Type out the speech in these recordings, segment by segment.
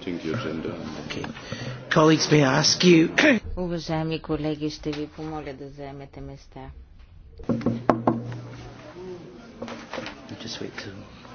Okay. Уважаеми колеги, ще ви помоля да заемете места. Just wait till...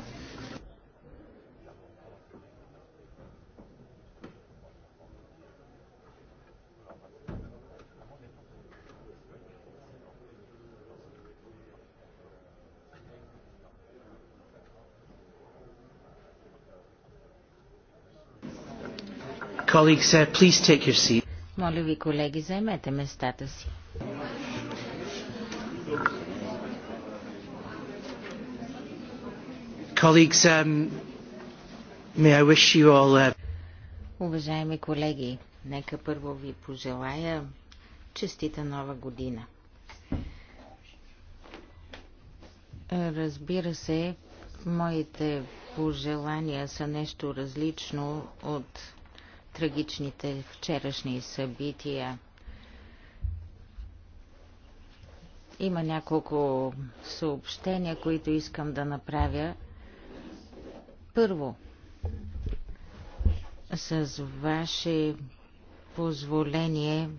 colleagues, uh, please take your seat. Моля ви, колеги, заемете местата си. Colleagues, um, may I wish you all, uh... Уважаеми колеги, нека първо ви пожелая честита нова година. Разбира се, моите пожелания са нещо различно от трагичните вчерашни събития. Има няколко съобщения, които искам да направя. Първо, с ваше позволение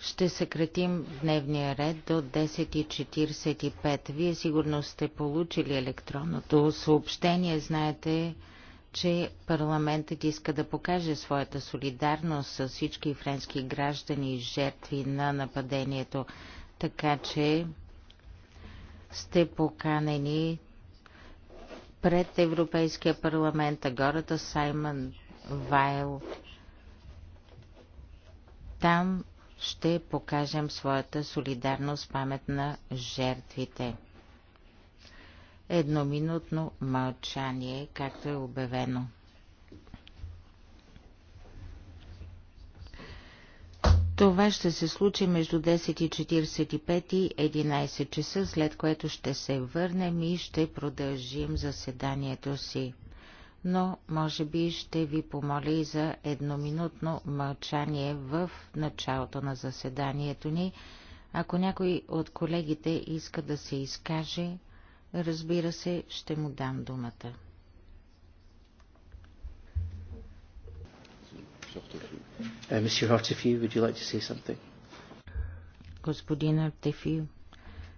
ще съкратим дневния ред до 10.45. Вие сигурно сте получили електронното съобщение, знаете, че парламентът иска да покаже своята солидарност с всички френски граждани, и жертви на нападението, така че сте поканени пред Европейския парламент, гората Саймън Вайл. Там ще покажем своята солидарност памет на жертвите едноминутно мълчание, както е обявено. Това ще се случи между 10.45 и 11 часа, след което ще се върнем и ще продължим заседанието си. Но, може би, ще ви помоля и за едноминутно мълчание в началото на заседанието ни. Ако някой от колегите иска да се изкаже, Разбира се, ще му дам думата. Uh, господин Артефил,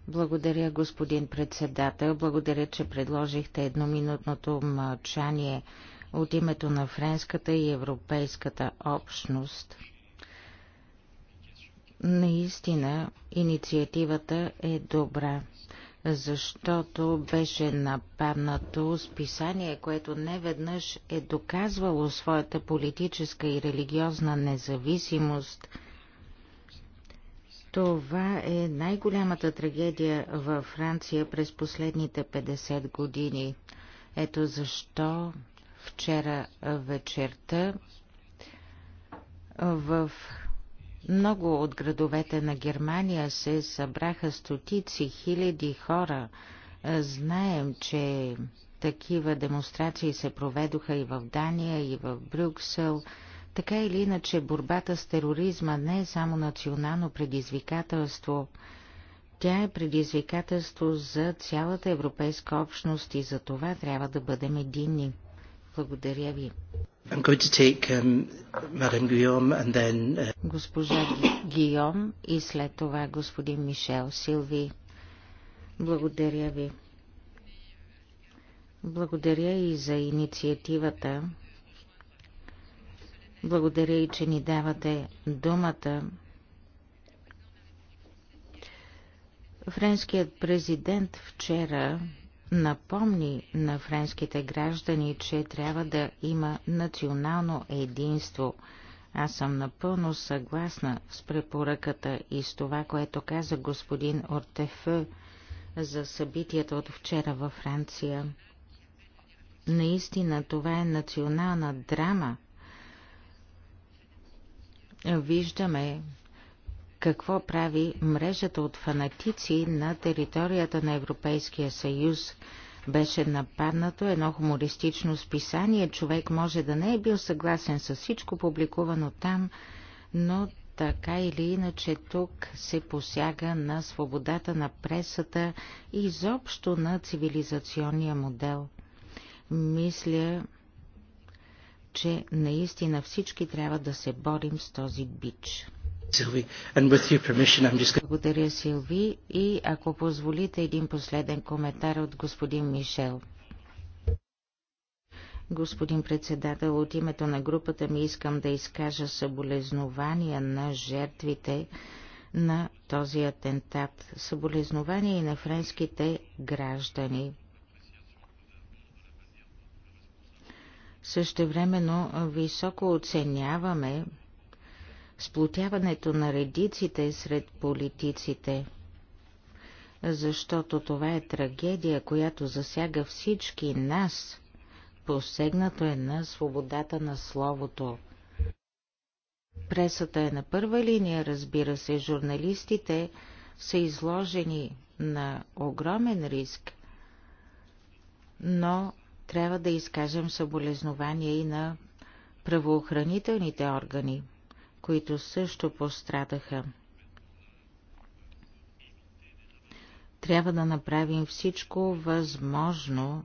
благодаря, господин председател. Благодаря, че предложихте едноминутното мълчание от името на френската и европейската общност. Наистина, инициативата е добра защото беше нападнато списание, което неведнъж е доказвало своята политическа и религиозна независимост. Това е най-голямата трагедия във Франция през последните 50 години. Ето защо вчера вечерта в много от градовете на Германия се събраха стотици хиляди хора. Е, знаем, че такива демонстрации се проведоха и в Дания, и в Брюксел. Така или иначе, борбата с тероризма не е само национално предизвикателство. Тя е предизвикателство за цялата европейска общност и за това трябва да бъдем единни. Благодаря ви. Take, um, then, uh... Госпожа Гийом и след това господин Мишел Силви. Благодаря ви. Благодаря и за инициативата. Благодаря и, че ни давате думата. Френският президент вчера напомни на френските граждани, че трябва да има национално единство. Аз съм напълно съгласна с препоръката и с това, което каза господин Ортеф за събитията от вчера във Франция. Наистина това е национална драма. Виждаме какво прави мрежата от фанатици на територията на Европейския съюз. Беше нападнато едно хумористично списание. Човек може да не е бил съгласен с всичко публикувано там, но така или иначе тук се посяга на свободата на пресата и изобщо на цивилизационния модел. Мисля, че наистина всички трябва да се борим с този бич. Благодаря, Силви. И ако позволите един последен коментар от господин Мишел. Господин председател, от името на групата ми искам да изкажа съболезнования на жертвите на този атентат. Съболезнования и на френските граждани. времено високо оценяваме сплотяването на редиците сред политиците, защото това е трагедия, която засяга всички нас. Посегнато е на свободата на словото. Пресата е на първа линия, разбира се, журналистите са изложени на огромен риск, но трябва да изкажем съболезнования и на правоохранителните органи които също пострадаха. Трябва да направим всичко възможно,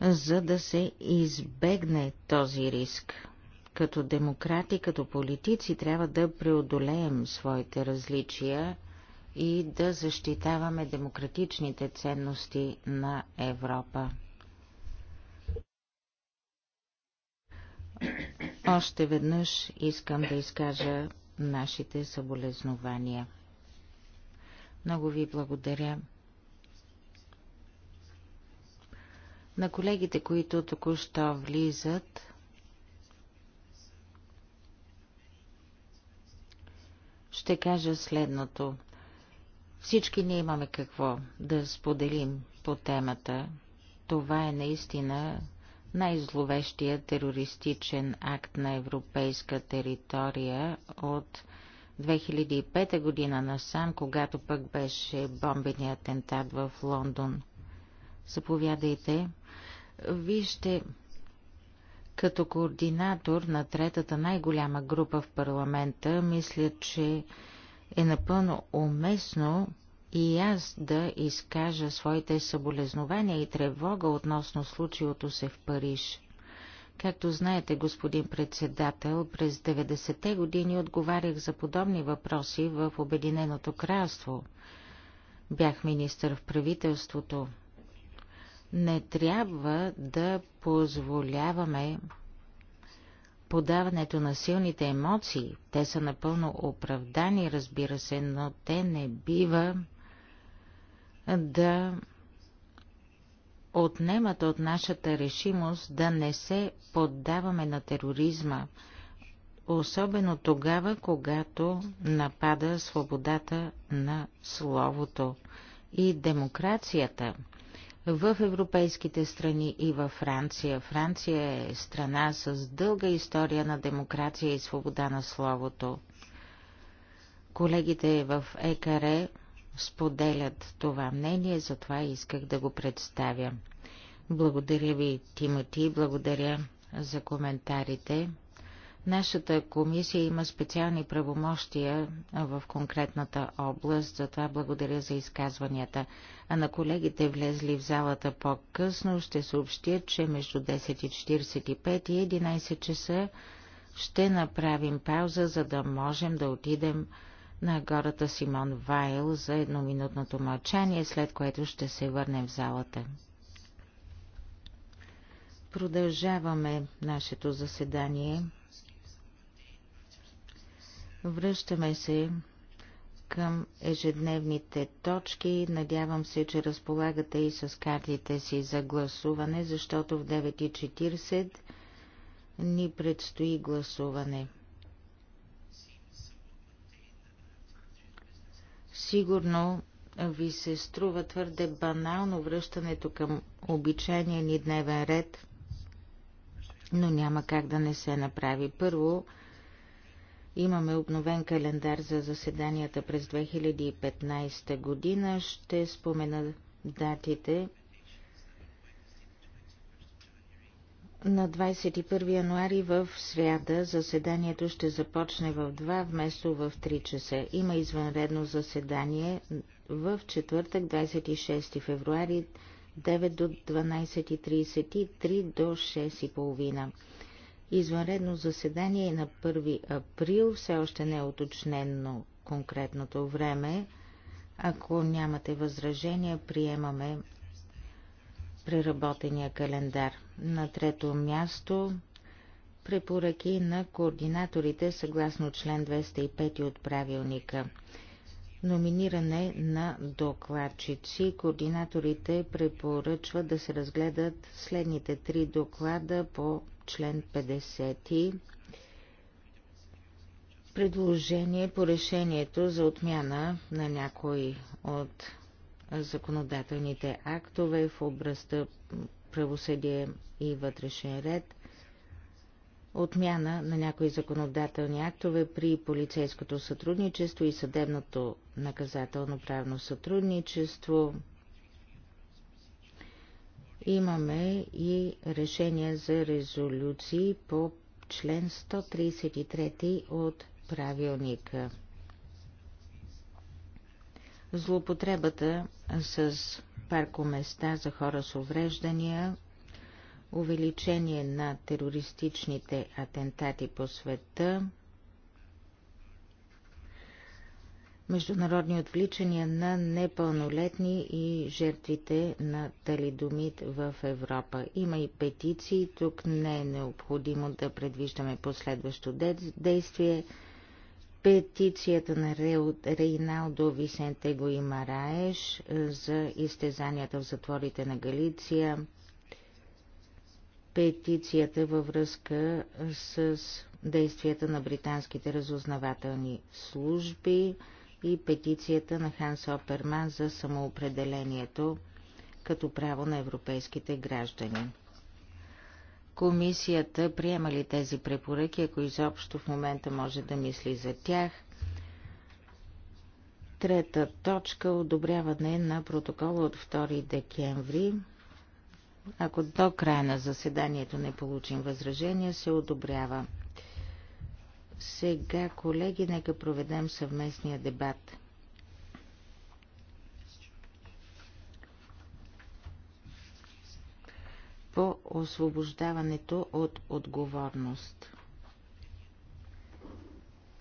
за да се избегне този риск. Като демократи, като политици трябва да преодолеем своите различия и да защитаваме демократичните ценности на Европа. Още веднъж искам да изкажа нашите съболезнования. Много ви благодаря. На колегите, които току-що влизат, ще кажа следното. Всички ние имаме какво да споделим по темата. Това е наистина най-зловещия терористичен акт на европейска територия от 2005 година насам, когато пък беше бомбения атентат в Лондон. Заповядайте. Вижте, като координатор на третата най-голяма група в парламента, мисля, че е напълно уместно и аз да изкажа своите съболезнования и тревога относно случилото се в Париж. Както знаете, господин председател, през 90-те години отговарях за подобни въпроси в Обединеното кралство. Бях министър в правителството. Не трябва да позволяваме подаването на силните емоции. Те са напълно оправдани, разбира се, но те не бива да отнемат от нашата решимост да не се поддаваме на тероризма, особено тогава, когато напада свободата на словото и демокрацията в европейските страни и във Франция. Франция е страна с дълга история на демокрация и свобода на словото. Колегите в ЕКАРЕ споделят това мнение, затова исках да го представя. Благодаря ви, Тимати, благодаря за коментарите. Нашата комисия има специални правомощия в конкретната област, затова благодаря за изказванията. А на колегите влезли в залата по-късно ще съобщя, че между 10.45 и 11 часа ще направим пауза, за да можем да отидем на гората Симон Вайл за едноминутното мълчание, след което ще се върнем в залата. Продължаваме нашето заседание. Връщаме се към ежедневните точки. Надявам се, че разполагате и с картите си за гласуване, защото в 9.40 ни предстои гласуване. Сигурно ви се струва твърде банално връщането към обичайния ни дневен ред, но няма как да не се направи. Първо, имаме обновен календар за заседанията през 2015 година. Ще спомена датите На 21 януари в свята заседанието ще започне в 2 вместо в 3 часа. Има извънредно заседание в четвъртък 26 февруари 9 до 12.30 и 3 до 6.30. Извънредно заседание е на 1 април, все още не е уточнено конкретното време. Ако нямате възражения, приемаме преработения календар. На трето място препоръки на координаторите съгласно член 205 от правилника. Номиниране на докладчици. Координаторите препоръчват да се разгледат следните три доклада по член 50. Предложение по решението за отмяна на някои от законодателните актове в областта правосъдие и вътрешен ред, отмяна на някои законодателни актове при полицейското сътрудничество и съдебното наказателно-правно сътрудничество. Имаме и решение за резолюции по член 133 от правилника. Злоупотребата с паркоместа за хора с увреждания, увеличение на терористичните атентати по света, международни отвличания на непълнолетни и жертвите на талидомит в Европа. Има и петиции, тук не е необходимо да предвиждаме последващо действие петицията на Рейналдо Висенте Гоимараеш е, за изтезанията в затворите на Галиция, петицията във връзка с действията на британските разузнавателни служби и петицията на Ханс Оперман за самоопределението като право на европейските граждани комисията приема ли тези препоръки, ако изобщо в момента може да мисли за тях. Трета точка – одобряване на протокола от 2 декември. Ако до края на заседанието не получим възражения, се одобрява. Сега, колеги, нека проведем съвместния дебат – освобождаването от отговорност.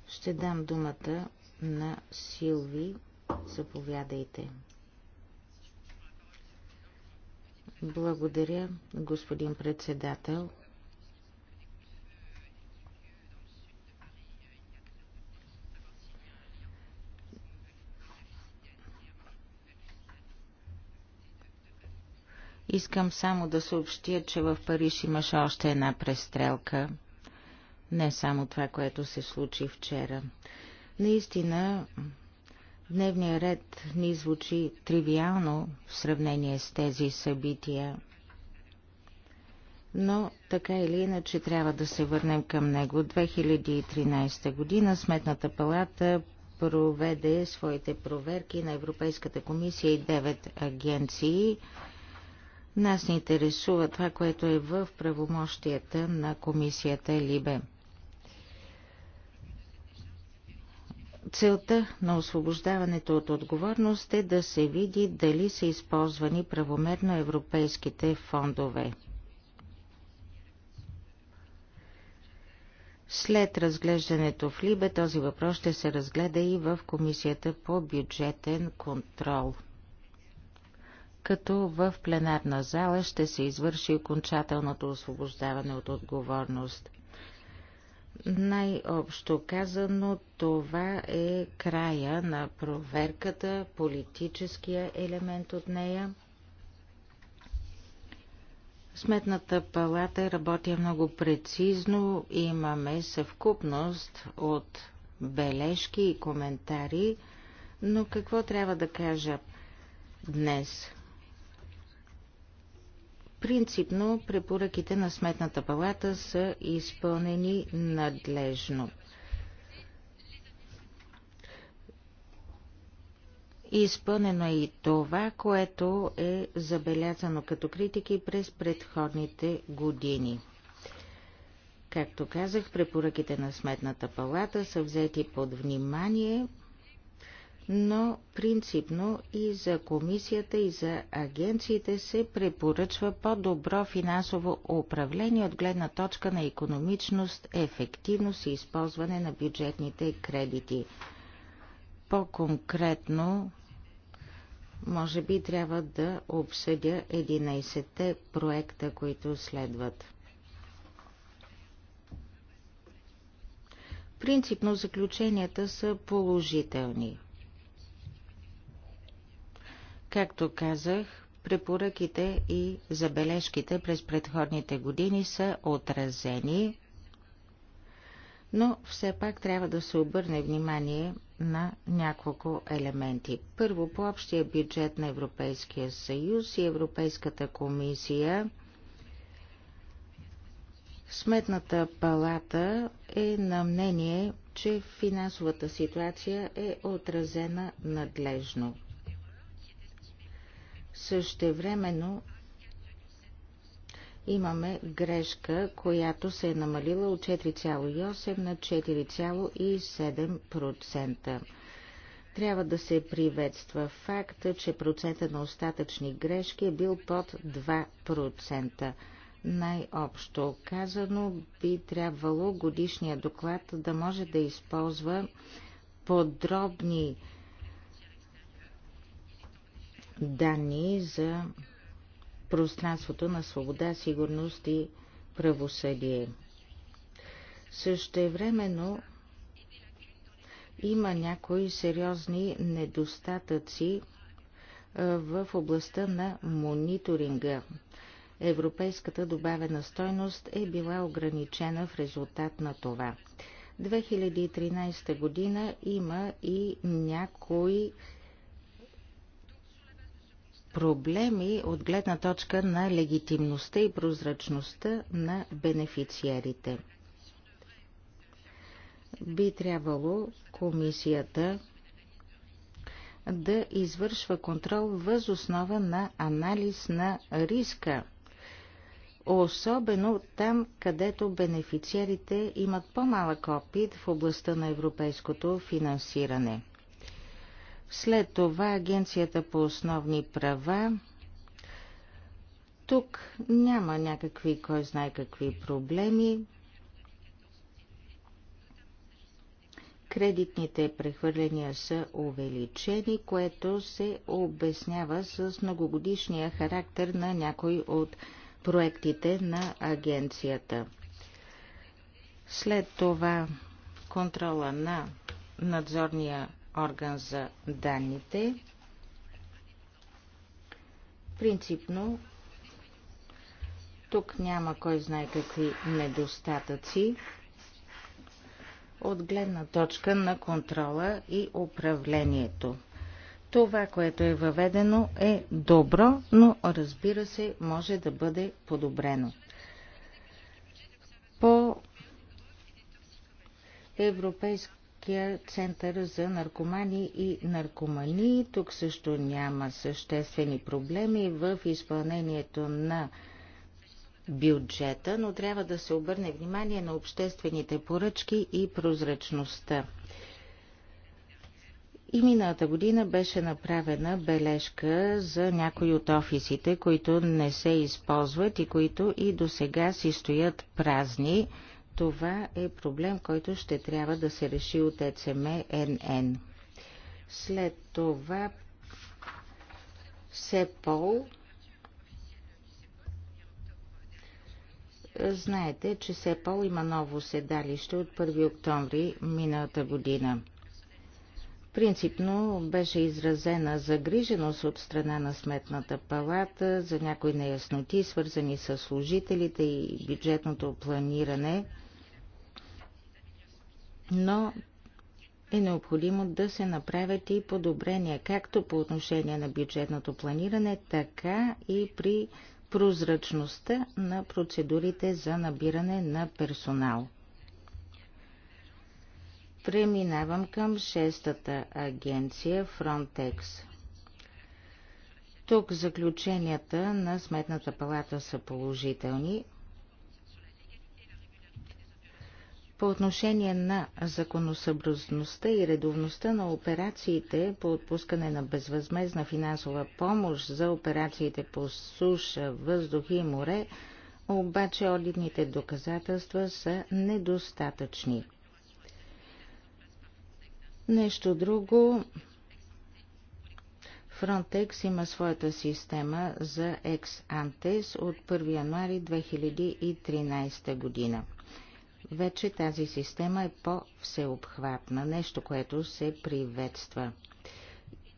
Ще дам думата на Силви. Заповядайте. Благодаря, господин председател. Искам само да съобщя, че в Париж имаше още една престрелка. Не само това, което се случи вчера. Наистина, дневният ред ни звучи тривиално в сравнение с тези събития, но така или иначе трябва да се върнем към него. 2013 година Сметната палата проведе своите проверки на Европейската комисия и 9 агенции. Нас ни интересува това, което е в правомощията на комисията Либе. Целта на освобождаването от отговорност е да се види дали са използвани правомерно европейските фондове. След разглеждането в Либе този въпрос ще се разгледа и в Комисията по бюджетен контрол – като в пленарна зала ще се извърши окончателното освобождаване от отговорност. Най-общо казано, това е края на проверката, политическия елемент от нея. Сметната палата работи много прецизно. Имаме съвкупност от бележки и коментари, но какво трябва да кажа днес? Принципно препоръките на Сметната палата са изпълнени надлежно. Изпълнено е и това, което е забелязано като критики през предходните години. Както казах, препоръките на Сметната палата са взети под внимание но принципно и за комисията и за агенциите се препоръчва по-добро финансово управление от гледна точка на економичност, ефективност и използване на бюджетните кредити. По-конкретно, може би трябва да обсъдя 11-те проекта, които следват. Принципно заключенията са положителни. Както казах, препоръките и забележките през предходните години са отразени, но все пак трябва да се обърне внимание на няколко елементи. Първо, по общия бюджет на Европейския съюз и Европейската комисия Сметната палата е на мнение, че финансовата ситуация е отразена надлежно. Същевременно имаме грешка, която се е намалила от 4,8 на 4,7%. Трябва да се приветства факта, че процента на остатъчни грешки е бил под 2%. Най-общо казано би трябвало годишния доклад да може да използва подробни данни за пространството на свобода, сигурност и правосъдие. времено има някои сериозни недостатъци в областта на мониторинга. Европейската добавена стойност е била ограничена в резултат на това. 2013 година има и някои проблеми от гледна точка на легитимността и прозрачността на бенефициерите. Би трябвало комисията да извършва контрол въз основа на анализ на риска, особено там, където бенефициерите имат по-малък опит в областта на европейското финансиране. След това Агенцията по основни права. Тук няма някакви, кой знае какви проблеми. Кредитните прехвърления са увеличени, което се обяснява с многогодишния характер на някой от проектите на агенцията. След това контрола на надзорния орган за данните. Принципно тук няма кой знае какви недостатъци от гледна точка на контрола и управлението. Това, което е въведено е добро, но разбира се, може да бъде подобрено. По европейско Българския център за наркомани и наркомани. Тук също няма съществени проблеми в изпълнението на бюджета, но трябва да се обърне внимание на обществените поръчки и прозрачността. И миналата година беше направена бележка за някои от офисите, които не се използват и които и до сега си стоят празни. Това е проблем, който ще трябва да се реши от ЕЦМ-НН. След това СЕПОЛ Знаете, че СЕПОЛ има ново седалище от 1 октомври миналата година. Принципно беше изразена загриженост от страна на Сметната палата за някои неясноти, свързани с служителите и бюджетното планиране – но е необходимо да се направят и подобрения, както по отношение на бюджетното планиране, така и при прозрачността на процедурите за набиране на персонал. Преминавам към шестата агенция Frontex. Тук заключенията на Сметната палата са положителни – По отношение на законосъобразността и редовността на операциите по отпускане на безвъзмезна финансова помощ за операциите по суша, въздух и море, обаче одитните доказателства са недостатъчни. Нещо друго. Frontex има своята система за ex-antes от 1 януари 2013 година. Вече тази система е по-всеобхватна, нещо, което се приветства.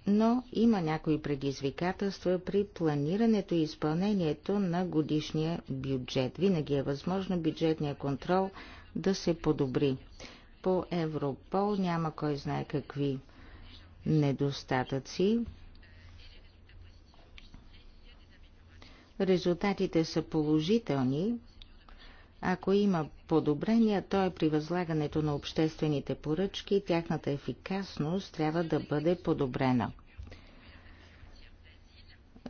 Но има някои предизвикателства при планирането и изпълнението на годишния бюджет. Винаги е възможно бюджетния контрол да се подобри. По Европол няма кой знае какви недостатъци. Резултатите са положителни, ако има подобрения, то е при възлагането на обществените поръчки, тяхната ефикасност трябва да бъде подобрена.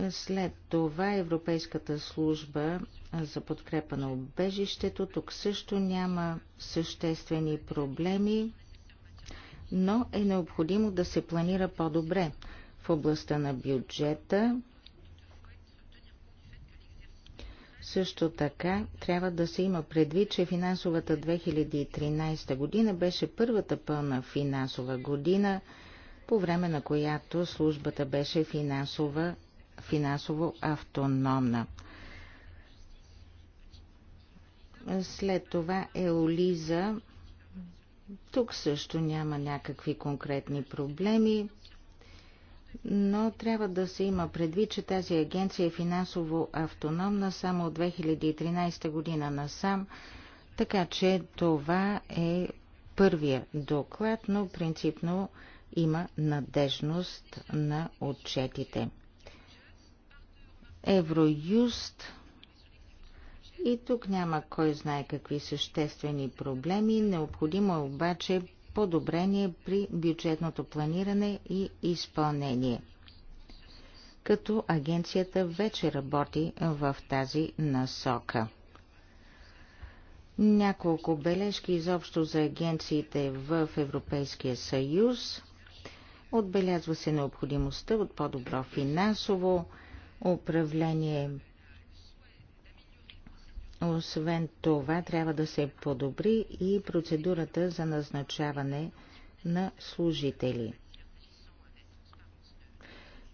След това Европейската служба за подкрепа на обежището тук също няма съществени проблеми, но е необходимо да се планира по-добре. В областта на бюджета също така трябва да се има предвид, че финансовата 2013 година беше първата пълна финансова година, по време на която службата беше финансова, финансово автономна. След това Еолиза. Тук също няма някакви конкретни проблеми но трябва да се има предвид, че тази агенция е финансово автономна само от 2013 година насам, така че това е първия доклад, но принципно има надежност на отчетите. Евроюст и тук няма кой знае какви съществени проблеми, необходимо е обаче подобрение при бюджетното планиране и изпълнение. Като агенцията вече работи в тази насока. Няколко бележки изобщо за агенциите в Европейския съюз. Отбелязва се необходимостта от по-добро финансово управление, освен това, трябва да се подобри и процедурата за назначаване на служители.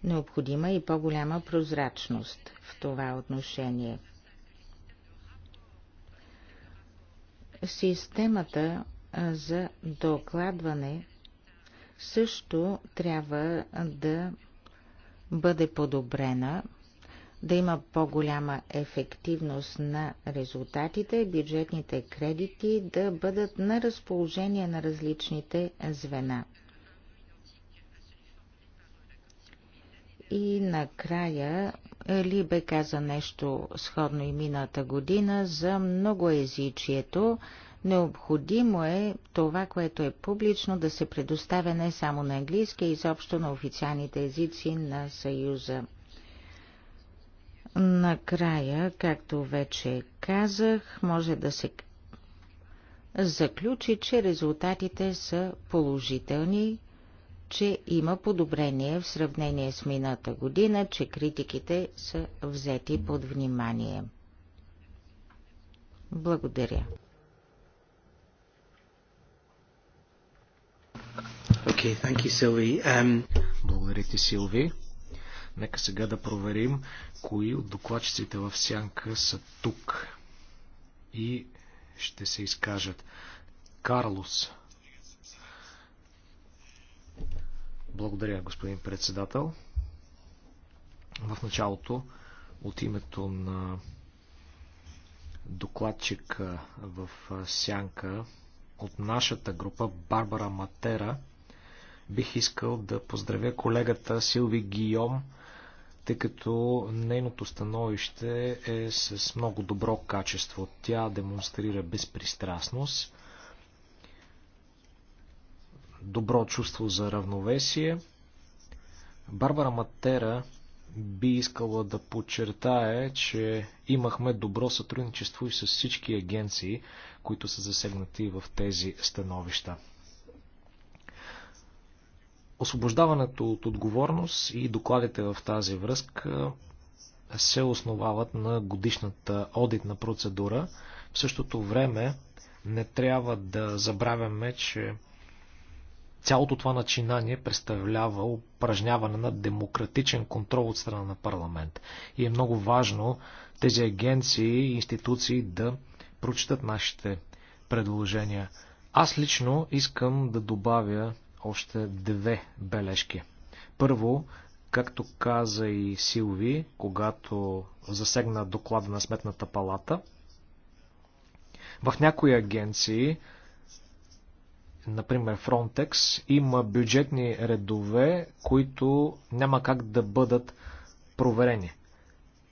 Необходима и по-голяма прозрачност в това отношение. Системата за докладване също трябва да бъде подобрена да има по-голяма ефективност на резултатите, бюджетните кредити да бъдат на разположение на различните звена. И накрая Ли бе каза нещо сходно и мината година за многоезичието. Необходимо е това, което е публично, да се предоставя не само на английски, а изобщо на официалните езици на Съюза. Накрая, както вече казах, може да се заключи, че резултатите са положителни, че има подобрение в сравнение с мината година, че критиките са взети под внимание. Благодаря. Okay, thank you, Sylvie. Um... Благодаря ти, Силви. Нека сега да проверим кои от докладчиците в сянка са тук и ще се изкажат. Карлос. Благодаря, господин председател. В началото от името на докладчик в сянка от нашата група Барбара Матера бих искал да поздравя колегата Силви Гийом тъй като нейното становище е с много добро качество. Тя демонстрира безпристрастност, добро чувство за равновесие. Барбара Матера би искала да подчертае, че имахме добро сътрудничество и с всички агенции, които са засегнати в тези становища. Освобождаването от отговорност и докладите в тази връзка се основават на годишната одитна процедура. В същото време не трябва да забравяме, че цялото това начинание представлява упражняване на демократичен контрол от страна на парламент. И е много важно тези агенции и институции да прочитат нашите предложения. Аз лично искам да добавя още две бележки. Първо, както каза и Силви, когато засегна доклада на Сметната палата, в някои агенции, например Frontex, има бюджетни редове, които няма как да бъдат проверени.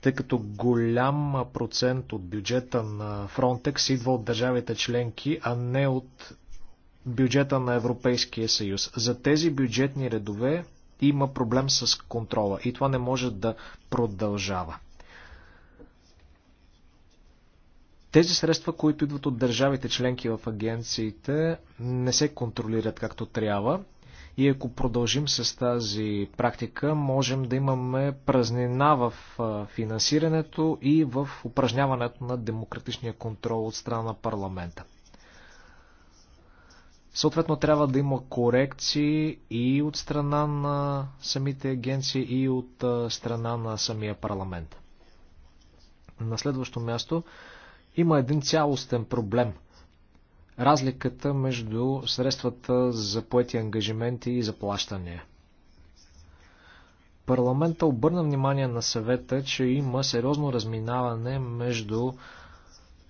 Тъй като голям процент от бюджета на Frontex идва от държавите членки, а не от бюджета на Европейския съюз. За тези бюджетни редове има проблем с контрола и това не може да продължава. Тези средства, които идват от държавите членки в агенциите, не се контролират както трябва. И ако продължим с тази практика, можем да имаме празнина в финансирането и в упражняването на демократичния контрол от страна на парламента. Съответно трябва да има корекции и от страна на самите агенции и от страна на самия парламент. На следващо място има един цялостен проблем. Разликата между средствата за поети ангажименти и заплащания. Парламента обърна внимание на съвета, че има сериозно разминаване между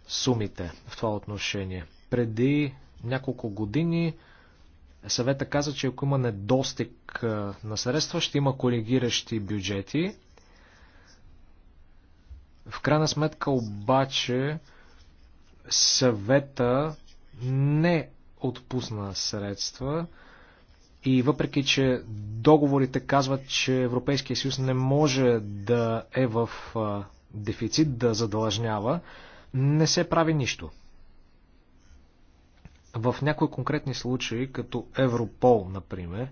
сумите в това отношение. Преди няколко години съвета каза, че ако има недостиг на средства, ще има коригиращи бюджети. В крайна сметка обаче съвета не отпусна средства и въпреки, че договорите казват, че Европейския съюз не може да е в дефицит, да задължнява, не се прави нищо. В някои конкретни случаи, като Европол, например,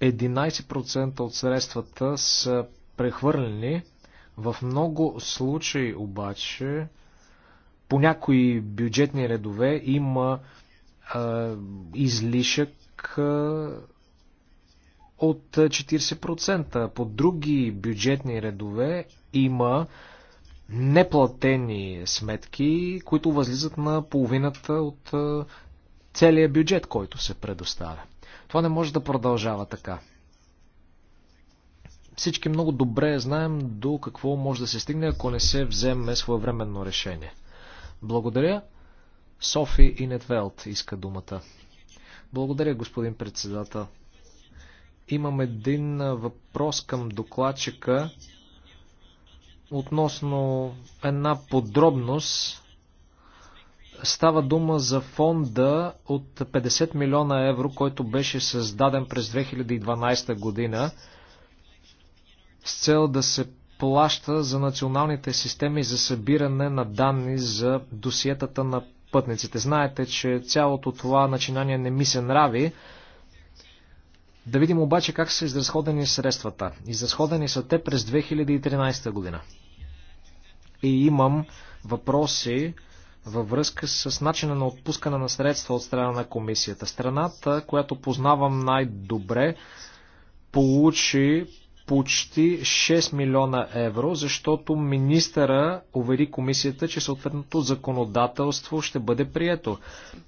11% от средствата са прехвърлени. В много случаи обаче, по някои бюджетни редове има е, излишък е, от 40%. По други бюджетни редове има неплатени сметки, които възлизат на половината от целият бюджет, който се предоставя. Това не може да продължава така. Всички много добре знаем до какво може да се стигне, ако не се вземе своевременно решение. Благодаря. Софи Инетвелт иска думата. Благодаря, господин председател. Имам един въпрос към докладчика относно една подробност. Става дума за фонда от 50 милиона евро, който беше създаден през 2012 година с цел да се плаща за националните системи за събиране на данни за досиетата на пътниците. Знаете, че цялото това начинание не ми се нрави, да видим обаче как са изразходени средствата. Изразходени са те през 2013 година. И имам въпроси във връзка с начина на отпускане на средства от страна на комисията. Страната, която познавам най-добре, получи почти 6 милиона евро, защото министъра увери комисията, че съответното законодателство ще бъде прието.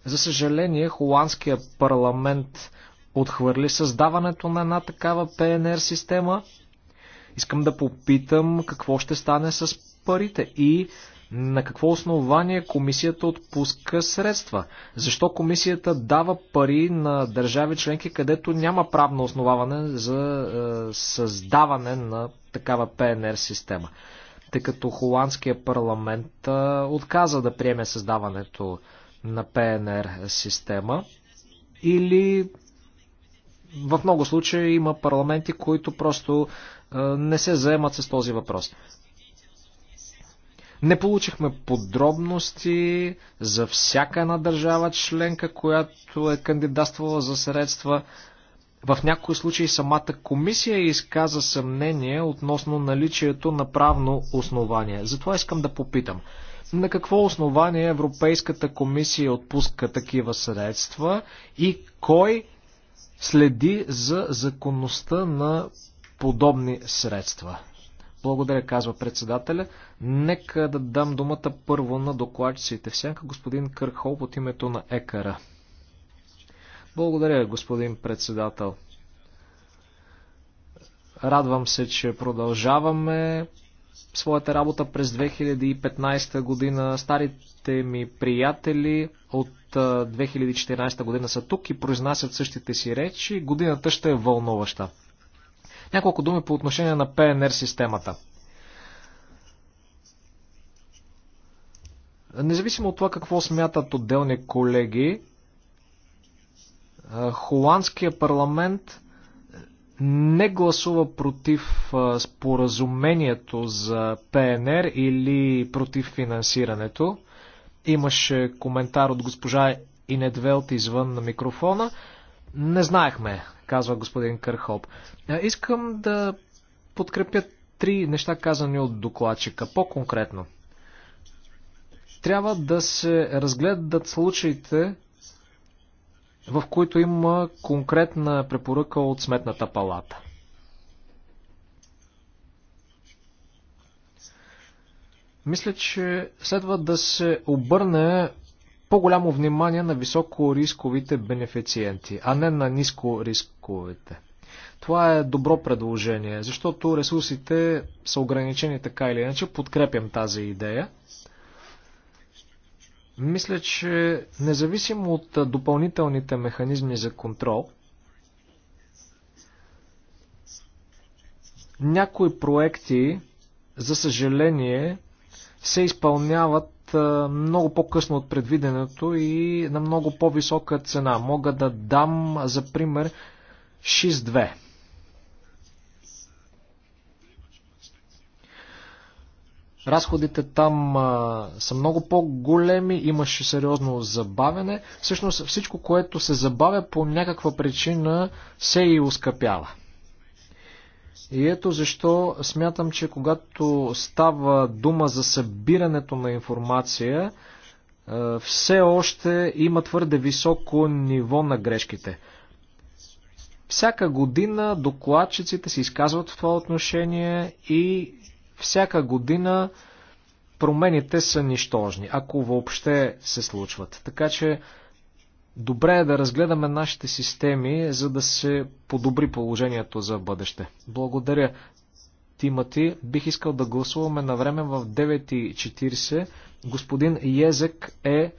За съжаление, холандския парламент отхвърли създаването на една такава ПНР система. Искам да попитам какво ще стане с парите и на какво основание комисията отпуска средства? Защо комисията дава пари на държави членки, където няма правно основаване за е, създаване на такава ПНР система? Тъй като холандския парламент е, отказа да приеме създаването на ПНР система или в много случаи има парламенти, които просто не се заемат с този въпрос. Не получихме подробности за всяка една държава членка, която е кандидатствала за средства. В някои случаи самата комисия изказа съмнение относно наличието на правно основание. Затова искам да попитам. На какво основание Европейската комисия отпуска такива средства и кой следи за законността на подобни средства. Благодаря, казва председателя. Нека да дам думата първо на докладчиците. Всяка господин Кърхол от името на ЕКАРА. Благодаря, господин председател. Радвам се, че продължаваме своята работа през 2015 година. Старите ми приятели от 2014 година са тук и произнасят същите си речи. Годината ще е вълнуваща. Няколко думи по отношение на ПНР системата. Независимо от това какво смятат отделни колеги, Холандския парламент не гласува против споразумението за ПНР или против финансирането. Имаше коментар от госпожа Инедвелт извън на микрофона. Не знаехме, казва господин Кърхоп. Искам да подкрепя три неща казани от докладчика, по-конкретно. Трябва да се разгледат случаите, в които има конкретна препоръка от Сметната палата. Мисля, че следва да се обърне по-голямо внимание на високорисковите бенефициенти, а не на нискорисковите. Това е добро предложение, защото ресурсите са ограничени така или иначе. Подкрепям тази идея. Мисля, че независимо от допълнителните механизми за контрол, някои проекти, за съжаление, се изпълняват много по-късно от предвиденото и на много по-висока цена. Мога да дам за пример 6-2. Разходите там а, са много по-големи, имаше сериозно забавене. Всъщност всичко, което се забавя по някаква причина, се и ускъпява. И ето защо смятам, че когато става дума за събирането на информация, все още има твърде високо ниво на грешките. Всяка година докладчиците се изказват в това отношение и всяка година промените са нищожни, ако въобще се случват. Така че добре е да разгледаме нашите системи, за да се подобри положението за бъдеще. Благодаря. Тимати, бих искал да гласуваме на време в 9.40. Господин Езек е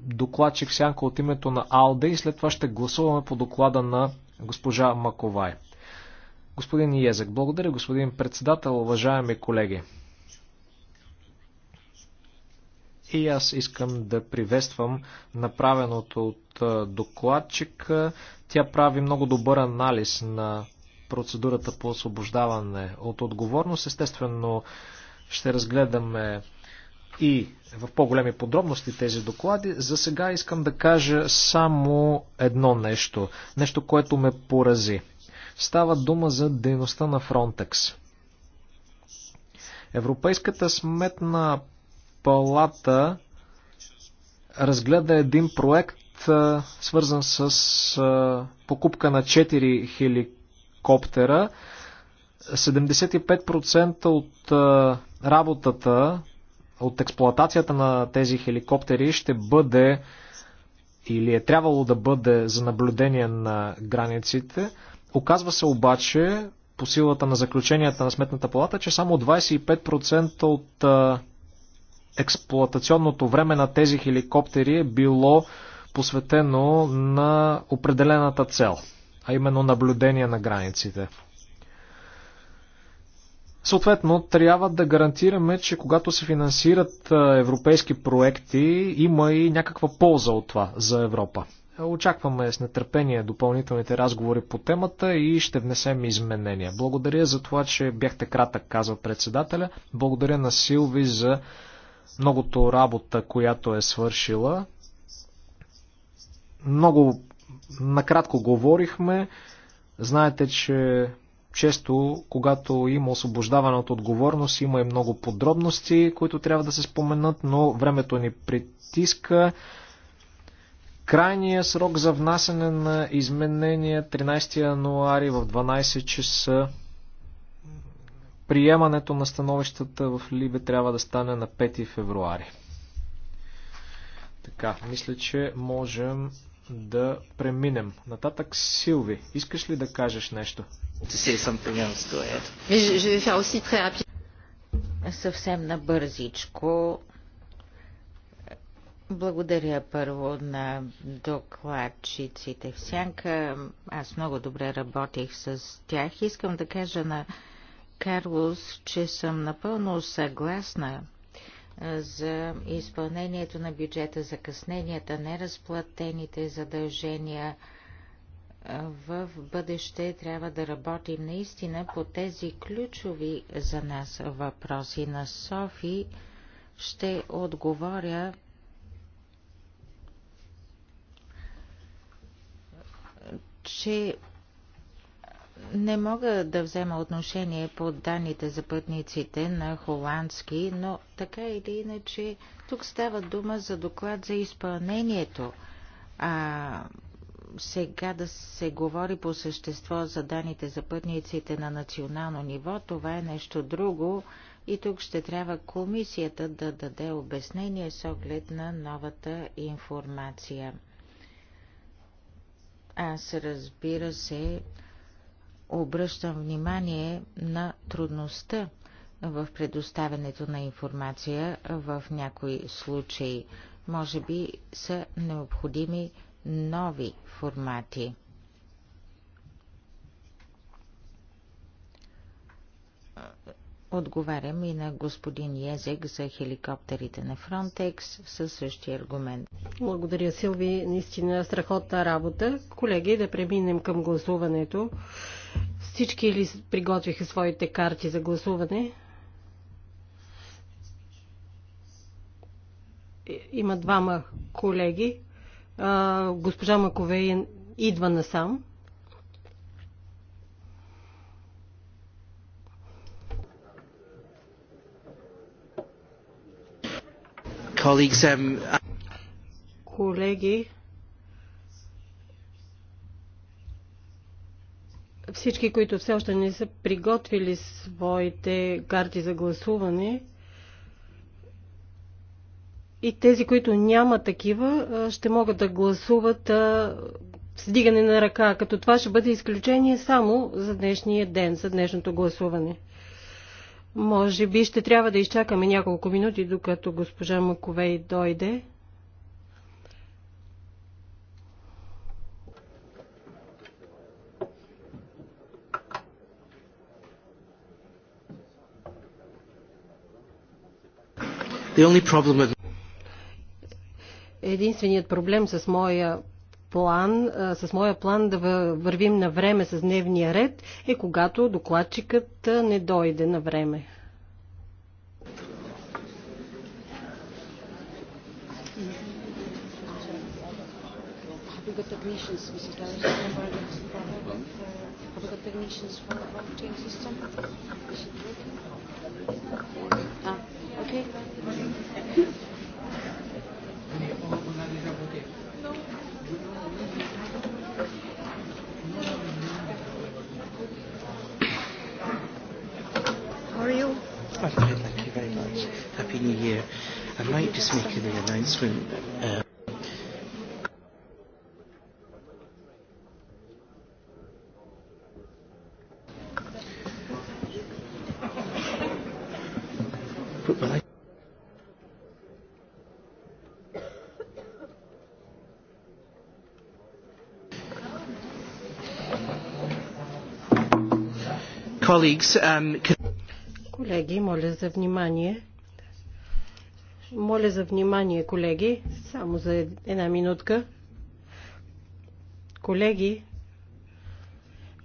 докладчик сянка от името на Алде и след това ще гласуваме по доклада на госпожа Маковай. Господин Язък, благодаря, господин председател, уважаеми колеги. И аз искам да приветствам направеното от докладчика. Тя прави много добър анализ на процедурата по освобождаване от отговорност. Естествено, ще разгледаме и в по-големи подробности тези доклади. За сега искам да кажа само едно нещо. Нещо, което ме порази. Става дума за дейността на Фронтекс. Европейската сметна палата разгледа един проект, свързан с покупка на 4 хеликоптера. 75% от работата, от експлоатацията на тези хеликоптери ще бъде или е трябвало да бъде за наблюдение на границите. Оказва се обаче, по силата на заключенията на Сметната палата, че само 25% от експлоатационното време на тези хеликоптери е било посветено на определената цел, а именно наблюдение на границите. Съответно, трябва да гарантираме, че когато се финансират европейски проекти, има и някаква полза от това за Европа. Очакваме с нетърпение допълнителните разговори по темата и ще внесем изменения. Благодаря за това, че бяхте кратък, казва председателя. Благодаря на Силви за многото работа, която е свършила. Много накратко говорихме. Знаете, че често, когато има освобождаване от отговорност, има и много подробности, които трябва да се споменат, но времето ни притиска. Крайния срок за внасене на изменения 13 януари в 12 часа. Приемането на становищата в Либе трябва да стане на 5 февруари. Така, мисля, че можем да преминем. Нататък Силви, искаш ли да кажеш нещо? Съвсем набързичко благодаря първо на докладчиците в Сянка. Аз много добре работих с тях. Искам да кажа на Карлос, че съм напълно съгласна за изпълнението на бюджета, закъсненията, неразплатените задължения. В бъдеще трябва да работим наистина по тези ключови за нас въпроси. На Софи ще отговоря че не мога да взема отношение по данните за пътниците на холандски, но така или иначе тук става дума за доклад за изпълнението. А сега да се говори по същество за данните за пътниците на национално ниво, това е нещо друго и тук ще трябва комисията да даде обяснение с оглед на новата информация. Аз разбира се обръщам внимание на трудността в предоставянето на информация в някои случаи. Може би са необходими нови формати. Отговарям и на господин Язек за хеликоптерите на Фронтекс със същия аргумент. Благодаря, Силви. Наистина страхотна работа. Колеги, да преминем към гласуването. Всички ли приготвиха своите карти за гласуване? Има двама колеги. Госпожа Маковей идва насам. Um, Колеги, всички, които все още не са приготвили своите карти за гласуване, и тези, които няма такива, ще могат да гласуват сдигане с дигане на ръка, като това ще бъде изключение само за днешния ден, за днешното гласуване. Може би ще трябва да изчакаме няколко минути, докато госпожа Маковей дойде. Единственият проблем с моя план, с моя план да вървим на време с дневния ред е когато докладчикът не дойде на време. Ah, okay. Okay, thank you very much. Happy New Year. I might just make an announcement. Uh, Colleagues, um, Колеги, моля за внимание. Моля за внимание, колеги. Само за една минутка. Колеги,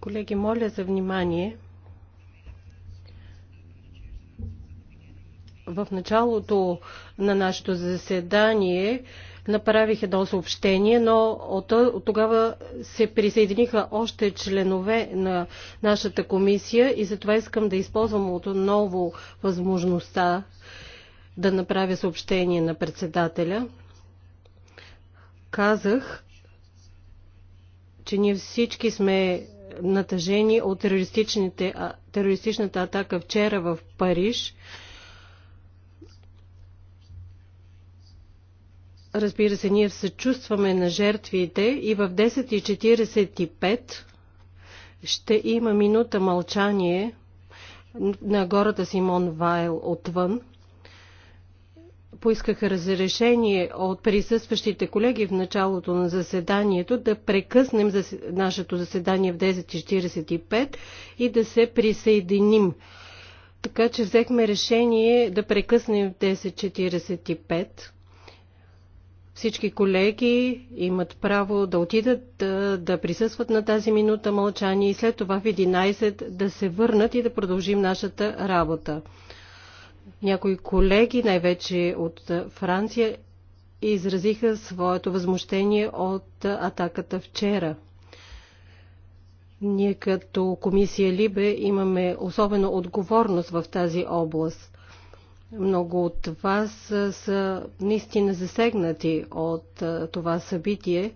колеги, моля за внимание. В началото на нашето заседание направих едно съобщение, но от, тогава се присъединиха още членове на нашата комисия и затова искам да използвам отново възможността да направя съобщение на председателя. Казах, че ние всички сме натъжени от терористичната атака вчера в Париж – Разбира се, ние се чувстваме на жертвите и в 10.45 ще има минута мълчание на гората Симон Вайл отвън. Поискаха разрешение от присъстващите колеги в началото на заседанието да прекъснем зас... нашето заседание в 10.45 и да се присъединим. Така че взехме решение да прекъснем в 10.45 всички колеги имат право да отидат да, да присъстват на тази минута мълчание и след това в 11 да се върнат и да продължим нашата работа. Някои колеги, най-вече от Франция, изразиха своето възмущение от атаката вчера. Ние като комисия Либе имаме особена отговорност в тази област. Много от вас са наистина засегнати от това събитие.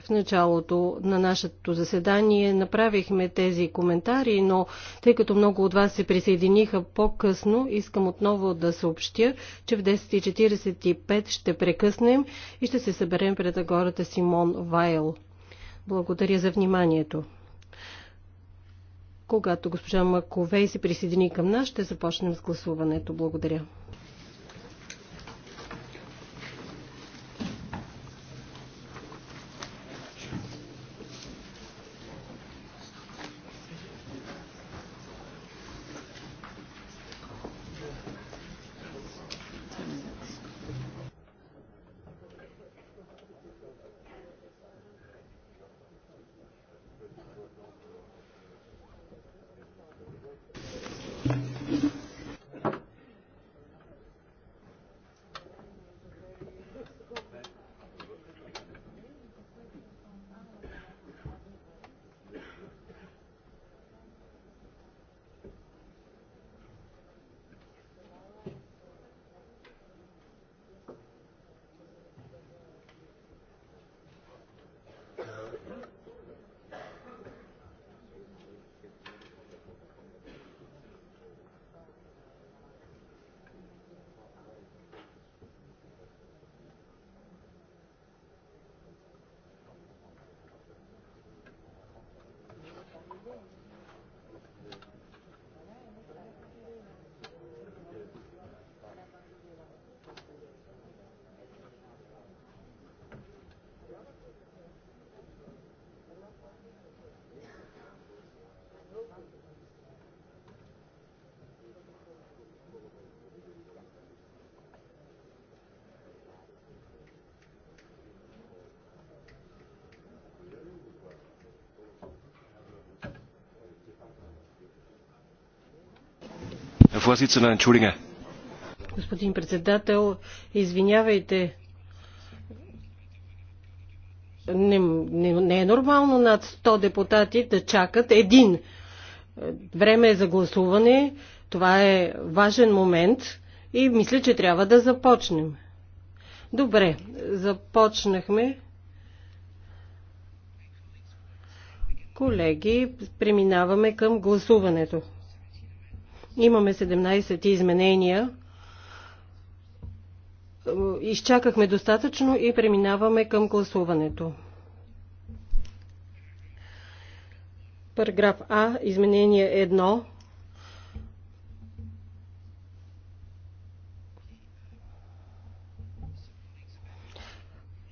В началото на нашето заседание направихме тези коментари, но тъй като много от вас се присъединиха по-късно, искам отново да съобщя, че в 10.45 ще прекъснем и ще се съберем пред агората Симон Вайл. Благодаря за вниманието. Когато госпожа Маковей се присъедини към нас, ще започнем с гласуването. Благодаря. entschuldige. Господин председател, извинявайте. Не, не, не е нормално над 100 депутати да чакат един. Време е за гласуване. Това е важен момент и мисля, че трябва да започнем. Добре, започнахме. Колеги, преминаваме към гласуването. Имаме 17 изменения. Изчакахме достатъчно и преминаваме към гласуването. Параграф А, изменение 1.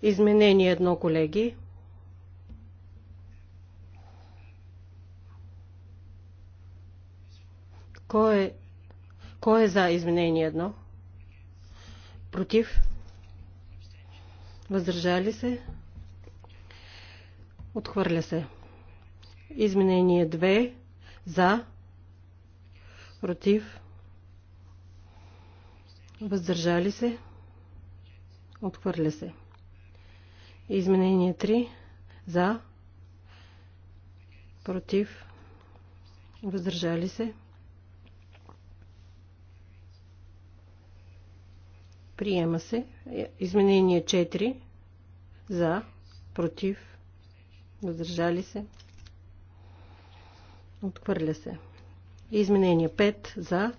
Изменение 1, колеги. Кой е, кой е за изменение едно? Против? Въздържали се? Отхвърля се. Изменение 2. За. Против. Въздържали се. Отхвърля се. Изменение 3. За. Против. Въздържали се. Приема се. Е, изменение 4. За. Против. Въздържали се. Отхвърля се. Изменение 5. За.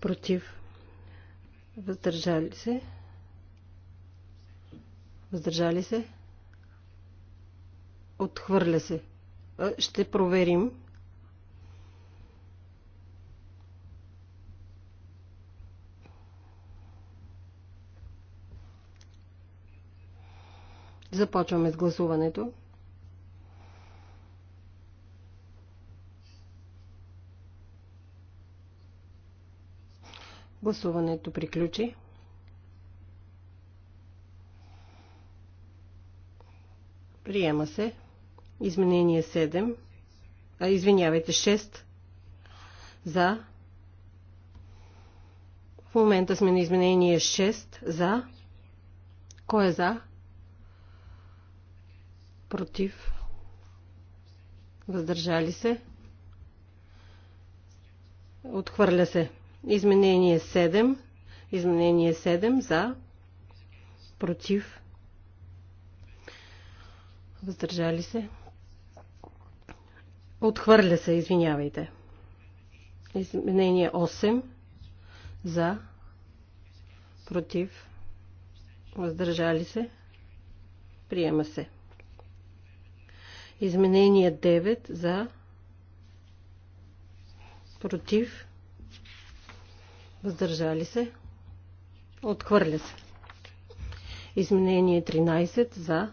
Против. Въздържали се. Въздържали се. Отхвърля се. Е, ще проверим. Започваме с гласуването. Гласуването приключи. Приема се. Изменение 7. А, извинявайте, 6. За. В момента сме на изменение 6. За. Кой е за? против, въздържали се, отхвърля се. Изменение 7, изменение 7 за, против, въздържали се, отхвърля се, извинявайте. Изменение 8 за, против, въздържали се, приема се. Изменение 9 за. Против. Въздържали се. Отхвърля се. Изменение 13 за.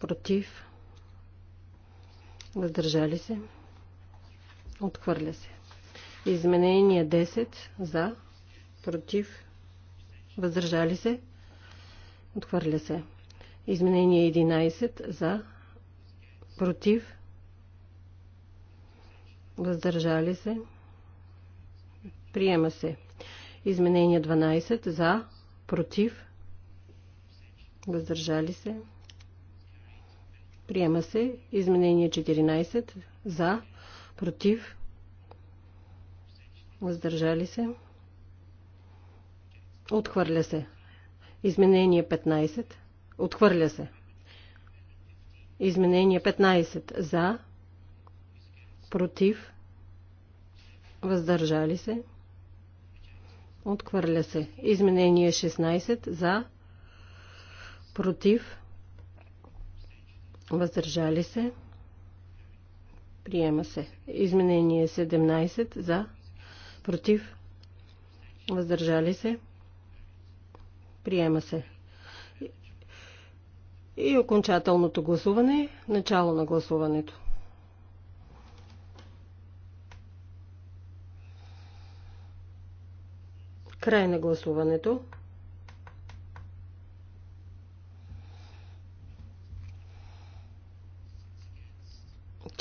Против. Въздържали се. Отхвърля се. Изменение 10 за. Против. Въздържали се. Отхвърля се. Изменение 11 за против, въздържали се, приема се. Изменение 12 за, против, въздържали се, приема се. Изменение 14 за, против, въздържали се, отхвърля се. Изменение 15 отхвърля се. Изменение 15 за, против, въздържали се, отхвърля се. Изменение 16 за, против, въздържали се, приема се. Изменение 17 за, против, въздържали се, приема се. И окончателното гласуване, начало на гласуването. Край на гласуването.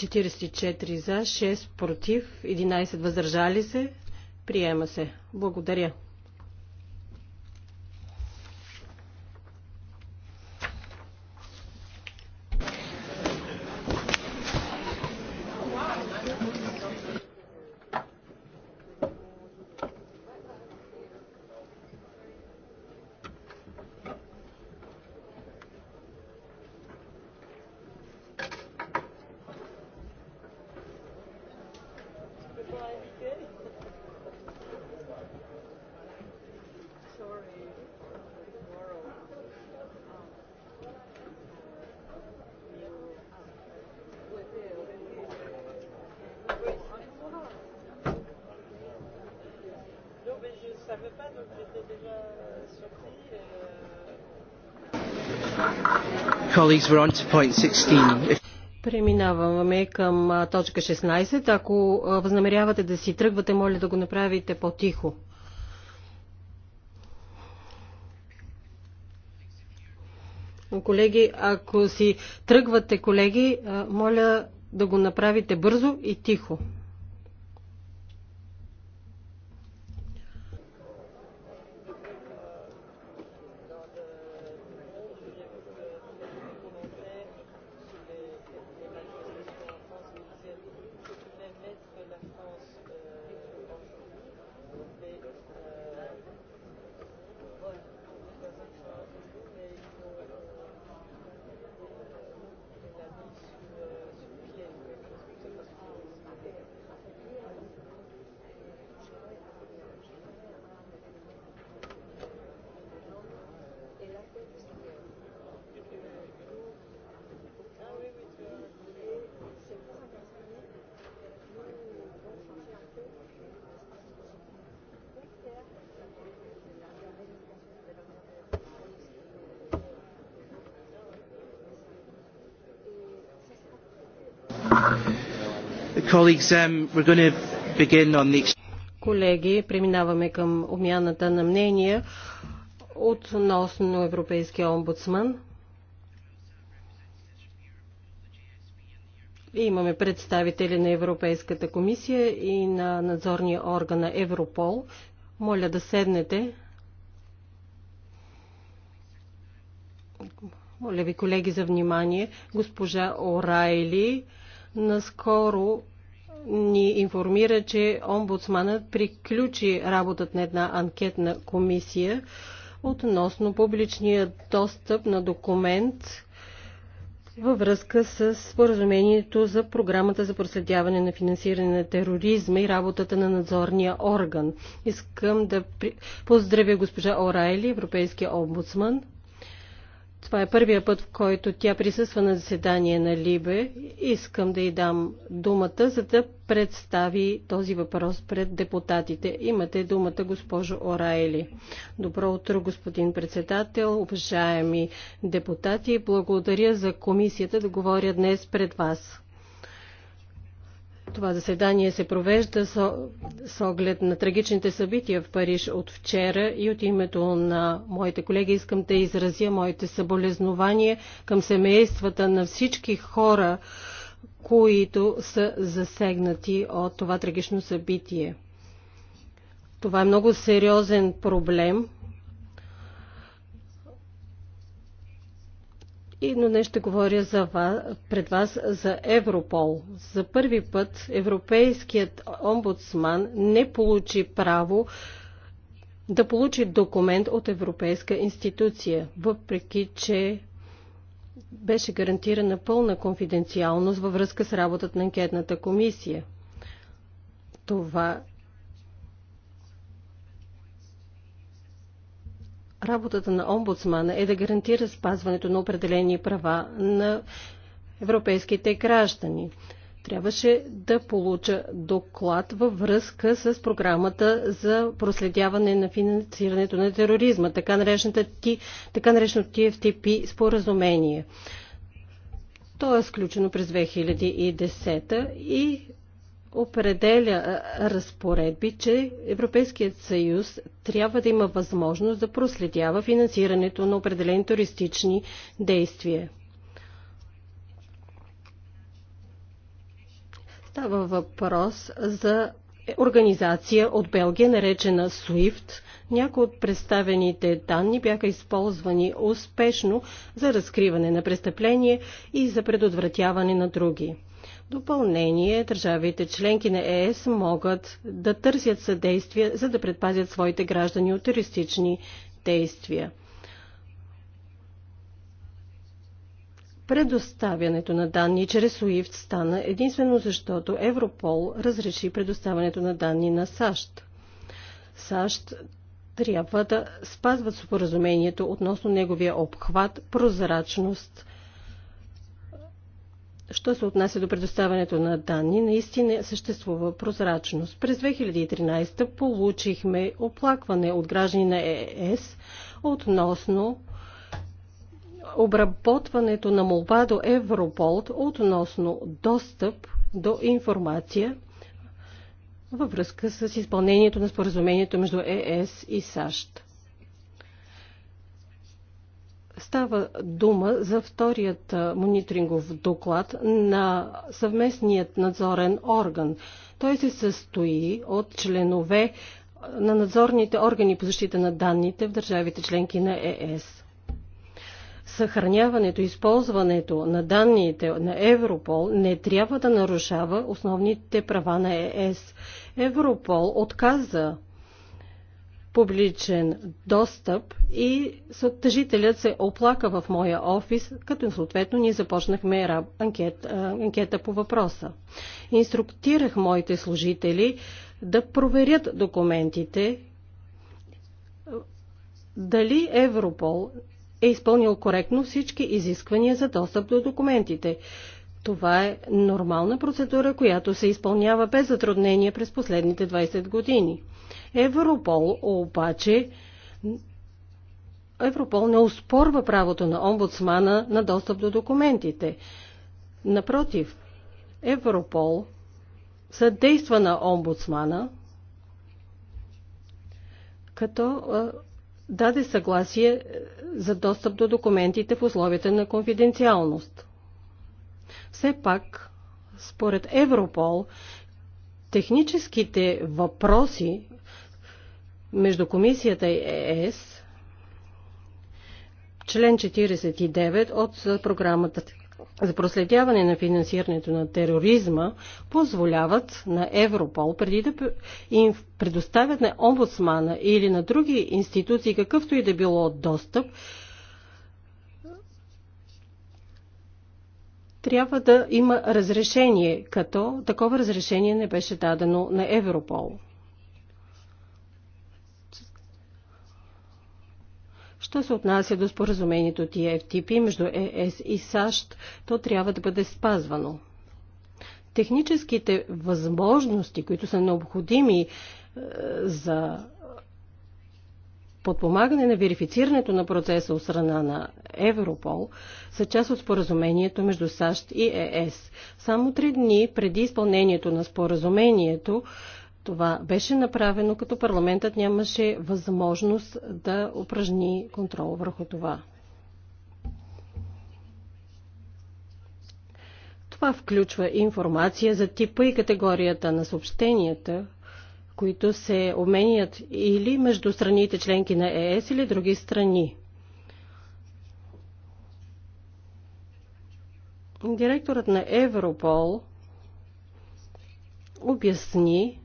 за, 6 против, 11 въздържали се. Приема се. Благодаря. Преминаваме към точка 16. Ако възнамерявате да си тръгвате, моля да го направите по-тихо. Колеги, ако си тръгвате, колеги, моля да го направите бързо и тихо. Um, колеги, преминаваме към обмяната на мнения относно Европейския омбудсман. Имаме представители на Европейската комисия и на надзорния орган на Европол. Моля да седнете. Моля ви, колеги, за внимание. Госпожа Орайли наскоро ни информира, че омбудсманът приключи работът на една анкетна комисия относно публичния достъп на документ във връзка с споразумението за програмата за проследяване на финансиране на тероризма и работата на надзорния орган. Искам да поздравя госпожа Орайли, европейския омбудсман, това е първия път, в който тя присъства на заседание на Либе. Искам да й дам думата, за да представи този въпрос пред депутатите. Имате думата, госпожо Орайли. Добро утро, господин председател, уважаеми депутати. Благодаря за комисията да говоря днес пред вас. Това заседание се провежда с оглед на трагичните събития в Париж от вчера и от името на моите колеги искам да изразя моите съболезнования към семействата на всички хора, които са засегнати от това трагично събитие. Това е много сериозен проблем, И, но днес ще говоря за вас, пред вас за Европол. За първи път Европейският омбудсман не получи право да получи документ от Европейска институция, въпреки че беше гарантирана пълна конфиденциалност във връзка с работата на анкетната комисия. Това Работата на омбудсмана е да гарантира спазването на определени права на европейските граждани. Трябваше да получа доклад във връзка с програмата за проследяване на финансирането на тероризма, така наречено TFTP споразумение. То е сключено през 2010 и определя разпоредби, че Европейският съюз трябва да има възможност да проследява финансирането на определени туристични действия. Става въпрос за организация от Белгия, наречена SWIFT. Някои от представените данни бяха използвани успешно за разкриване на престъпление и за предотвратяване на други допълнение, държавите членки на ЕС могат да търсят съдействие, за да предпазят своите граждани от терористични действия. Предоставянето на данни чрез SWIFT стана единствено защото Европол разреши предоставянето на данни на САЩ. САЩ трябва да спазват споразумението относно неговия обхват, прозрачност Що се отнася до предоставянето на данни, наистина съществува прозрачност. През 2013 получихме оплакване от граждани на ЕС е относно обработването на молба до Европол относно достъп до информация във връзка с изпълнението на споразумението между ЕС е и САЩ. Става дума за вторият мониторингов доклад на съвместният надзорен орган. Той се състои от членове на надзорните органи по защита на данните в държавите членки на ЕС. Съхраняването и използването на данните на Европол не трябва да нарушава основните права на ЕС. Европол отказа публичен достъп и тъжителят се оплака в моя офис, като съответно ние започнахме анкет, анкета по въпроса. Инструктирах моите служители да проверят документите, дали Европол е изпълнил коректно всички изисквания за достъп до документите. Това е нормална процедура, която се изпълнява без затруднение през последните 20 години. Европол обаче Европол не успорва правото на омбудсмана на достъп до документите. Напротив, Европол съдейства на омбудсмана, като даде съгласие за достъп до документите в условията на конфиденциалност. Все пак, според Европол, техническите въпроси между комисията и ЕС, член 49 от програмата за проследяване на финансирането на тероризма позволяват на Европол преди да им предоставят на омбудсмана или на други институции какъвто и да било достъп, трябва да има разрешение, като такова разрешение не беше дадено на Европол. Що се отнася до споразумението TFTP между ЕС и САЩ, то трябва да бъде спазвано. Техническите възможности, които са необходими е, за подпомагане на верифицирането на процеса от страна на Европол са част от споразумението между САЩ и ЕС. Само три дни преди изпълнението на споразумението това беше направено, като парламентът нямаше възможност да упражни контрол върху това. Това включва информация за типа и категорията на съобщенията, които се обменят или между страните членки на ЕС или други страни. Директорът на Европол обясни,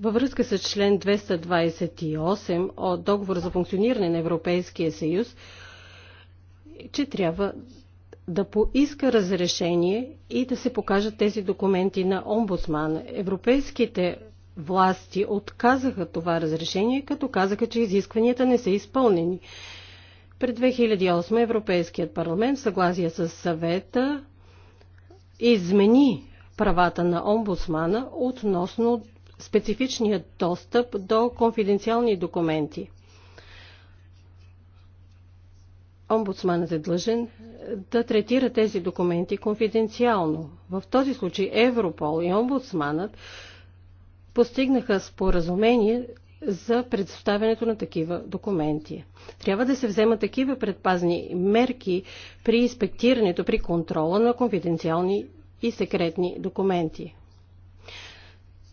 Във връзка с член 228 от договор за функциониране на Европейския съюз, че трябва да поиска разрешение и да се покажат тези документи на омбудсман. Европейските власти отказаха това разрешение, като казаха, че изискванията не са изпълнени. Пред 2008 Европейският парламент в съгласие с съвета измени правата на омбудсмана относно специфичния достъп до конфиденциални документи. Омбудсманът е длъжен да третира тези документи конфиденциално. В този случай Европол и омбудсманът постигнаха споразумение за предоставянето на такива документи. Трябва да се вземат такива предпазни мерки при инспектирането, при контрола на конфиденциални и секретни документи.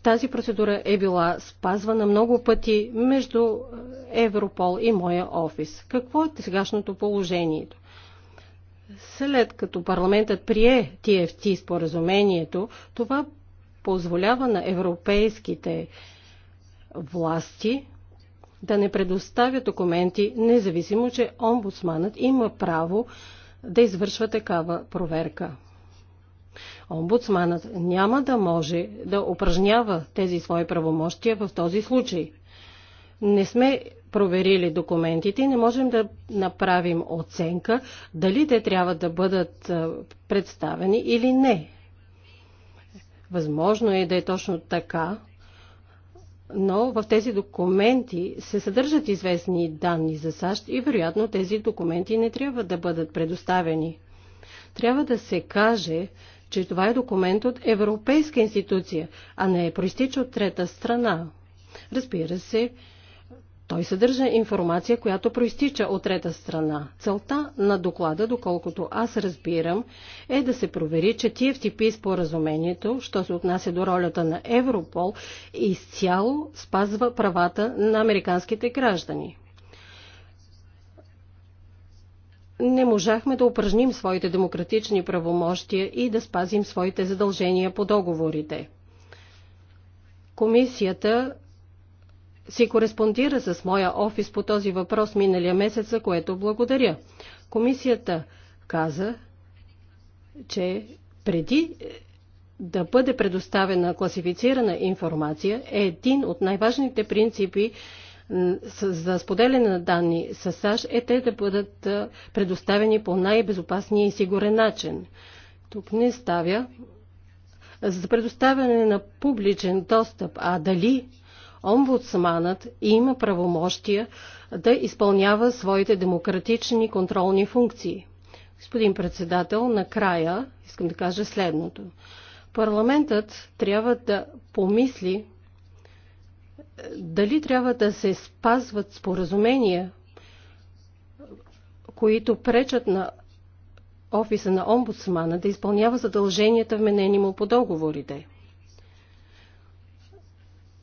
Тази процедура е била спазвана много пъти между е, Европол и моя офис. Какво е сегашното положението? След като парламентът прие TFT споразумението, това позволява на европейските власти да не предоставя документи, независимо, че омбудсманът има право да извършва такава проверка. Омбудсманът няма да може да упражнява тези свои правомощия в този случай. Не сме проверили документите и не можем да направим оценка дали те трябва да бъдат представени или не. Възможно е да е точно така, но в тези документи се съдържат известни данни за САЩ и вероятно тези документи не трябва да бъдат предоставени. Трябва да се каже, че това е документ от европейска институция, а не е проистича от трета страна. Разбира се, той съдържа информация, която проистича от трета страна. Целта на доклада, доколкото аз разбирам, е да се провери, че TFTP споразумението, що се отнася до ролята на Европол, изцяло спазва правата на американските граждани. не можахме да упражним своите демократични правомощия и да спазим своите задължения по договорите. Комисията си кореспондира с моя офис по този въпрос миналия месец, за което благодаря. Комисията каза, че преди е, да бъде предоставена класифицирана информация е един от най-важните принципи за споделяне на данни с САЩ е те да бъдат предоставени по най-безопасния и сигурен начин. Тук не ставя за предоставяне на публичен достъп, а дали омбудсманът има правомощия да изпълнява своите демократични контролни функции. Господин председател, накрая искам да кажа следното. Парламентът трябва да помисли дали трябва да се спазват споразумения, които пречат на офиса на омбудсмана да изпълнява задълженията вменени му по договорите.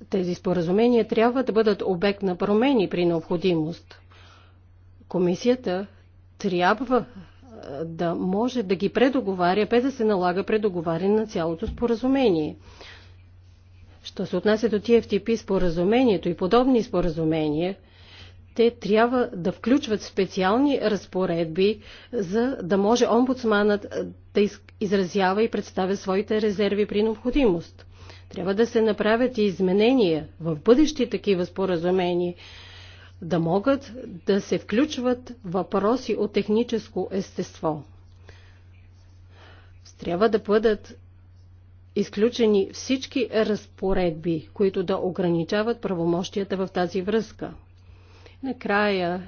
Тези споразумения трябва да бъдат обект на промени при необходимост. Комисията трябва да може да ги предоговаря, без да се налага предоговаряне на цялото споразумение. Що се отнася до TFTP споразумението и подобни споразумения, те трябва да включват специални разпоредби, за да може омбудсманът да изразява и представя своите резерви при необходимост. Трябва да се направят и изменения в бъдещи такива споразумения, да могат да се включват въпроси от техническо естество. Трябва да бъдат изключени всички разпоредби, които да ограничават правомощията в тази връзка. Накрая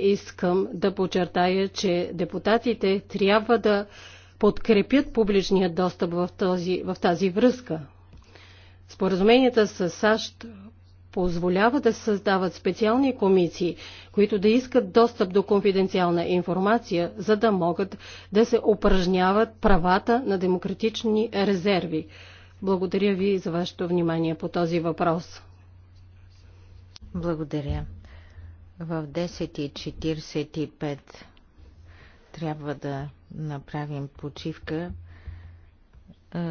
искам да подчертая, че депутатите трябва да подкрепят публичния достъп в, този, в тази връзка. Споразуменията с САЩ позволява да създават специални комисии, които да искат достъп до конфиденциална информация, за да могат да се упражняват правата на демократични резерви. Благодаря ви за вашето внимание по този въпрос. Благодаря. В 10.45 трябва да направим почивка.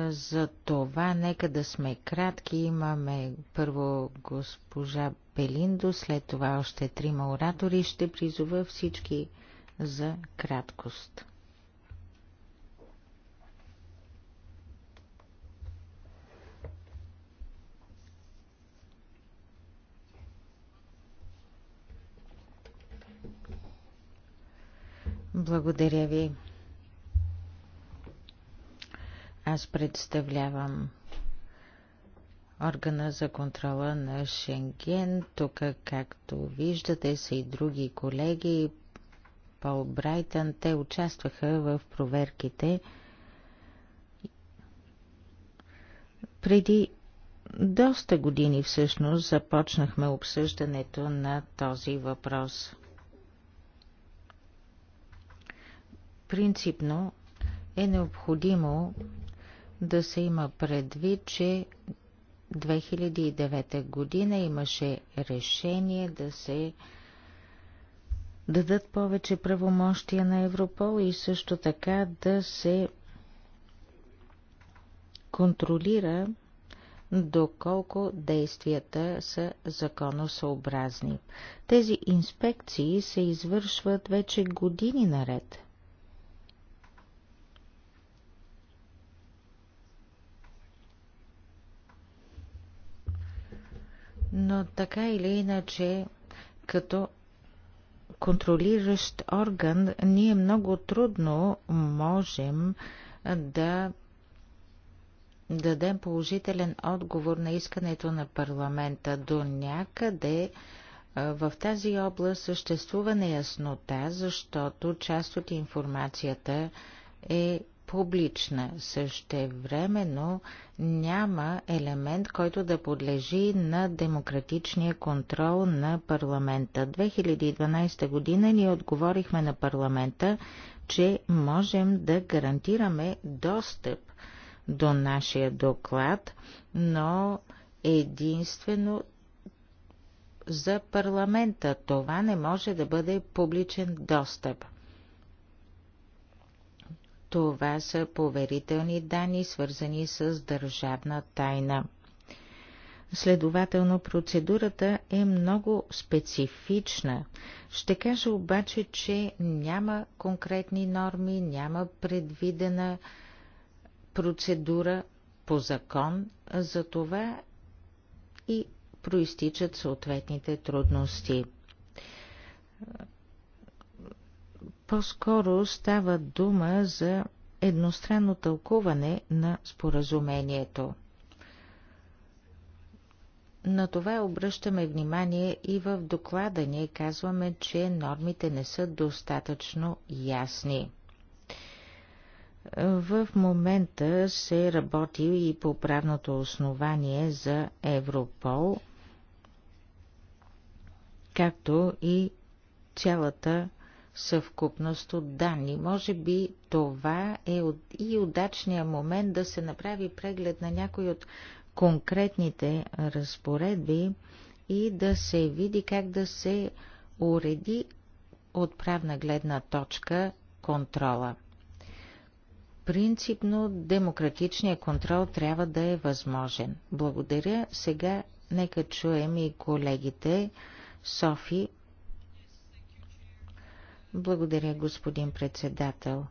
За това нека да сме кратки. Имаме първо госпожа Пелиндо, след това още трима оратори. Ще призова всички за краткост. Благодаря ви. Аз представлявам органа за контрола на Шенген. Тук, както виждате, са и други колеги. Пол Брайтън, те участваха в проверките. Преди доста години всъщност започнахме обсъждането на този въпрос. Принципно е необходимо да се има предвид, че 2009 година имаше решение да се дадат повече правомощия на Европол и също така да се контролира доколко действията са законосъобразни. Тези инспекции се извършват вече години наред. но така или иначе, като контролиращ орган, ние много трудно можем да дадем положителен отговор на искането на парламента. До някъде в тази област съществува неяснота, защото част от информацията е публична. но няма елемент, който да подлежи на демократичния контрол на парламента. 2012 година ние отговорихме на парламента, че можем да гарантираме достъп до нашия доклад, но единствено за парламента. Това не може да бъде публичен достъп. Това са поверителни данни, свързани с държавна тайна. Следователно, процедурата е много специфична. Ще кажа обаче, че няма конкретни норми, няма предвидена процедура по закон, за това и проистичат съответните трудности. По-скоро става дума за едностранно тълкуване на споразумението. На това обръщаме внимание и в доклада ние казваме, че нормите не са достатъчно ясни. В момента се работи и по правното основание за Европол, както и цялата съвкупност от данни. Може би това е и удачният момент да се направи преглед на някои от конкретните разпоредби и да се види как да се уреди от правна гледна точка контрола. Принципно демократичният контрол трябва да е възможен. Благодаря. Сега нека чуем и колегите. Софи благодаря, господин председател.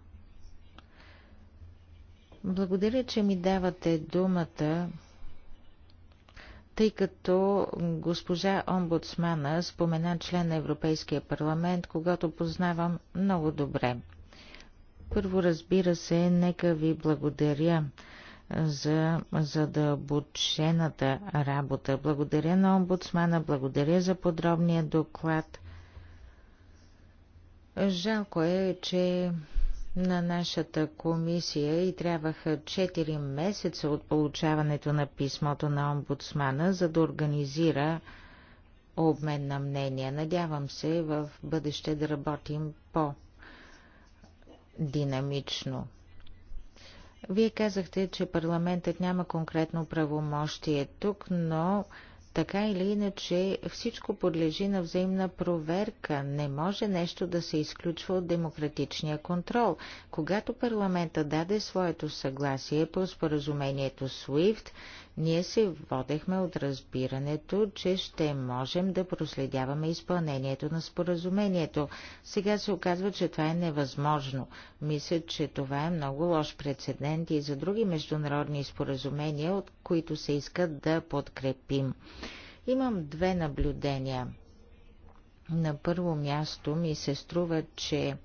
Благодаря, че ми давате думата, тъй като госпожа омбудсмана спомена член на Европейския парламент, когато познавам много добре. Първо, разбира се, нека ви благодаря за задълбочената работа. Благодаря на омбудсмана, благодаря за подробния доклад. Жалко е, че на нашата комисия и трябваха 4 месеца от получаването на писмото на омбудсмана, за да организира обмен на мнения. Надявам се в бъдеще да работим по-динамично. Вие казахте, че парламентът няма конкретно правомощие тук, но така или иначе, всичко подлежи на взаимна проверка. Не може нещо да се изключва от демократичния контрол. Когато парламента даде своето съгласие по споразумението SWIFT, ние се водехме от разбирането, че ще можем да проследяваме изпълнението на споразумението. Сега се оказва, че това е невъзможно. Мисля, че това е много лош прецедент и за други международни споразумения, от които се искат да подкрепим. Имам две наблюдения. На първо място ми се струва, че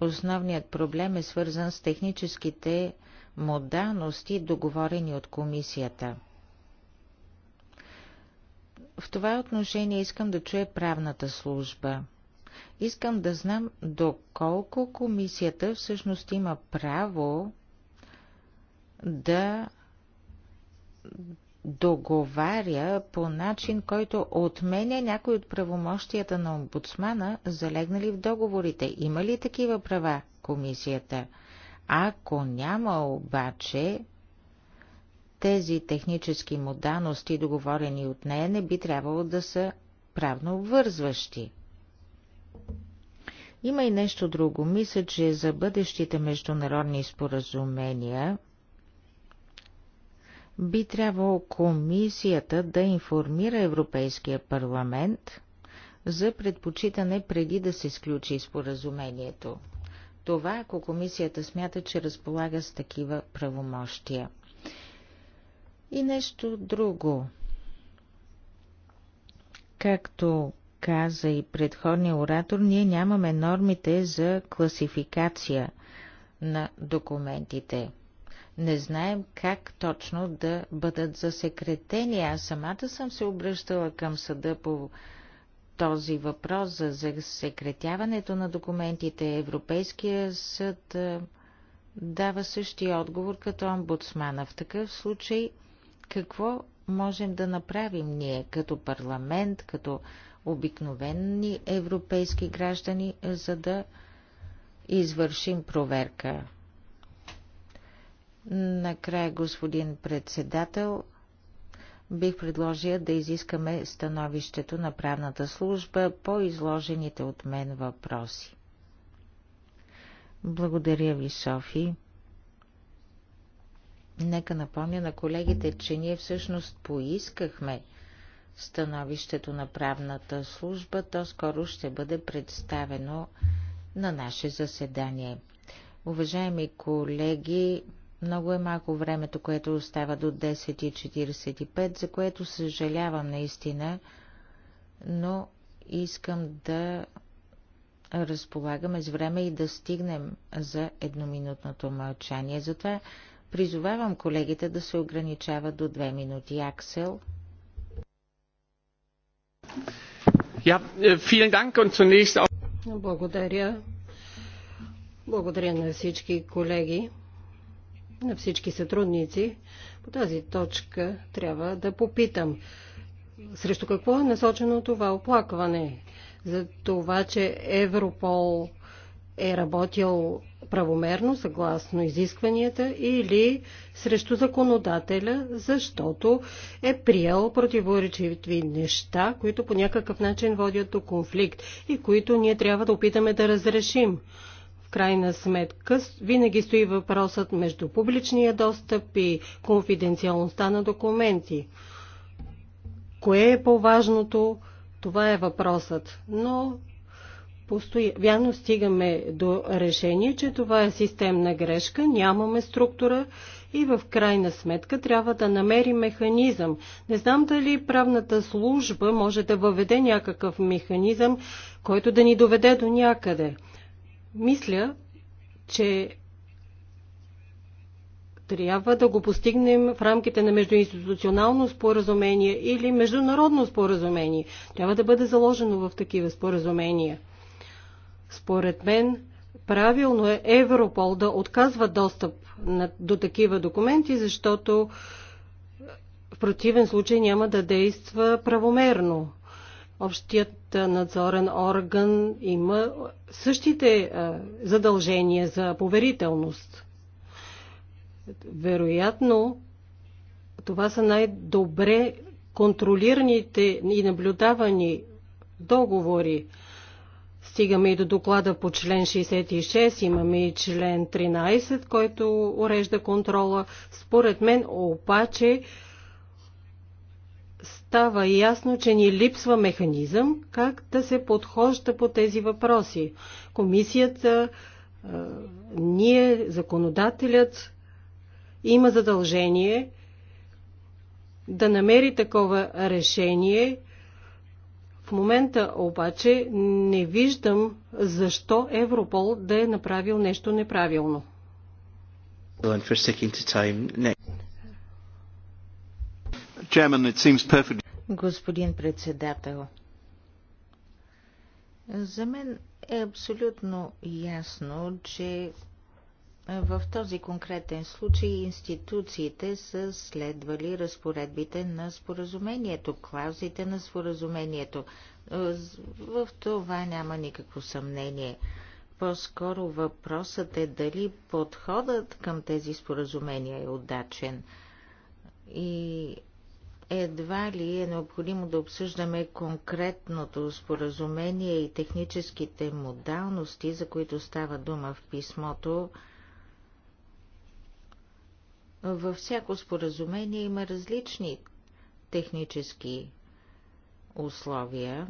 основният проблем е свързан с техническите модалности, договорени от комисията. В това отношение искам да чуя правната служба. Искам да знам доколко комисията всъщност има право да договаря по начин, който отменя някои от правомощията на омбудсмана, залегнали в договорите. Има ли такива права комисията? Ако няма обаче тези технически модалности, договорени от нея, не би трябвало да са правно обвързващи. Има и нещо друго. Мисля, че за бъдещите международни споразумения би трябвало комисията да информира Европейския парламент за предпочитане преди да се сключи споразумението това, ако комисията смята, че разполага с такива правомощия. И нещо друго. Както каза и предходния оратор, ние нямаме нормите за класификация на документите. Не знаем как точно да бъдат засекретени. Аз самата съм се обръщала към съда по този въпрос за засекретяването на документите, Европейския съд е, дава същия отговор като омбудсмана. В такъв случай какво можем да направим ние като парламент, като обикновени европейски граждани, за да извършим проверка? Накрая, господин председател, бих предложил да изискаме становището на правната служба по изложените от мен въпроси. Благодаря ви, Софи. Нека напомня на колегите, че ние всъщност поискахме становището на правната служба, то скоро ще бъде представено на наше заседание. Уважаеми колеги, много е малко времето, което остава до 10.45, за което съжалявам наистина, но искам да разполагаме с време и да стигнем за едноминутното мълчание. Затова призовавам колегите да се ограничават до две минути. Аксел. Благодаря. Благодаря на всички колеги на всички сътрудници. По тази точка трябва да попитам. Срещу какво е насочено това оплакване? За това, че Европол е работил правомерно, съгласно изискванията, или срещу законодателя, защото е приел противоречиви неща, които по някакъв начин водят до конфликт и които ние трябва да опитаме да разрешим крайна сметка винаги стои въпросът между публичния достъп и конфиденциалността на документи. Кое е по-важното? Това е въпросът. Но постоянно стигаме до решение, че това е системна грешка, нямаме структура и в крайна сметка трябва да намери механизъм. Не знам дали правната служба може да въведе някакъв механизъм, който да ни доведе до някъде. Мисля, че трябва да го постигнем в рамките на междуинституционално споразумение или международно споразумение. Трябва да бъде заложено в такива споразумения. Според мен, правилно е Европол да отказва достъп на, до такива документи, защото в противен случай няма да действа правомерно. Общият надзорен орган има същите задължения за поверителност. Вероятно, това са най-добре контролираните и наблюдавани договори. Стигаме и до доклада по член 66, имаме и член 13, който урежда контрола. Според мен обаче става ясно, че ни липсва механизъм как да се подхожда по тези въпроси. Комисията, ние, законодателят, има задължение да намери такова решение. В момента обаче не виждам защо Европол да е направил нещо неправилно. Господин председател, за мен е абсолютно ясно, че в този конкретен случай институциите са следвали разпоредбите на споразумението, клаузите на споразумението. В това няма никакво съмнение. По-скоро въпросът е дали подходът към тези споразумения е удачен. И едва ли е необходимо да обсъждаме конкретното споразумение и техническите модалности, за които става дума в писмото. Във всяко споразумение има различни технически условия.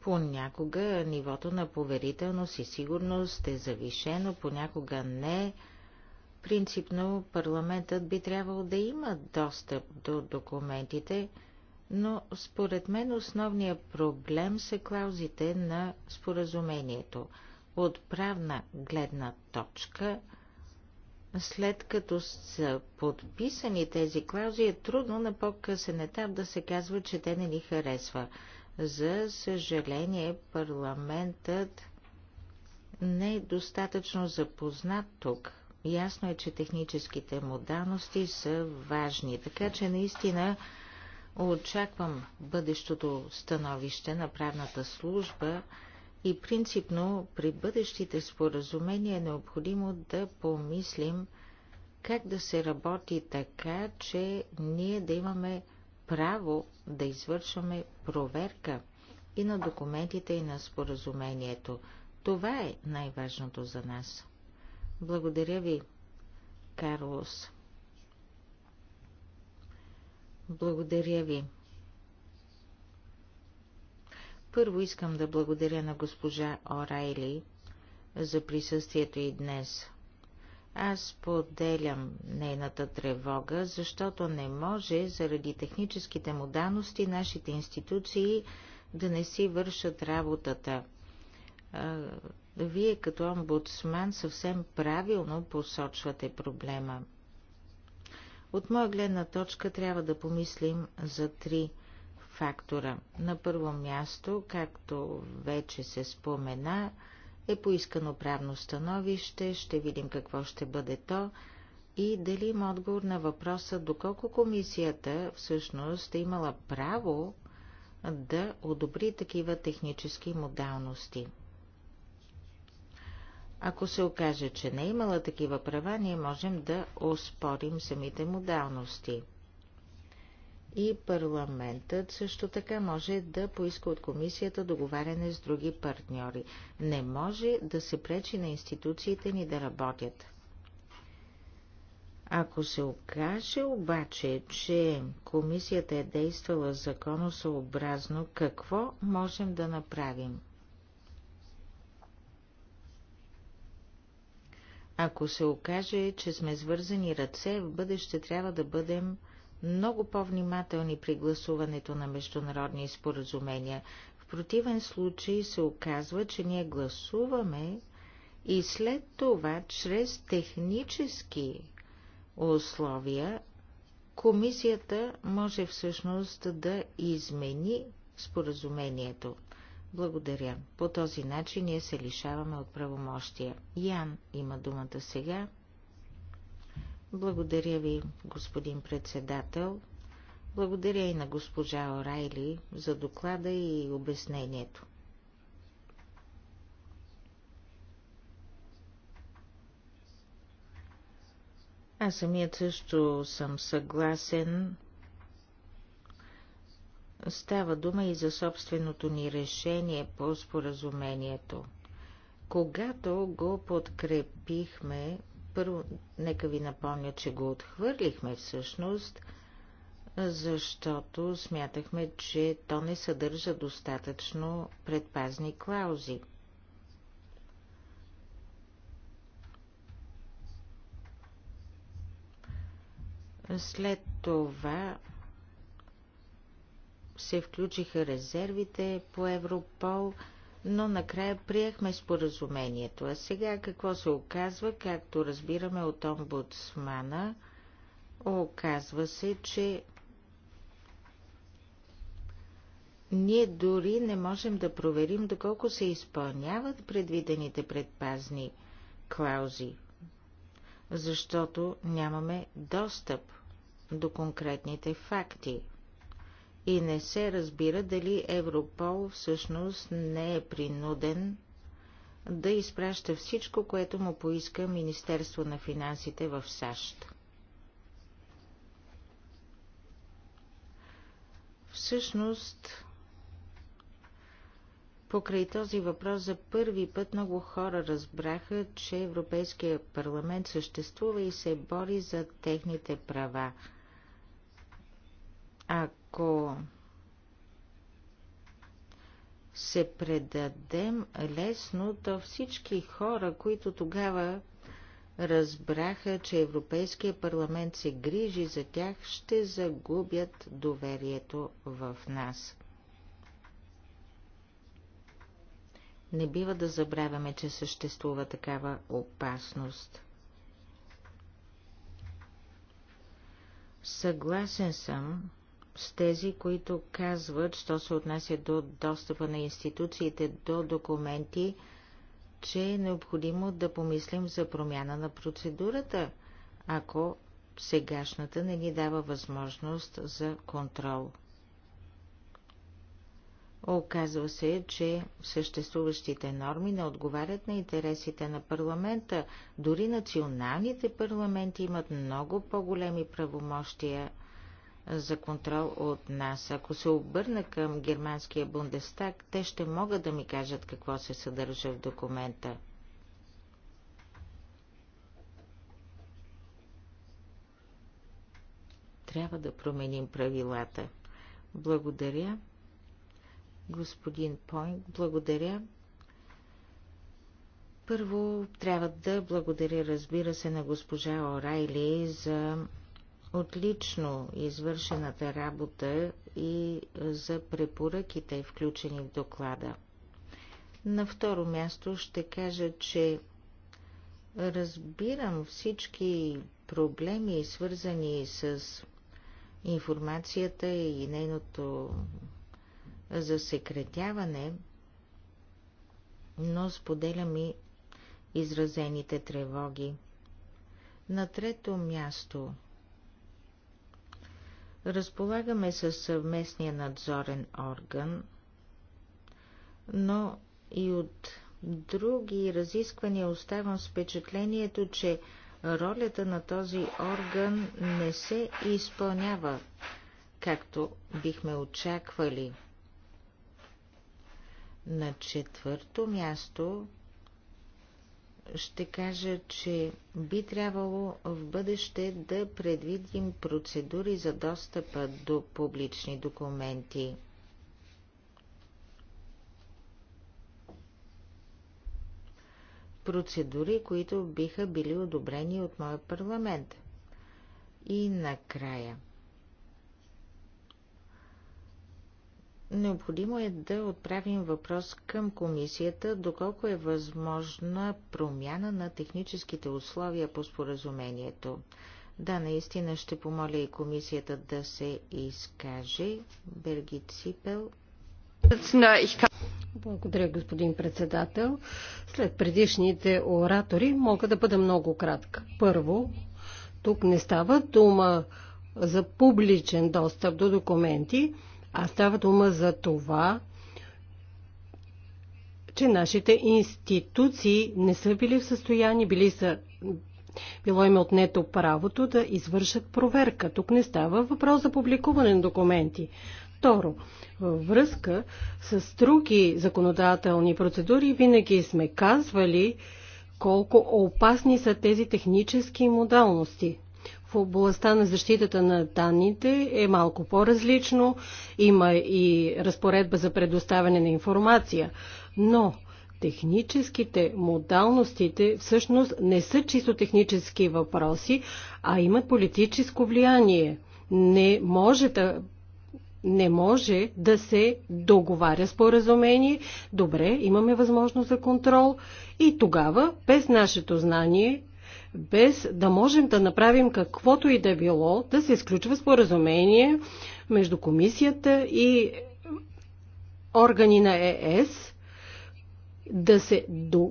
Понякога нивото на поверителност и сигурност е завишено, понякога не е Принципно парламентът би трябвало да има достъп до документите, но според мен основният проблем са клаузите на споразумението. От правна гледна точка, след като са подписани тези клаузи, е трудно на по-късен етап да се казва, че те не ни харесва. За съжаление, парламентът не е достатъчно запознат тук Ясно е, че техническите му данности са важни, така че наистина очаквам бъдещото становище на правната служба и принципно при бъдещите споразумения е необходимо да помислим как да се работи така, че ние да имаме право да извършваме проверка и на документите, и на споразумението. Това е най-важното за нас. Благодаря ви, Карлос. Благодаря ви. Първо искам да благодаря на госпожа Орайли за присъствието и днес. Аз поделям нейната тревога, защото не може заради техническите му данности нашите институции да не си вършат работата. Вие като омбудсман съвсем правилно посочвате проблема. От моя гледна точка трябва да помислим за три фактора. На първо място, както вече се спомена, е поискано правно становище, ще видим какво ще бъде то и дали има отговор на въпроса доколко комисията всъщност е имала право да одобри такива технически модалности. Ако се окаже, че не е имала такива права, ние можем да оспорим самите модалности. И парламентът също така може да поиска от комисията договаряне с други партньори. Не може да се пречи на институциите ни да работят. Ако се окаже обаче, че комисията е действала законосъобразно, какво можем да направим? Ако се окаже, че сме свързани ръце, в бъдеще трябва да бъдем много по-внимателни при гласуването на международни споразумения. В противен случай се оказва, че ние гласуваме и след това, чрез технически условия, комисията може всъщност да измени споразумението. Благодаря. По този начин ние се лишаваме от правомощия. Ян има думата сега. Благодаря ви, господин председател. Благодаря и на госпожа Орайли за доклада и обяснението. Аз самият също съм съгласен Става дума и за собственото ни решение по споразумението. Когато го подкрепихме, първо, нека ви напомня, че го отхвърлихме всъщност, защото смятахме, че то не съдържа достатъчно предпазни клаузи. След това се включиха резервите по Европол, но накрая приехме споразумението. А сега какво се оказва, както разбираме от омбудсмана, оказва се, че ние дори не можем да проверим доколко се изпълняват предвидените предпазни клаузи, защото нямаме достъп до конкретните факти и не се разбира дали Европол всъщност не е принуден да изпраща всичко, което му поиска Министерство на финансите в САЩ. Всъщност, покрай този въпрос за първи път много хора разбраха, че Европейския парламент съществува и се бори за техните права. Ако ако се предадем лесно, то всички хора, които тогава разбраха, че Европейския парламент се грижи за тях, ще загубят доверието в нас. Не бива да забравяме, че съществува такава опасност. Съгласен съм, с тези, които казват, що се отнася до достъпа на институциите до документи, че е необходимо да помислим за промяна на процедурата, ако сегашната не ни дава възможност за контрол. Оказва се, че съществуващите норми не отговарят на интересите на парламента. Дори националните парламенти имат много по-големи правомощия – за контрол от нас. Ако се обърна към германския Бундестаг, те ще могат да ми кажат какво се съдържа в документа. Трябва да променим правилата. Благодаря. Господин Пойнт, благодаря. Първо трябва да благодаря, разбира се, на госпожа Орайли за отлично извършената работа и за препоръките, включени в доклада. На второ място ще кажа, че разбирам всички проблеми, свързани с информацията и нейното засекретяване, но споделям и изразените тревоги. На трето място Разполагаме със съвместния надзорен орган, но и от други разисквания оставам с впечатлението, че ролята на този орган не се изпълнява, както бихме очаквали. На четвърто място ще кажа, че би трябвало в бъдеще да предвидим процедури за достъпа до публични документи. Процедури, които биха били одобрени от моя парламент. И накрая – Необходимо е да отправим въпрос към комисията, доколко е възможна промяна на техническите условия по споразумението. Да, наистина ще помоля и комисията да се изкаже. Бергит Сипел. Благодаря, господин председател. След предишните оратори мога да бъда много кратка. Първо, тук не става дума за публичен достъп до документи, а става дума за това, че нашите институции не са били в състояние, били са, било им е отнето правото да извършат проверка. Тук не става въпрос за публикуване на документи. Второ, във връзка с други законодателни процедури винаги сме казвали колко опасни са тези технически модалности. В областта на защитата на данните е малко по-различно. Има и разпоредба за предоставяне на информация. Но техническите модалностите всъщност не са чисто технически въпроси, а имат политическо влияние. Не може да не може да се договаря споразумение. Добре, имаме възможност за контрол и тогава, без нашето знание, без да можем да направим каквото и да е било, да се изключва споразумение между комисията и органи на ЕС, да се,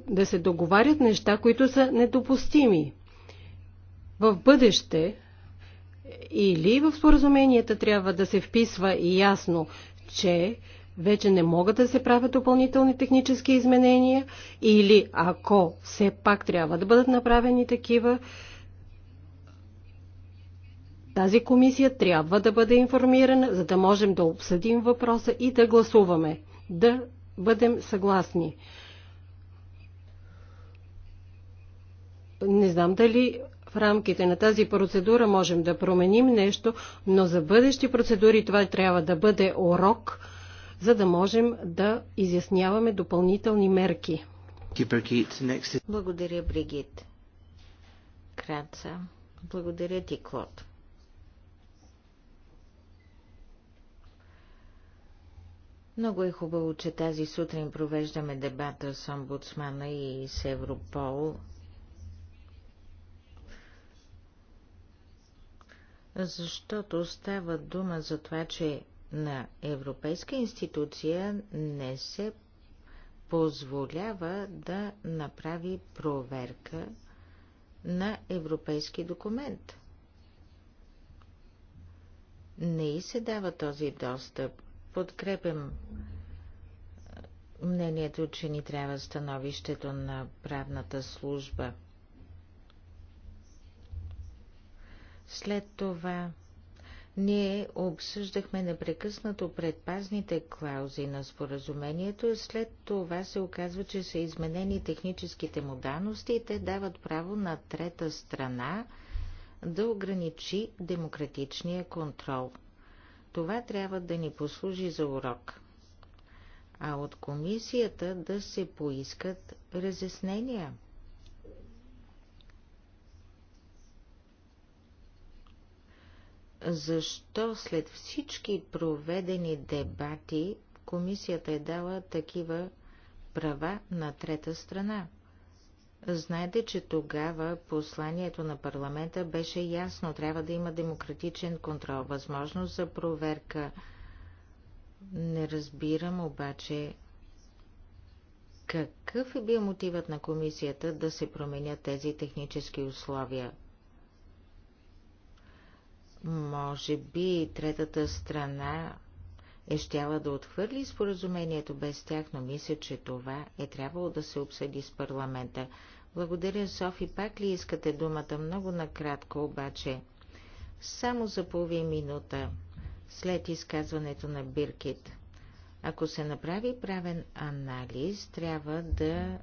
да се договарят неща, които са недопустими. В бъдеще или в споразуменията трябва да се вписва и ясно, че вече не могат да се правят допълнителни технически изменения или ако все пак трябва да бъдат направени такива, тази комисия трябва да бъде информирана, за да можем да обсъдим въпроса и да гласуваме, да бъдем съгласни. Не знам дали в рамките на тази процедура можем да променим нещо, но за бъдещи процедури това трябва да бъде урок – за да можем да изясняваме допълнителни мерки. Благодаря, Бригит. Краца. Благодаря ти, Клод. Много е хубаво, че тази сутрин провеждаме дебата с омбудсмана и с Европол. Защото става дума за това, че на европейска институция не се позволява да направи проверка на европейски документ. Не и се дава този достъп. Подкрепям мнението, че ни трябва становището на правната служба. След това ние обсъждахме непрекъснато предпазните клаузи на споразумението, след това се оказва, че са изменени техническите му данности и те дават право на трета страна да ограничи демократичния контрол. Това трябва да ни послужи за урок. А от комисията да се поискат разяснения. защо след всички проведени дебати комисията е дала такива права на трета страна. Знаете, че тогава посланието на парламента беше ясно. Трябва да има демократичен контрол, възможност за проверка. Не разбирам обаче какъв е бил мотивът на комисията да се променят тези технически условия. Може би третата страна е щяла да отхвърли споразумението без тях, но мисля, че това е трябвало да се обсъди с парламента. Благодаря, Софи. Пак ли искате думата? Много накратко обаче. Само за половин минута след изказването на Биркит. Ако се направи правен анализ, трябва да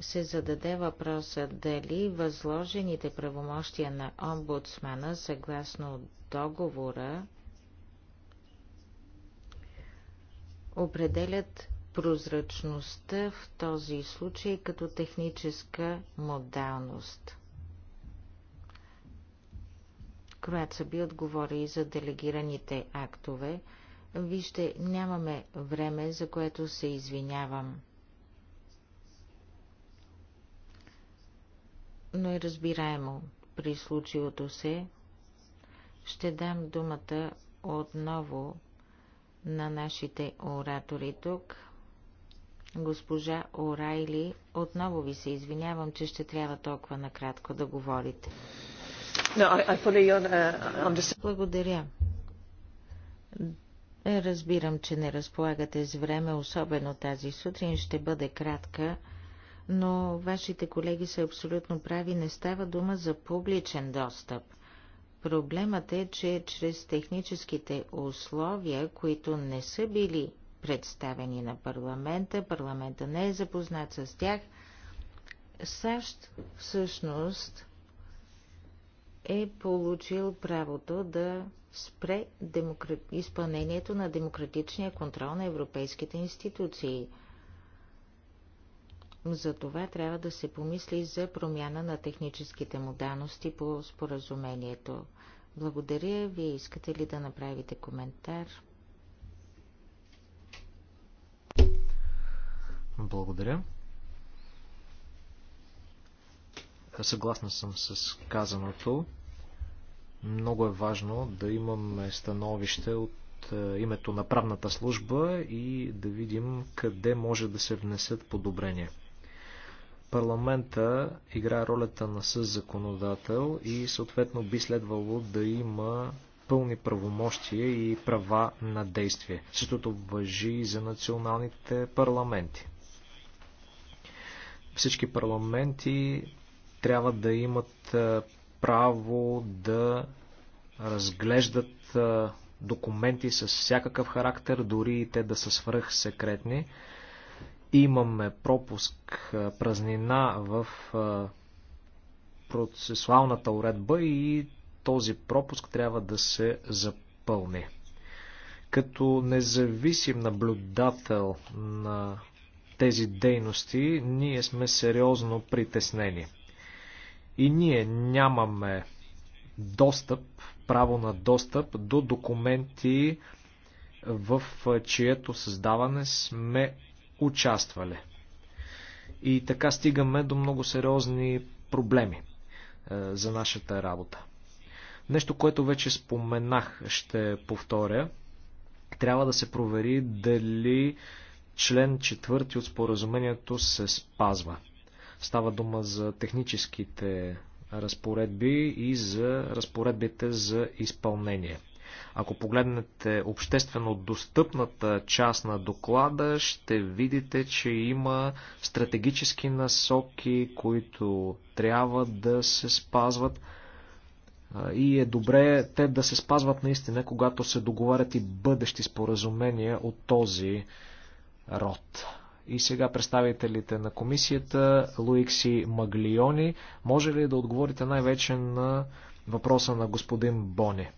се зададе въпроса дали възложените правомощия на омбудсмана съгласно договора определят прозрачността в този случай като техническа модалност. Крояца би отговори и за делегираните актове. Вижте, нямаме време, за което се извинявам. но и е разбираемо при случилото се. Ще дам думата отново на нашите оратори тук. Госпожа Орайли, отново ви се извинявам, че ще трябва толкова накратко да говорите. No, I, I uh, Благодаря. Разбирам, че не разполагате с време, особено тази сутрин ще бъде кратка но вашите колеги са абсолютно прави, не става дума за публичен достъп. Проблемът е, че чрез техническите условия, които не са били представени на парламента, парламента не е запознат с тях, САЩ всъщност е получил правото да спре демокра... изпълнението на демократичния контрол на европейските институции – за това трябва да се помисли за промяна на техническите му дености по споразумението. Благодаря. Вие искате ли да направите коментар? Благодаря. Съгласна съм с казаното. Много е важно да имаме становище от е, името на правната служба и да видим къде може да се внесат подобрения. Парламента играе ролята на законодател и съответно би следвало да има пълни правомощия и права на действие. Същото въжи и за националните парламенти. Всички парламенти трябва да имат право да разглеждат документи с всякакъв характер, дори и те да са свръхсекретни. секретни имаме пропуск, празнина в процесуалната уредба и този пропуск трябва да се запълни. Като независим наблюдател на тези дейности, ние сме сериозно притеснени. И ние нямаме достъп, право на достъп до документи, в чието създаване сме участвали. И така стигаме до много сериозни проблеми е, за нашата работа. Нещо, което вече споменах, ще повторя. Трябва да се провери дали член 4 от споразумението се спазва. Става дума за техническите разпоредби и за разпоредбите за изпълнение. Ако погледнете обществено достъпната част на доклада, ще видите, че има стратегически насоки, които трябва да се спазват. И е добре те да се спазват наистина, когато се договарят и бъдещи споразумения от този род. И сега представителите на комисията, Луикси Маглиони, може ли да отговорите най-вече на въпроса на господин Бони?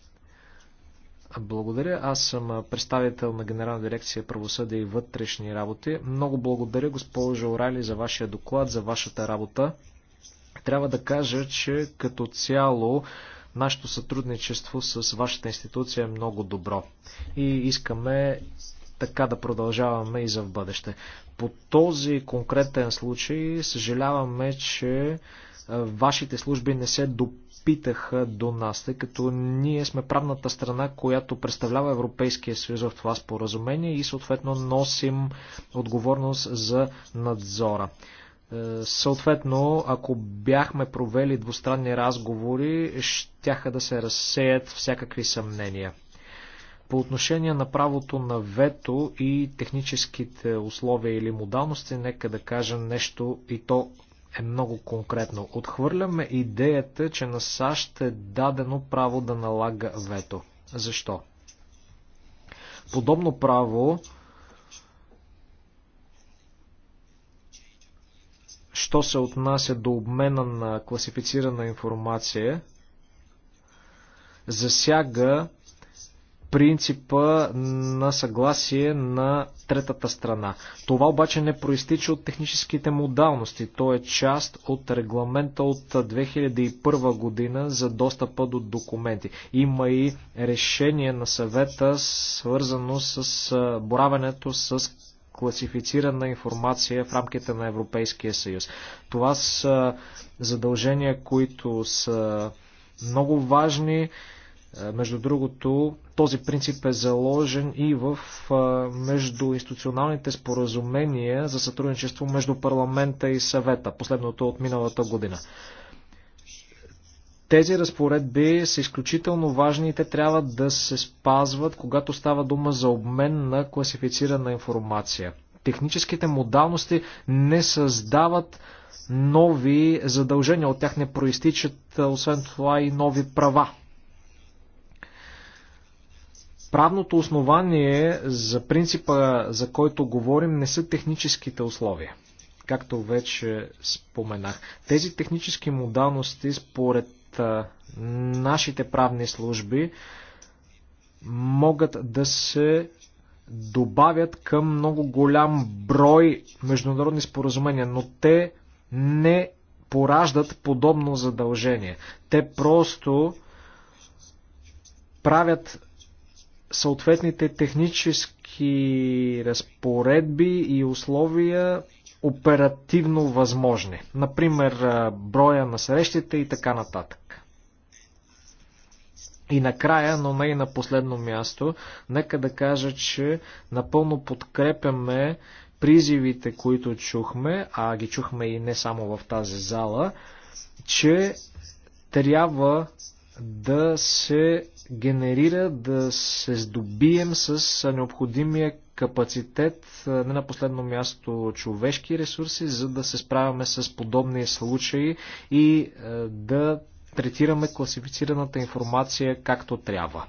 Благодаря. Аз съм представител на Генерална дирекция правосъдие и вътрешни работи. Много благодаря, госпожо Орали, за вашия доклад, за вашата работа. Трябва да кажа, че като цяло нашето сътрудничество с вашата институция е много добро. И искаме така да продължаваме и за в бъдеще. По този конкретен случай съжаляваме, че вашите служби не се допълнят Питаха до нас, тъй като ние сме правната страна, която представлява Европейския съюз в това споразумение и съответно носим отговорност за надзора. Е, съответно, ако бяхме провели двустранни разговори, щяха да се разсеят всякакви съмнения. По отношение на правото на вето и техническите условия или модалности, нека да кажем нещо и то е много конкретно. Отхвърляме идеята, че на САЩ е дадено право да налага вето. Защо? Подобно право що се отнася до обмена на класифицирана информация, засяга принципа на съгласие на третата страна. Това обаче не проистича от техническите модалности. То е част от регламента от 2001 година за достъпа до документи. Има и решение на съвета, свързано с боравенето с класифицирана информация в рамките на Европейския съюз. Това са задължения, които са много важни. Е, между другото, този принцип е заложен и в е, междуинституционалните споразумения за сътрудничество между парламента и съвета, последното от миналата година. Тези разпоредби са изключително важни и те трябва да се спазват, когато става дума за обмен на класифицирана информация. Техническите модалности не създават нови задължения, от тях не проистичат е, освен това и нови права Правното основание за принципа, за който говорим, не са техническите условия. Както вече споменах, тези технически модалности, според нашите правни служби, могат да се добавят към много голям брой международни споразумения, но те не пораждат подобно задължение. Те просто правят съответните технически разпоредби и условия оперативно възможни. Например, броя на срещите и така нататък. И накрая, но не и на последно място, нека да кажа, че напълно подкрепяме призивите, които чухме, а ги чухме и не само в тази зала, че трябва да се генерира да се здобием с необходимия капацитет, не на последно място човешки ресурси, за да се справяме с подобни случаи и да третираме класифицираната информация както трябва.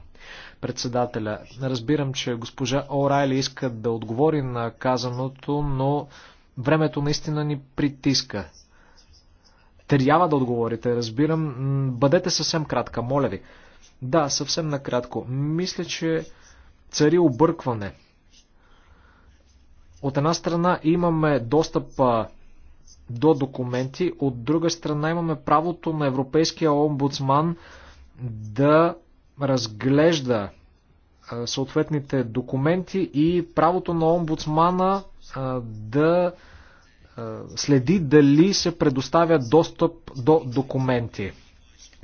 Председателя, разбирам, че госпожа Орайли иска да отговори на казаното, но времето наистина ни притиска. Трябва да отговорите, разбирам. Бъдете съвсем кратка, моля ви. Да, съвсем накратко. Мисля, че цари объркване. От една страна имаме достъпа до документи, от друга страна имаме правото на Европейския омбудсман да разглежда съответните документи и правото на омбудсмана да следи дали се предоставя достъп до документи.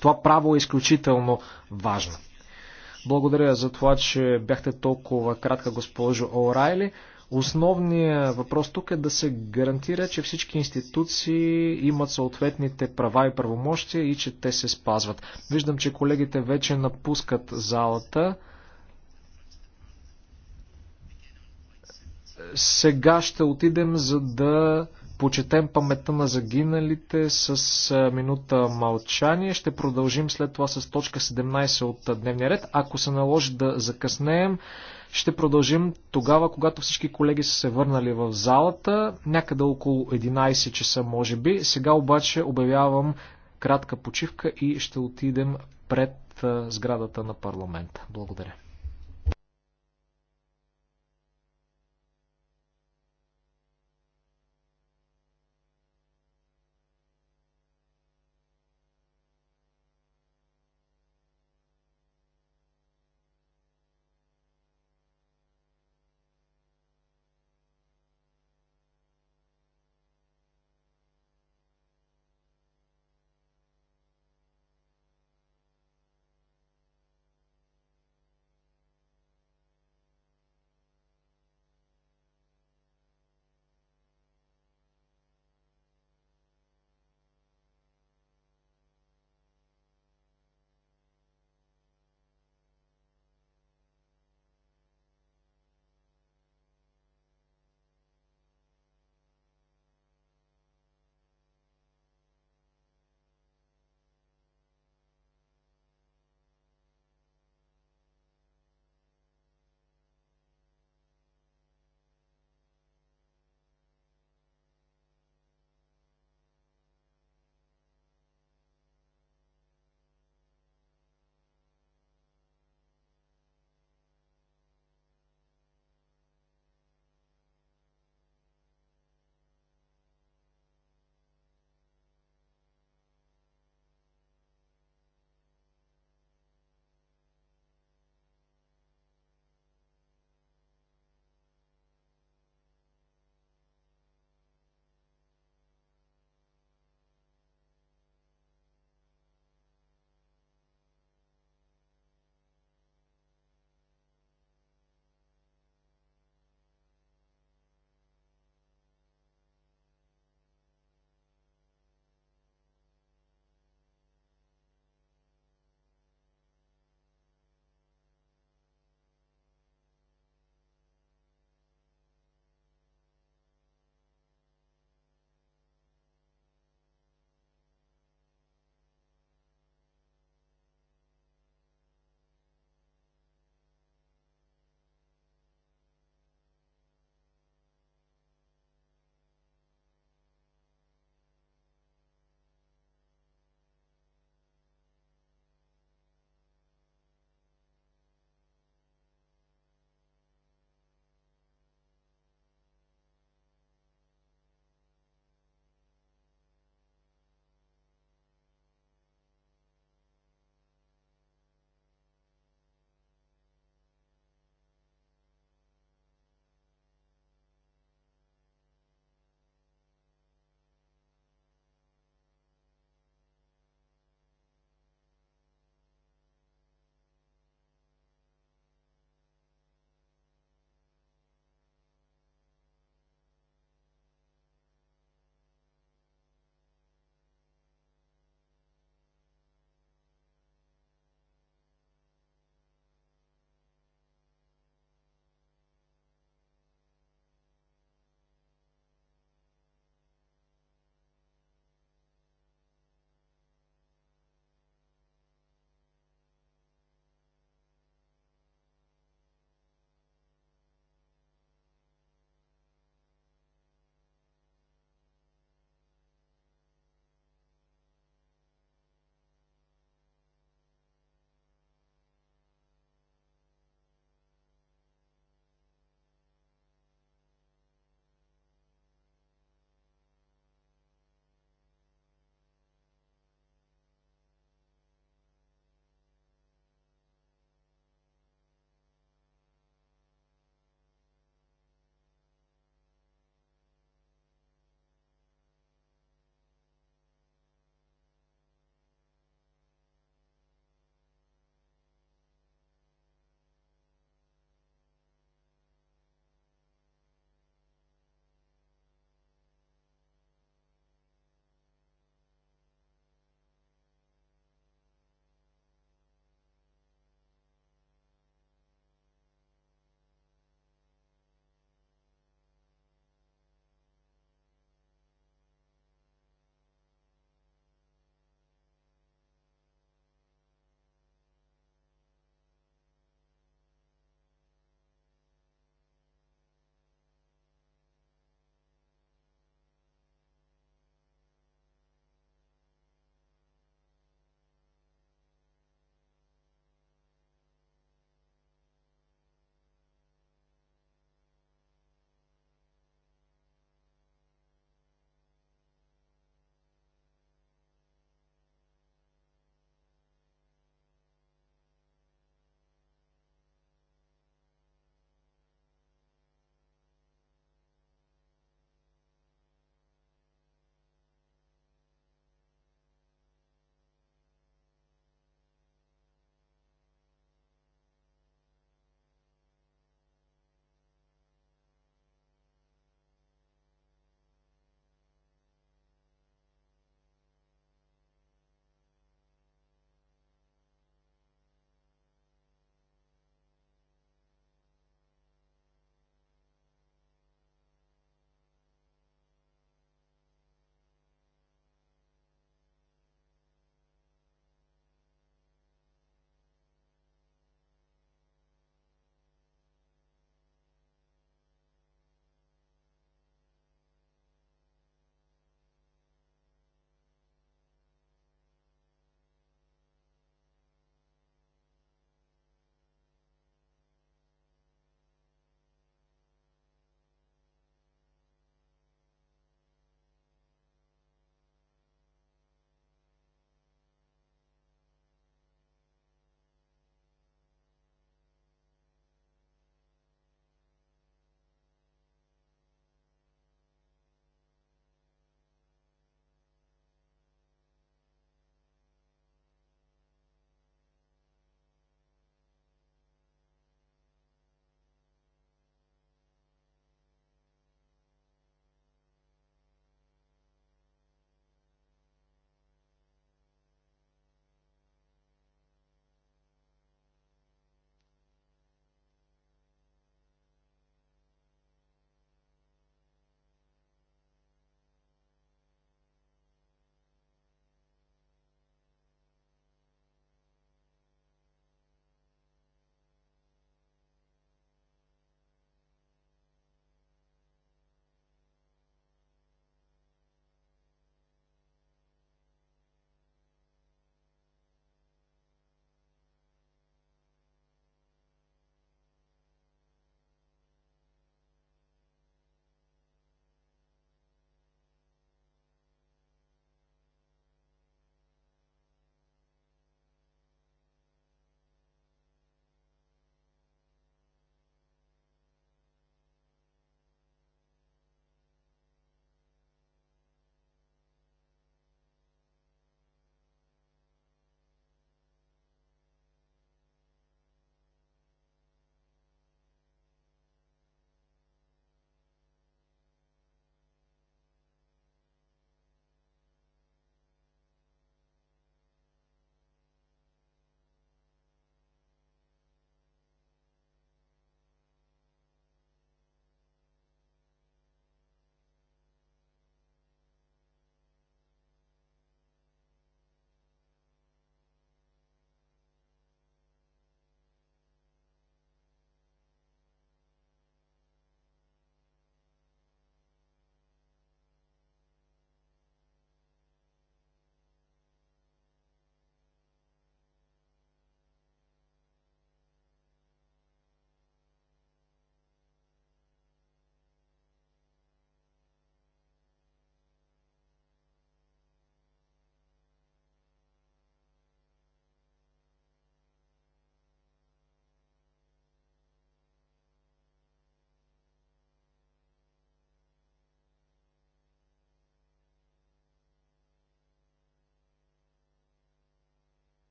Това право е изключително важно. Благодаря за това, че бяхте толкова кратка, госпожо Орайли. Основният въпрос тук е да се гарантира, че всички институции имат съответните права и правомощия и че те се спазват. Виждам, че колегите вече напускат залата. Сега ще отидем, за да почетем паметта на загиналите с минута мълчание. Ще продължим след това с точка 17 от дневния ред. Ако се наложи да закъснеем, ще продължим тогава, когато всички колеги са се върнали в залата, някъде около 11 часа може би. Сега обаче обявявам кратка почивка и ще отидем пред сградата на парламента. Благодаря.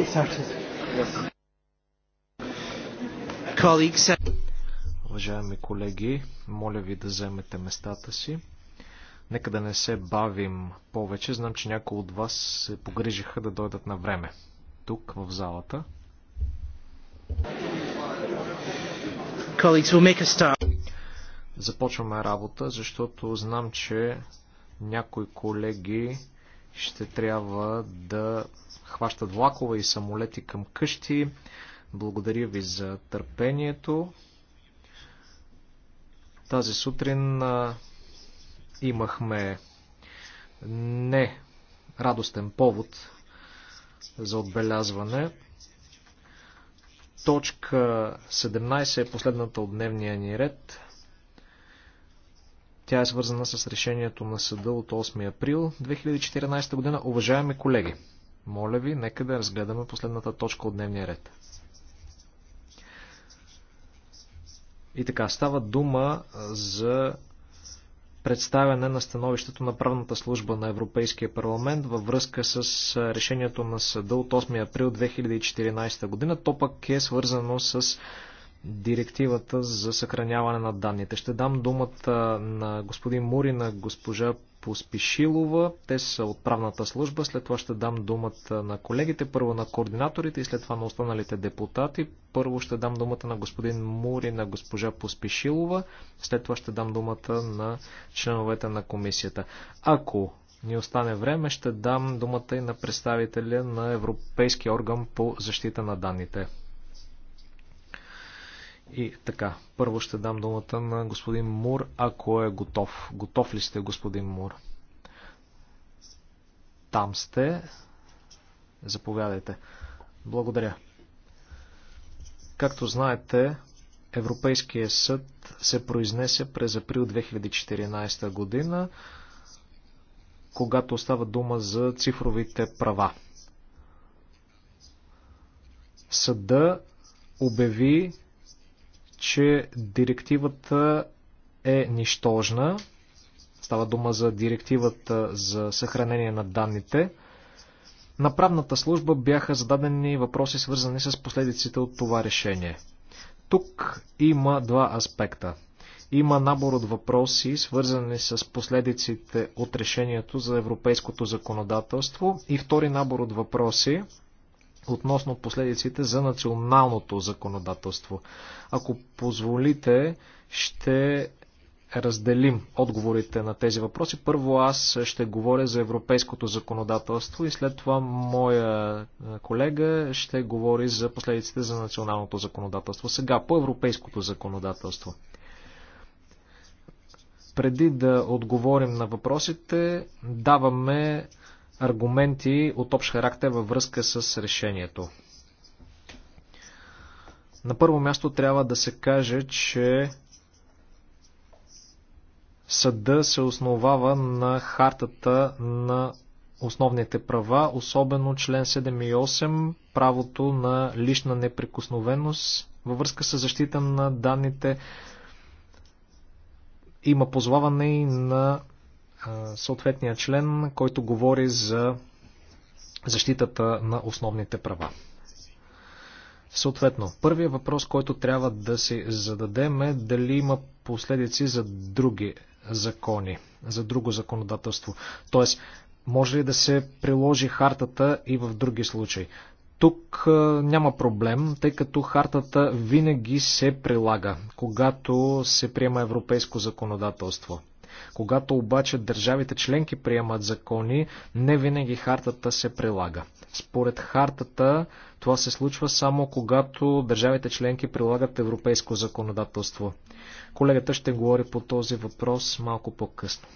get started. Yes. Uh, Уважаеми колеги, моля ви да вземете местата си. Нека да не се бавим повече. Знам, че някои от вас се погрижиха да дойдат на време. Тук, в залата. Започваме работа, защото знам, че някои колеги ще трябва да хващат влакове и самолети към къщи. Благодаря ви за търпението. Тази сутрин а, имахме не радостен повод за отбелязване. Точка 17 е последната от дневния ни ред. Тя е свързана с решението на съда от 8 април 2014 година. Уважаеми колеги, моля ви, нека да разгледаме последната точка от дневния ред. И така, става дума за представяне на становището на правната служба на Европейския парламент във връзка с решението на съда от 8 април 2014 година. То пък е свързано с директивата за съхраняване на данните. Ще дам думата на господин Мури, на госпожа Поспишилова. Те са от правната служба. След това ще дам думата на колегите, първо на координаторите и след това на останалите депутати. Първо ще дам думата на господин Мури, на госпожа Поспишилова. След това ще дам думата на членовете на комисията. Ако ни остане време, ще дам думата и на представителя на Европейския орган по защита на данните. И така, първо ще дам думата на господин Мур, ако е готов. Готов ли сте, господин Мур? Там сте. Заповядайте. Благодаря. Както знаете, Европейския съд се произнесе през април 2014 година, когато става дума за цифровите права. Съда обяви че директивата е нищожна. Става дума за директивата за съхранение на данните. На правната служба бяха зададени въпроси, свързани с последиците от това решение. Тук има два аспекта. Има набор от въпроси, свързани с последиците от решението за европейското законодателство и втори набор от въпроси, относно последиците за националното законодателство. Ако позволите, ще разделим отговорите на тези въпроси. Първо аз ще говоря за европейското законодателство и след това моя колега ще говори за последиците за националното законодателство. Сега по европейското законодателство. Преди да отговорим на въпросите, даваме аргументи от общ характер във връзка с решението. На първо място трябва да се каже, че съда се основава на хартата на основните права, особено член 7 и 8, правото на лична неприкосновеност във връзка с защита на данните. Има позваване и на съответния член, който говори за защитата на основните права. Съответно, първият въпрос, който трябва да си зададем е дали има последици за други закони, за друго законодателство. Тоест, може ли да се приложи хартата и в други случаи? Тук няма проблем, тъй като хартата винаги се прилага, когато се приема европейско законодателство. Когато обаче държавите членки приемат закони, не винаги хартата се прилага. Според хартата това се случва само когато държавите членки прилагат европейско законодателство. Колегата ще говори по този въпрос малко по-късно.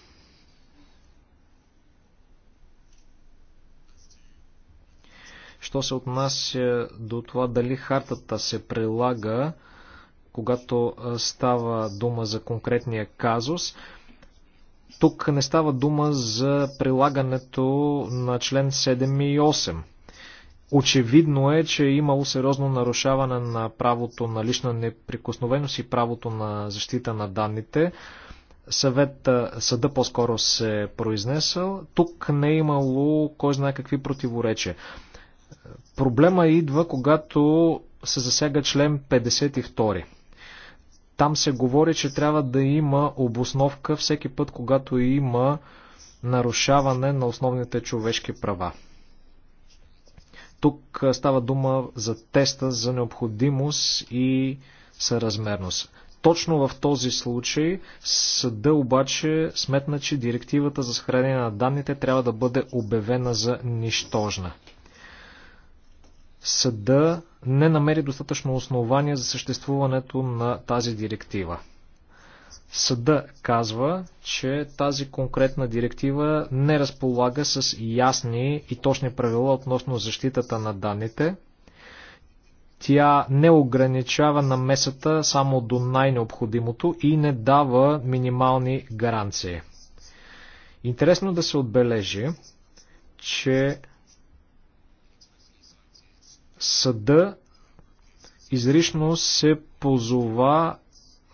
Що се отнася до това дали хартата се прилага, когато става дума за конкретния казус, тук не става дума за прилагането на член 7 и 8. Очевидно е, че е имало сериозно нарушаване на правото на лична неприкосновеност и правото на защита на данните. Съвет, съда по-скоро се е произнесъл. Тук не е имало кой знае какви противоречия. Проблема идва, когато се засяга член 52. Там се говори, че трябва да има обосновка всеки път, когато има нарушаване на основните човешки права. Тук става дума за теста за необходимост и съразмерност. Точно в този случай съда обаче сметна, че директивата за съхранение на данните трябва да бъде обявена за нищожна съда не намери достатъчно основания за съществуването на тази директива. Съда казва, че тази конкретна директива не разполага с ясни и точни правила относно защитата на данните. Тя не ограничава намесата само до най-необходимото и не дава минимални гаранции. Интересно да се отбележи, че Съда изрично се позова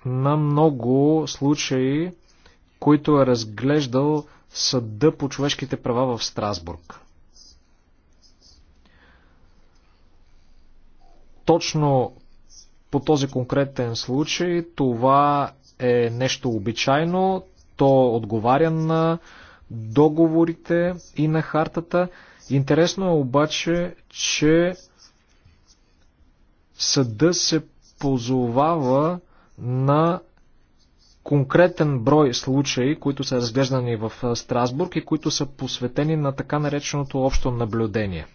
на много случаи, които е разглеждал Съда по човешките права в Страсбург. Точно по този конкретен случай това е нещо обичайно, то отговаря на договорите и на хартата. Интересно е обаче, че съда се позовава на конкретен брой случаи, които са разглеждани в Страсбург и които са посветени на така нареченото общо наблюдение.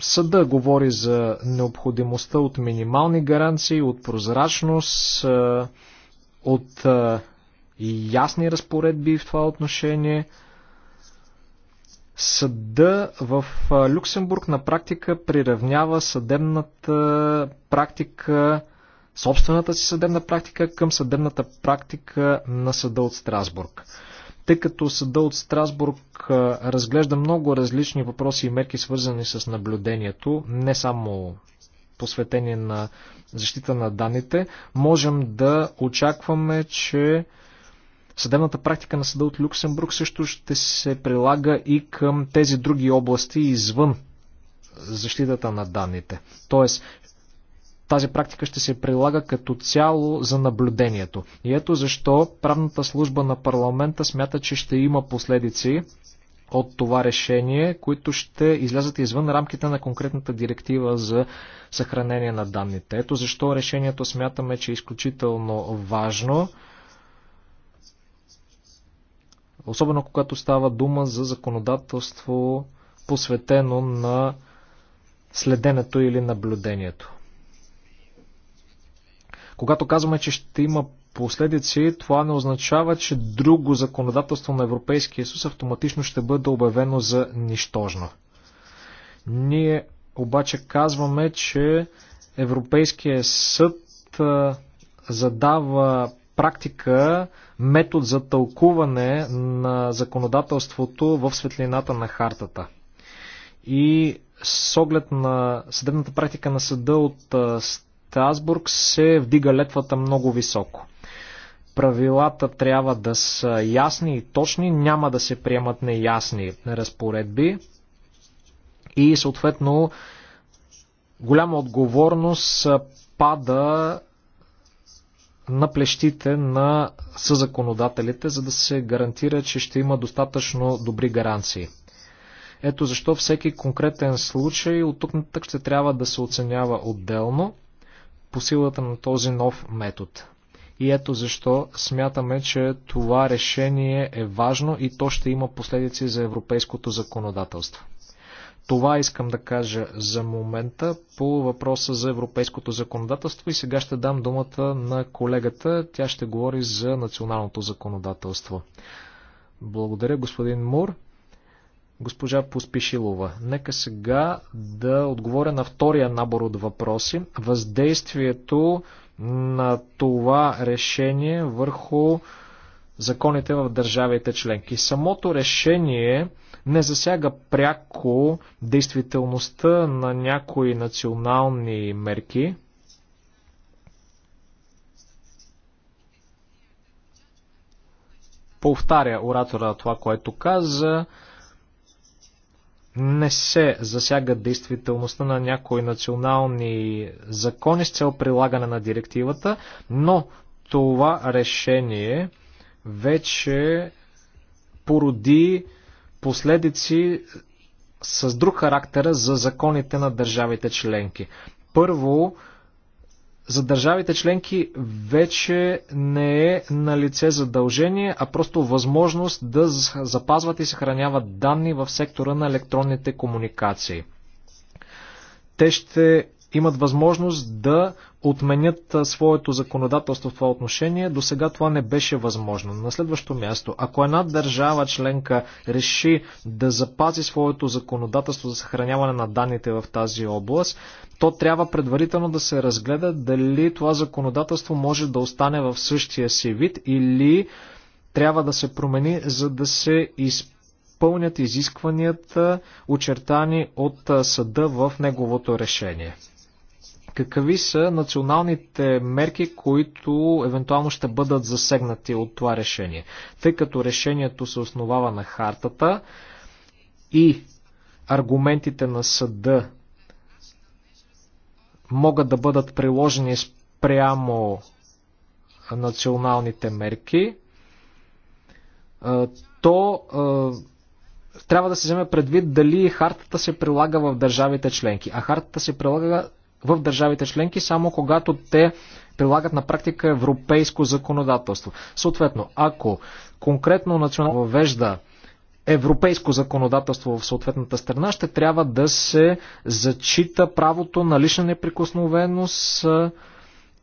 Съда говори за необходимостта от минимални гаранции, от прозрачност, от ясни разпоредби в това отношение – Съда в Люксембург на практика приравнява съдебната практика, собствената си съдебна практика към съдебната практика на съда от Страсбург. Тъй като съда от Страсбург разглежда много различни въпроси и мерки, свързани с наблюдението, не само посветени на защита на данните, можем да очакваме, че Съдебната практика на съда от Люксембург също ще се прилага и към тези други области извън защитата на данните. Тоест, тази практика ще се прилага като цяло за наблюдението. И ето защо правната служба на парламента смята, че ще има последици от това решение, които ще излязат извън рамките на конкретната директива за съхранение на данните. Ето защо решението смятаме, че е изключително важно. Особено когато става дума за законодателство посветено на следенето или наблюдението. Когато казваме, че ще има последици, това не означава, че друго законодателство на Европейския съюз автоматично ще бъде обявено за нищожно. Ние обаче казваме, че Европейския съд задава практика метод за тълкуване на законодателството в светлината на хартата. И с оглед на съдебната практика на съда от Страсбург се вдига летвата много високо. Правилата трябва да са ясни и точни, няма да се приемат неясни разпоредби и съответно голяма отговорност пада на плещите на съзаконодателите, за да се гарантира, че ще има достатъчно добри гаранции. Ето защо всеки конкретен случай от тук нататък ще трябва да се оценява отделно по силата на този нов метод. И ето защо смятаме, че това решение е важно и то ще има последици за европейското законодателство. Това искам да кажа за момента по въпроса за европейското законодателство и сега ще дам думата на колегата. Тя ще говори за националното законодателство. Благодаря, господин Мур. Госпожа Поспишилова, нека сега да отговоря на втория набор от въпроси. Въздействието на това решение върху законите в държавите членки. Самото решение не засяга пряко действителността на някои национални мерки. Повтаря оратора това, което каза. Не се засяга действителността на някои национални закони с цел прилагане на директивата, но това решение вече породи последици с друг характер за законите на държавите членки. Първо, за държавите членки вече не е на лице задължение, а просто възможност да запазват и съхраняват данни в сектора на електронните комуникации. Те ще имат възможност да отменят своето законодателство в това отношение. До сега това не беше възможно. На следващо място, ако една държава членка реши да запази своето законодателство за съхраняване на данните в тази област, то трябва предварително да се разгледа дали това законодателство може да остане в същия си вид или трябва да се промени, за да се изпълнят изискванията, очертани от съда в неговото решение. Какви са националните мерки, които евентуално ще бъдат засегнати от това решение? Тъй като решението се основава на хартата и аргументите на съда могат да бъдат приложени спрямо националните мерки, то трябва да се вземе предвид дали хартата се прилага в държавите членки. А хартата се прилага в държавите членки, само когато те прилагат на практика европейско законодателство. Съответно, ако конкретно национално въвежда европейско законодателство в съответната страна, ще трябва да се зачита правото на лична неприкосновеност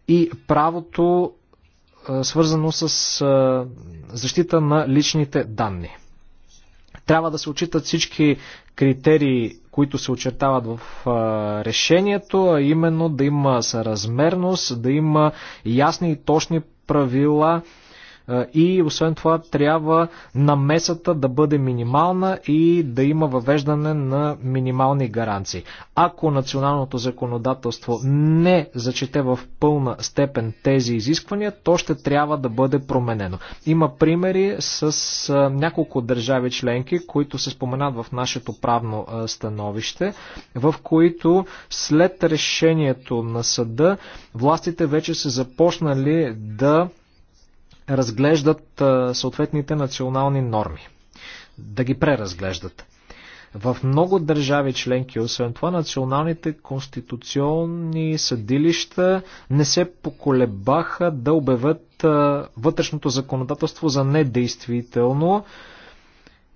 и правото свързано с защита на личните данни. Трябва да се отчитат всички критерии, които се очертават в решението, а именно да има съразмерност, да има ясни и точни правила и освен това трябва намесата да бъде минимална и да има въвеждане на минимални гаранции. Ако националното законодателство не зачете в пълна степен тези изисквания, то ще трябва да бъде променено. Има примери с няколко държави членки, които се споменат в нашето правно становище, в които след решението на съда властите вече са започнали да разглеждат съответните национални норми, да ги преразглеждат. В много държави членки, освен това, националните конституционни съдилища не се поколебаха да обявят вътрешното законодателство за недействително.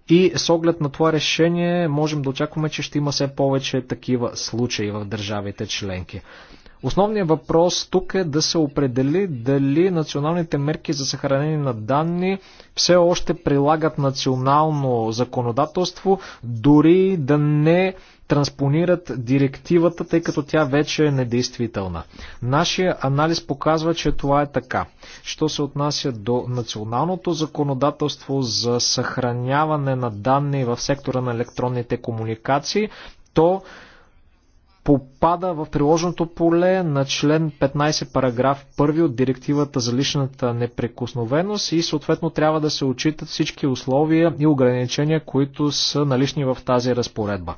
И с оглед на това решение можем да очакваме, че ще има все повече такива случаи в държавите членки. Основният въпрос тук е да се определи дали националните мерки за съхранение на данни все още прилагат национално законодателство, дори да не транспонират директивата, тъй като тя вече е недействителна. Нашия анализ показва, че това е така. Що се отнася до националното законодателство за съхраняване на данни в сектора на електронните комуникации, то попада в приложеното поле на член 15 параграф 1 от директивата за личната неприкосновеност и съответно трябва да се отчитат всички условия и ограничения, които са налични в тази разпоредба.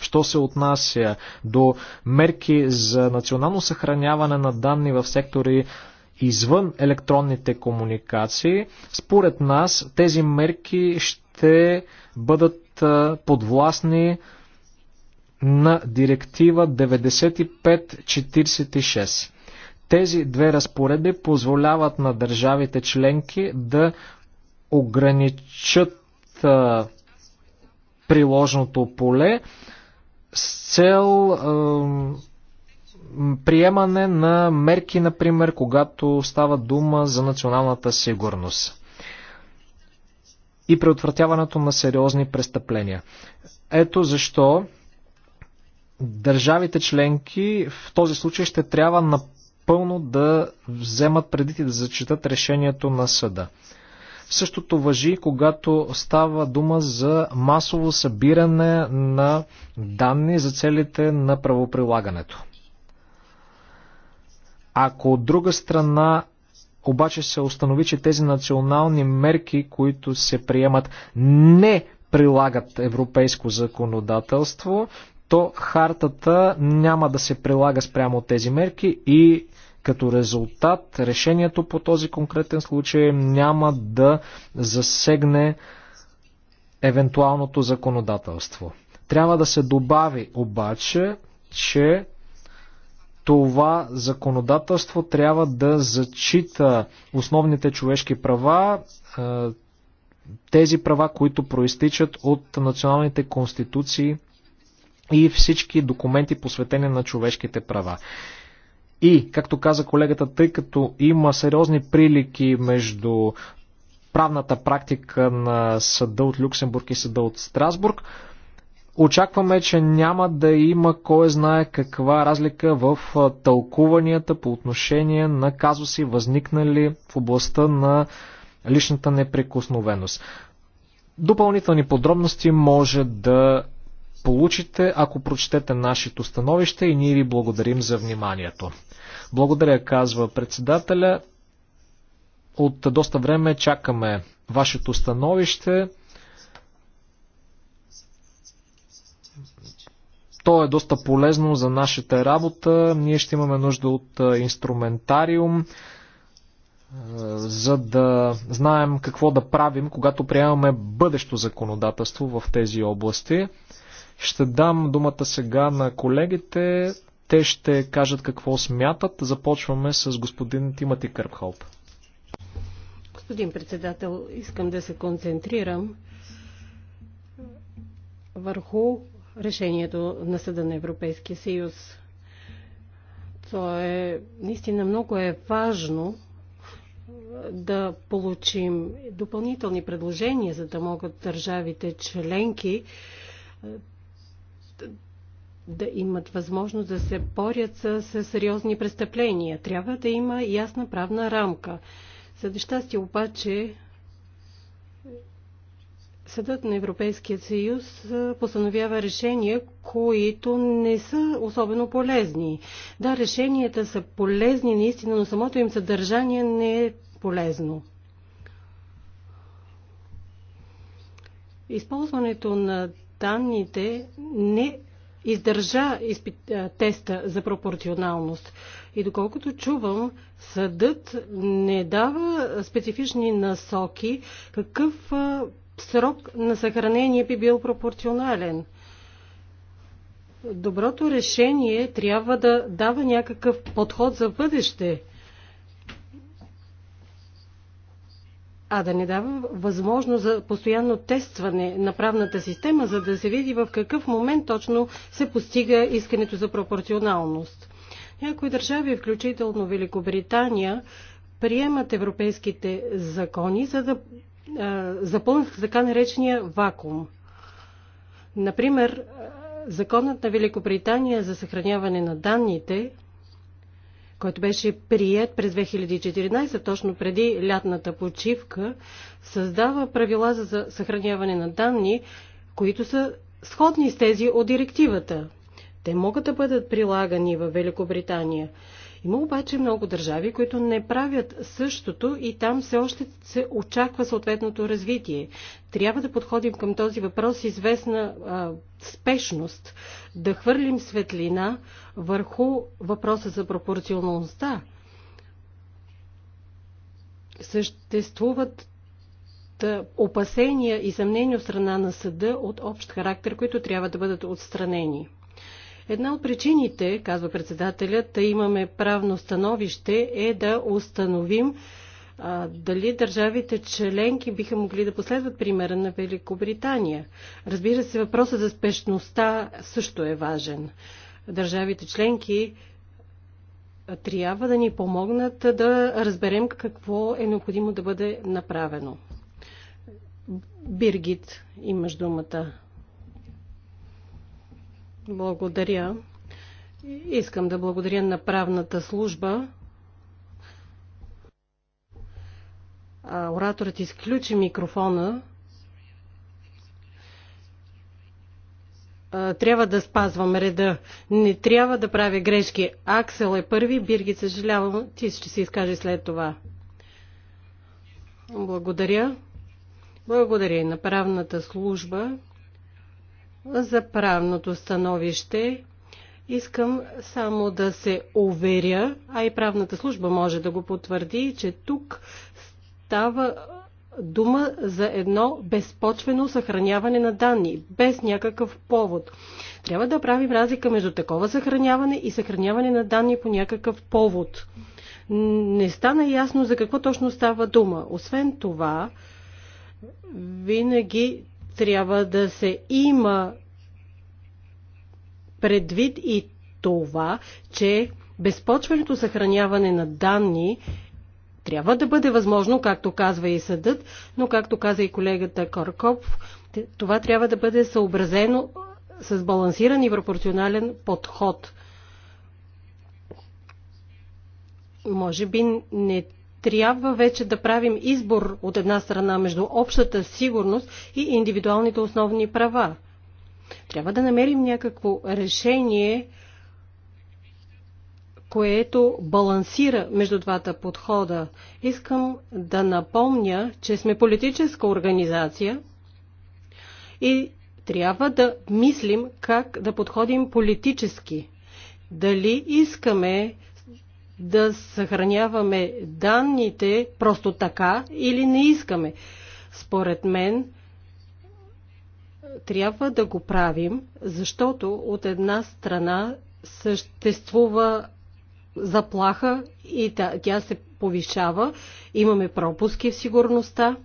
Що се отнася до мерки за национално съхраняване на данни в сектори извън електронните комуникации, според нас тези мерки ще бъдат подвластни на директива 9546. Тези две разпоредби позволяват на държавите членки да ограничат а, приложното поле с цел а, приемане на мерки, например, когато става дума за националната сигурност и предотвратяването на сериозни престъпления. Ето защо държавите членки в този случай ще трябва напълно да вземат преди и да зачитат решението на съда. Същото въжи, когато става дума за масово събиране на данни за целите на правоприлагането. Ако от друга страна обаче се установи, че тези национални мерки, които се приемат, не прилагат европейско законодателство, то хартата няма да се прилага спрямо от тези мерки и като резултат решението по този конкретен случай няма да засегне евентуалното законодателство. Трябва да се добави обаче, че това законодателство трябва да зачита основните човешки права, е, тези права, които проистичат от националните конституции и всички документи посветени на човешките права. И, както каза колегата, тъй като има сериозни прилики между правната практика на съда от Люксембург и съда от Страсбург, очакваме, че няма да има кой знае каква разлика в тълкуванията по отношение на казуси, възникнали в областта на личната неприкосновеност. Допълнителни подробности може да получите, ако прочетете нашето становище и ние ви благодарим за вниманието. Благодаря, казва председателя. От доста време чакаме вашето становище. То е доста полезно за нашата работа. Ние ще имаме нужда от инструментариум, за да знаем какво да правим, когато приемаме бъдещо законодателство в тези области. Ще дам думата сега на колегите. Те ще кажат какво смятат. Започваме с господин Тимати Кърпхолп. Господин председател, искам да се концентрирам върху решението на Съда на Европейския съюз. То е наистина много е важно да получим допълнителни предложения, за да могат държавите членки да имат възможност да се борят с, с сериозни престъпления. Трябва да има ясна правна рамка. За щастие обаче Съдът на Европейския съюз постановява решения, които не са особено полезни. Да, решенията са полезни наистина, но самото им съдържание не е полезно. Използването на данните не издържа теста за пропорционалност. И доколкото чувам, съдът не дава специфични насоки какъв срок на съхранение би бил пропорционален. Доброто решение трябва да дава някакъв подход за бъдеще – а да не дава възможност за постоянно тестване на правната система, за да се види в какъв момент точно се постига искането за пропорционалност. Някои държави, включително Великобритания, приемат европейските закони, за да а, запълнят така наречения вакуум. Например, законът на Великобритания за съхраняване на данните който беше прият през 2014, точно преди лятната почивка, създава правила за съхраняване на данни, които са сходни с тези от директивата. Те могат да бъдат прилагани в Великобритания. Има обаче много държави, които не правят същото и там все още се очаква съответното развитие. Трябва да подходим към този въпрос известна а, спешност, да хвърлим светлина върху въпроса за пропорционалността. Съществуват опасения и съмнения от страна на съда от общ характер, които трябва да бъдат отстранени. Една от причините, казва председателят, да имаме правно становище е да установим а, дали държавите членки биха могли да последват примера на Великобритания. Разбира се, въпросът за спешността също е важен държавите членки трябва да ни помогнат да разберем какво е необходимо да бъде направено. Биргит, имаш думата. Благодаря. Искам да благодаря на правната служба. Ораторът изключи микрофона. трябва да спазвам реда. Не трябва да правя грешки. Аксел е първи, Бирги, съжалявам, ти ще си изкаже след това. Благодаря. Благодаря и на правната служба за правното становище. Искам само да се уверя, а и правната служба може да го потвърди, че тук става дума за едно безпочвено съхраняване на данни, без някакъв повод. Трябва да правим разлика между такова съхраняване и съхраняване на данни по някакъв повод. Не стана ясно за какво точно става дума. Освен това, винаги трябва да се има предвид и това, че безпочвеното съхраняване на данни трябва да бъде възможно, както казва и съдът, но както каза и колегата Корков, това трябва да бъде съобразено с балансиран и пропорционален подход. Може би не трябва вече да правим избор от една страна между общата сигурност и индивидуалните основни права. Трябва да намерим някакво решение, което балансира между двата подхода. Искам да напомня, че сме политическа организация и трябва да мислим как да подходим политически. Дали искаме да съхраняваме данните просто така или не искаме. Според мен, трябва да го правим, защото от една страна съществува заплаха и тя се повишава. Имаме пропуски в сигурността.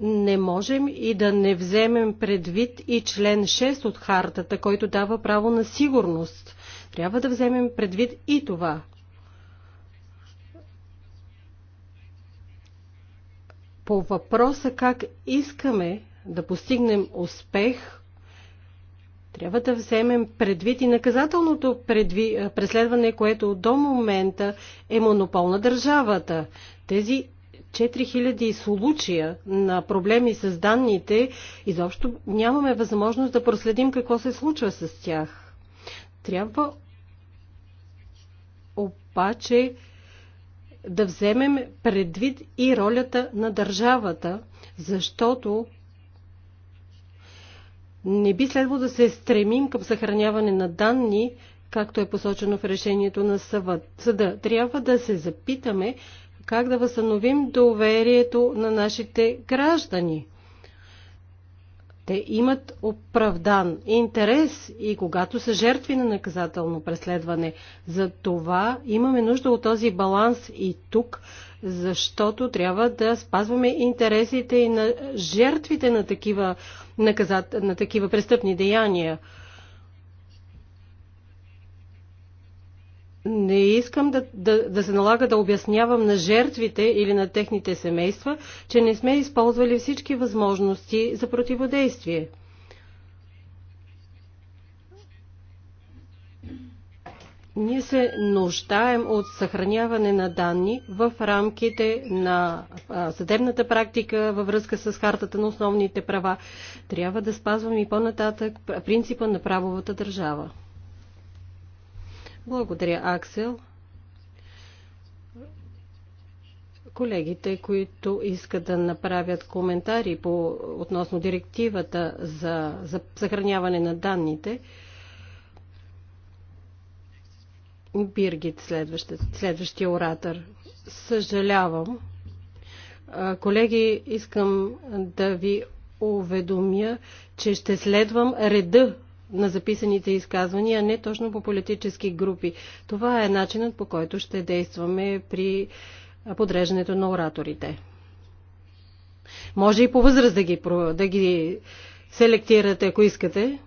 Не можем и да не вземем предвид и член 6 от хартата, който дава право на сигурност. Трябва да вземем предвид и това. По въпроса как искаме да постигнем успех трябва да вземем предвид и наказателното предви... преследване, което до момента е монопол на държавата. Тези 4000 случая на проблеми с данните, изобщо нямаме възможност да проследим какво се случва с тях. Трябва обаче да вземем предвид и ролята на държавата, защото не би следвало да се стремим към съхраняване на данни, както е посочено в решението на съда. Трябва да се запитаме как да възстановим доверието на нашите граждани. Те имат оправдан интерес и когато са жертви на наказателно преследване. За това имаме нужда от този баланс и тук защото трябва да спазваме интересите и на жертвите на такива, наказат, на такива престъпни деяния. Не искам да, да, да се налага да обяснявам на жертвите или на техните семейства, че не сме използвали всички възможности за противодействие. Ние се нуждаем от съхраняване на данни в рамките на съдебната практика във връзка с хартата на основните права. Трябва да спазваме и по-нататък принципа на правовата държава. Благодаря, Аксел. Колегите, които искат да направят коментари по, относно директивата за, за съхраняване на данните, Биргит, следващия, следващия оратор. Съжалявам. Колеги, искам да ви уведомя, че ще следвам реда на записаните изказвания, а не точно по политически групи. Това е начинът по който ще действаме при подреждането на ораторите. Може и по възраст да ги, да ги селектирате, ако искате.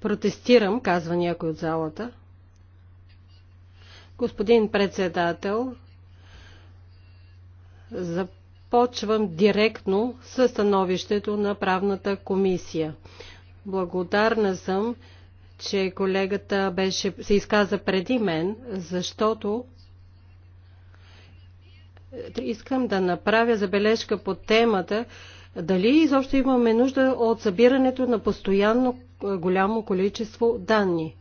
Протестирам, казва някой от залата. Господин председател, започвам директно с становището на правната комисия. Благодарна съм, че колегата беше, се изказа преди мен, защото искам да направя забележка по темата, дали изобщо имаме нужда от събирането на постоянно голямо количество данни?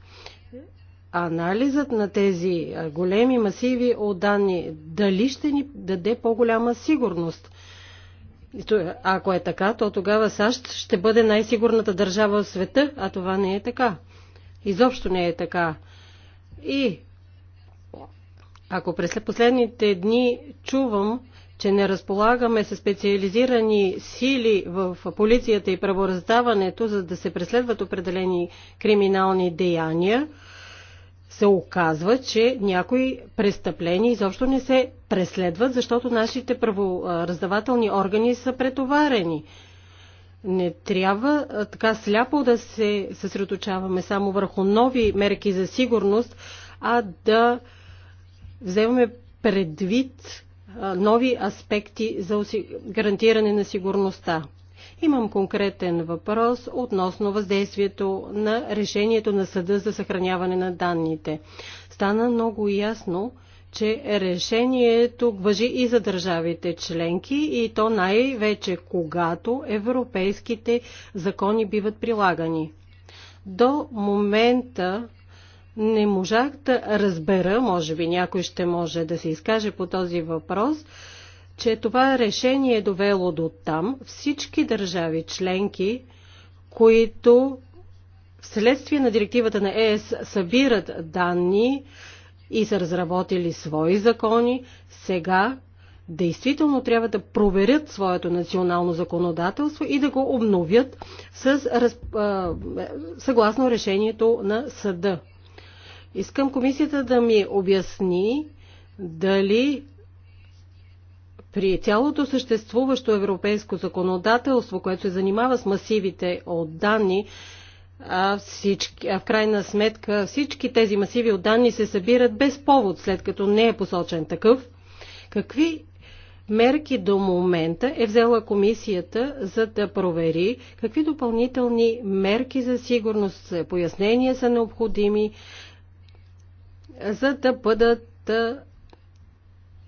Анализът на тези големи масиви от данни, дали ще ни даде по-голяма сигурност? Ако е така, то тогава САЩ ще бъде най-сигурната държава в света, а това не е така. Изобщо не е така. И ако през последните дни чувам, че не разполагаме с специализирани сили в полицията и правораздаването, за да се преследват определени криминални деяния, се оказва, че някои престъпления изобщо не се преследват, защото нашите правораздавателни органи са претоварени. Не трябва така сляпо да се съсредоточаваме само върху нови мерки за сигурност, а да вземем предвид нови аспекти за гарантиране на сигурността. Имам конкретен въпрос относно въздействието на решението на съда за съхраняване на данните. Стана много ясно, че решението въжи и за държавите членки и то най-вече когато европейските закони биват прилагани. До момента не можах да разбера, може би някой ще може да се изкаже по този въпрос, че това решение е довело до там всички държави членки, които вследствие на директивата на ЕС събират данни и са разработили свои закони, сега действително трябва да проверят своето национално законодателство и да го обновят с, съгласно решението на съда. Искам комисията да ми обясни дали при цялото съществуващо европейско законодателство, което се занимава с масивите от данни, а, всички, а в крайна сметка всички тези масиви от данни се събират без повод, след като не е посочен такъв. Какви мерки до момента е взела комисията, за да провери какви допълнителни мерки за сигурност, пояснения са необходими, за да бъдат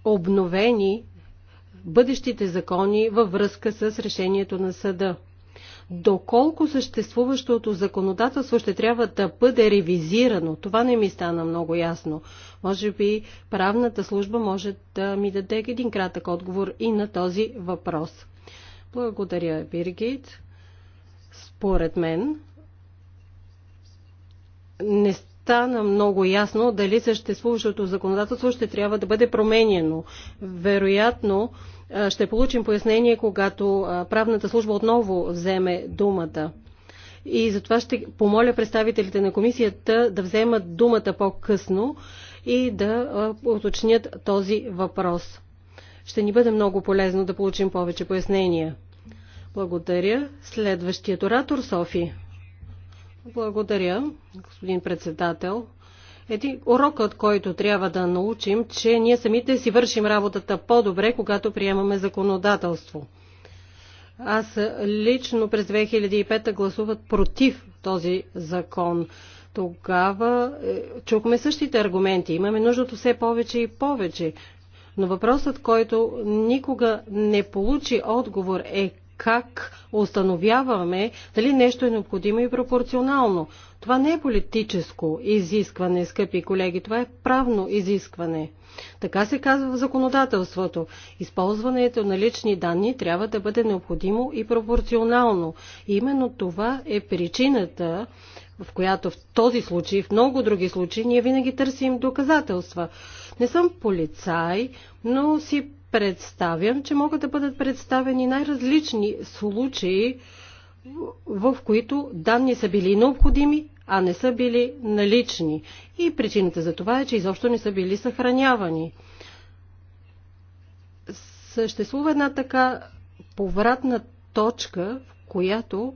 обновени бъдещите закони във връзка с решението на съда. Доколко съществуващото законодателство ще трябва да бъде ревизирано, това не ми стана много ясно. Може би правната служба може да ми даде един кратък отговор и на този въпрос. Благодаря, Биргит. Според мен не стана много ясно дали съществуващото законодателство ще трябва да бъде променено. Вероятно ще получим пояснение, когато правната служба отново вземе думата. И затова ще помоля представителите на комисията да вземат думата по-късно и да уточнят този въпрос. Ще ни бъде много полезно да получим повече пояснения. Благодаря. Следващият оратор Софи. Благодаря, господин председател. Един урокът, който трябва да научим, че ние самите си вършим работата по-добре, когато приемаме законодателство. Аз лично през 2005 гласуват против този закон. Тогава е, чухме същите аргументи. Имаме нуждато все повече и повече. Но въпросът, който никога не получи отговор е как установяваме дали нещо е необходимо и пропорционално. Това не е политическо изискване, скъпи колеги, това е правно изискване. Така се казва в законодателството. Използването на лични данни трябва да бъде необходимо и пропорционално. И именно това е причината, в която в този случай, в много други случаи, ние винаги търсим доказателства. Не съм полицай, но си представям, че могат да бъдат представени най-различни случаи, в които данни са били необходими, а не са били налични. И причината за това е, че изобщо не са били съхранявани. Съществува една така повратна точка, в която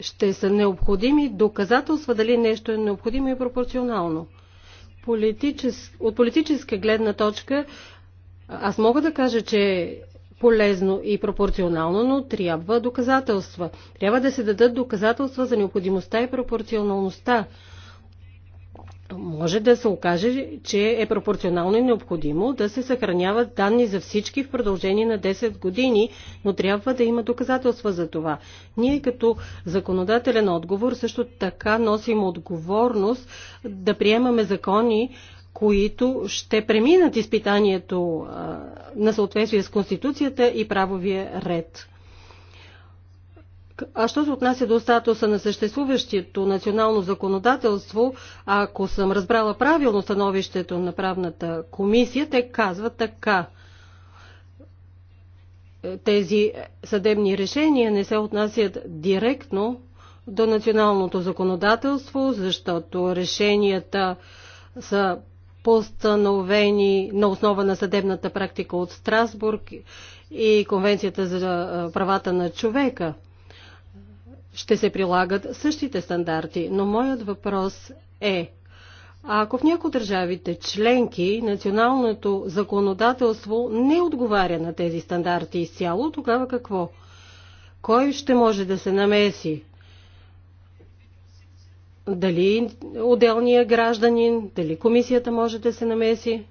ще са необходими доказателства дали нещо е необходимо и пропорционално. Политичес... От политическа гледна точка аз мога да кажа, че е полезно и пропорционално, но трябва доказателства. Трябва да се дадат доказателства за необходимостта и пропорционалността. Може да се окаже, че е пропорционално и необходимо да се съхраняват данни за всички в продължение на 10 години, но трябва да има доказателства за това. Ние като законодателен отговор също така носим отговорност да приемаме закони, които ще преминат изпитанието на съответствие с Конституцията и правовия ред. А що се отнася до статуса на съществуващото национално законодателство, ако съм разбрала правилно становището на правната комисия, те казват така. Тези съдебни решения не се отнасят директно до националното законодателство, защото решенията са постановени на основа на съдебната практика от Страсбург и Конвенцията за правата на човека. Ще се прилагат същите стандарти, но моят въпрос е ако в някои държавите членки националното законодателство не отговаря на тези стандарти изцяло, тогава какво? Кой ще може да се намеси? дали отделния гражданин, дали комисията може да се намеси.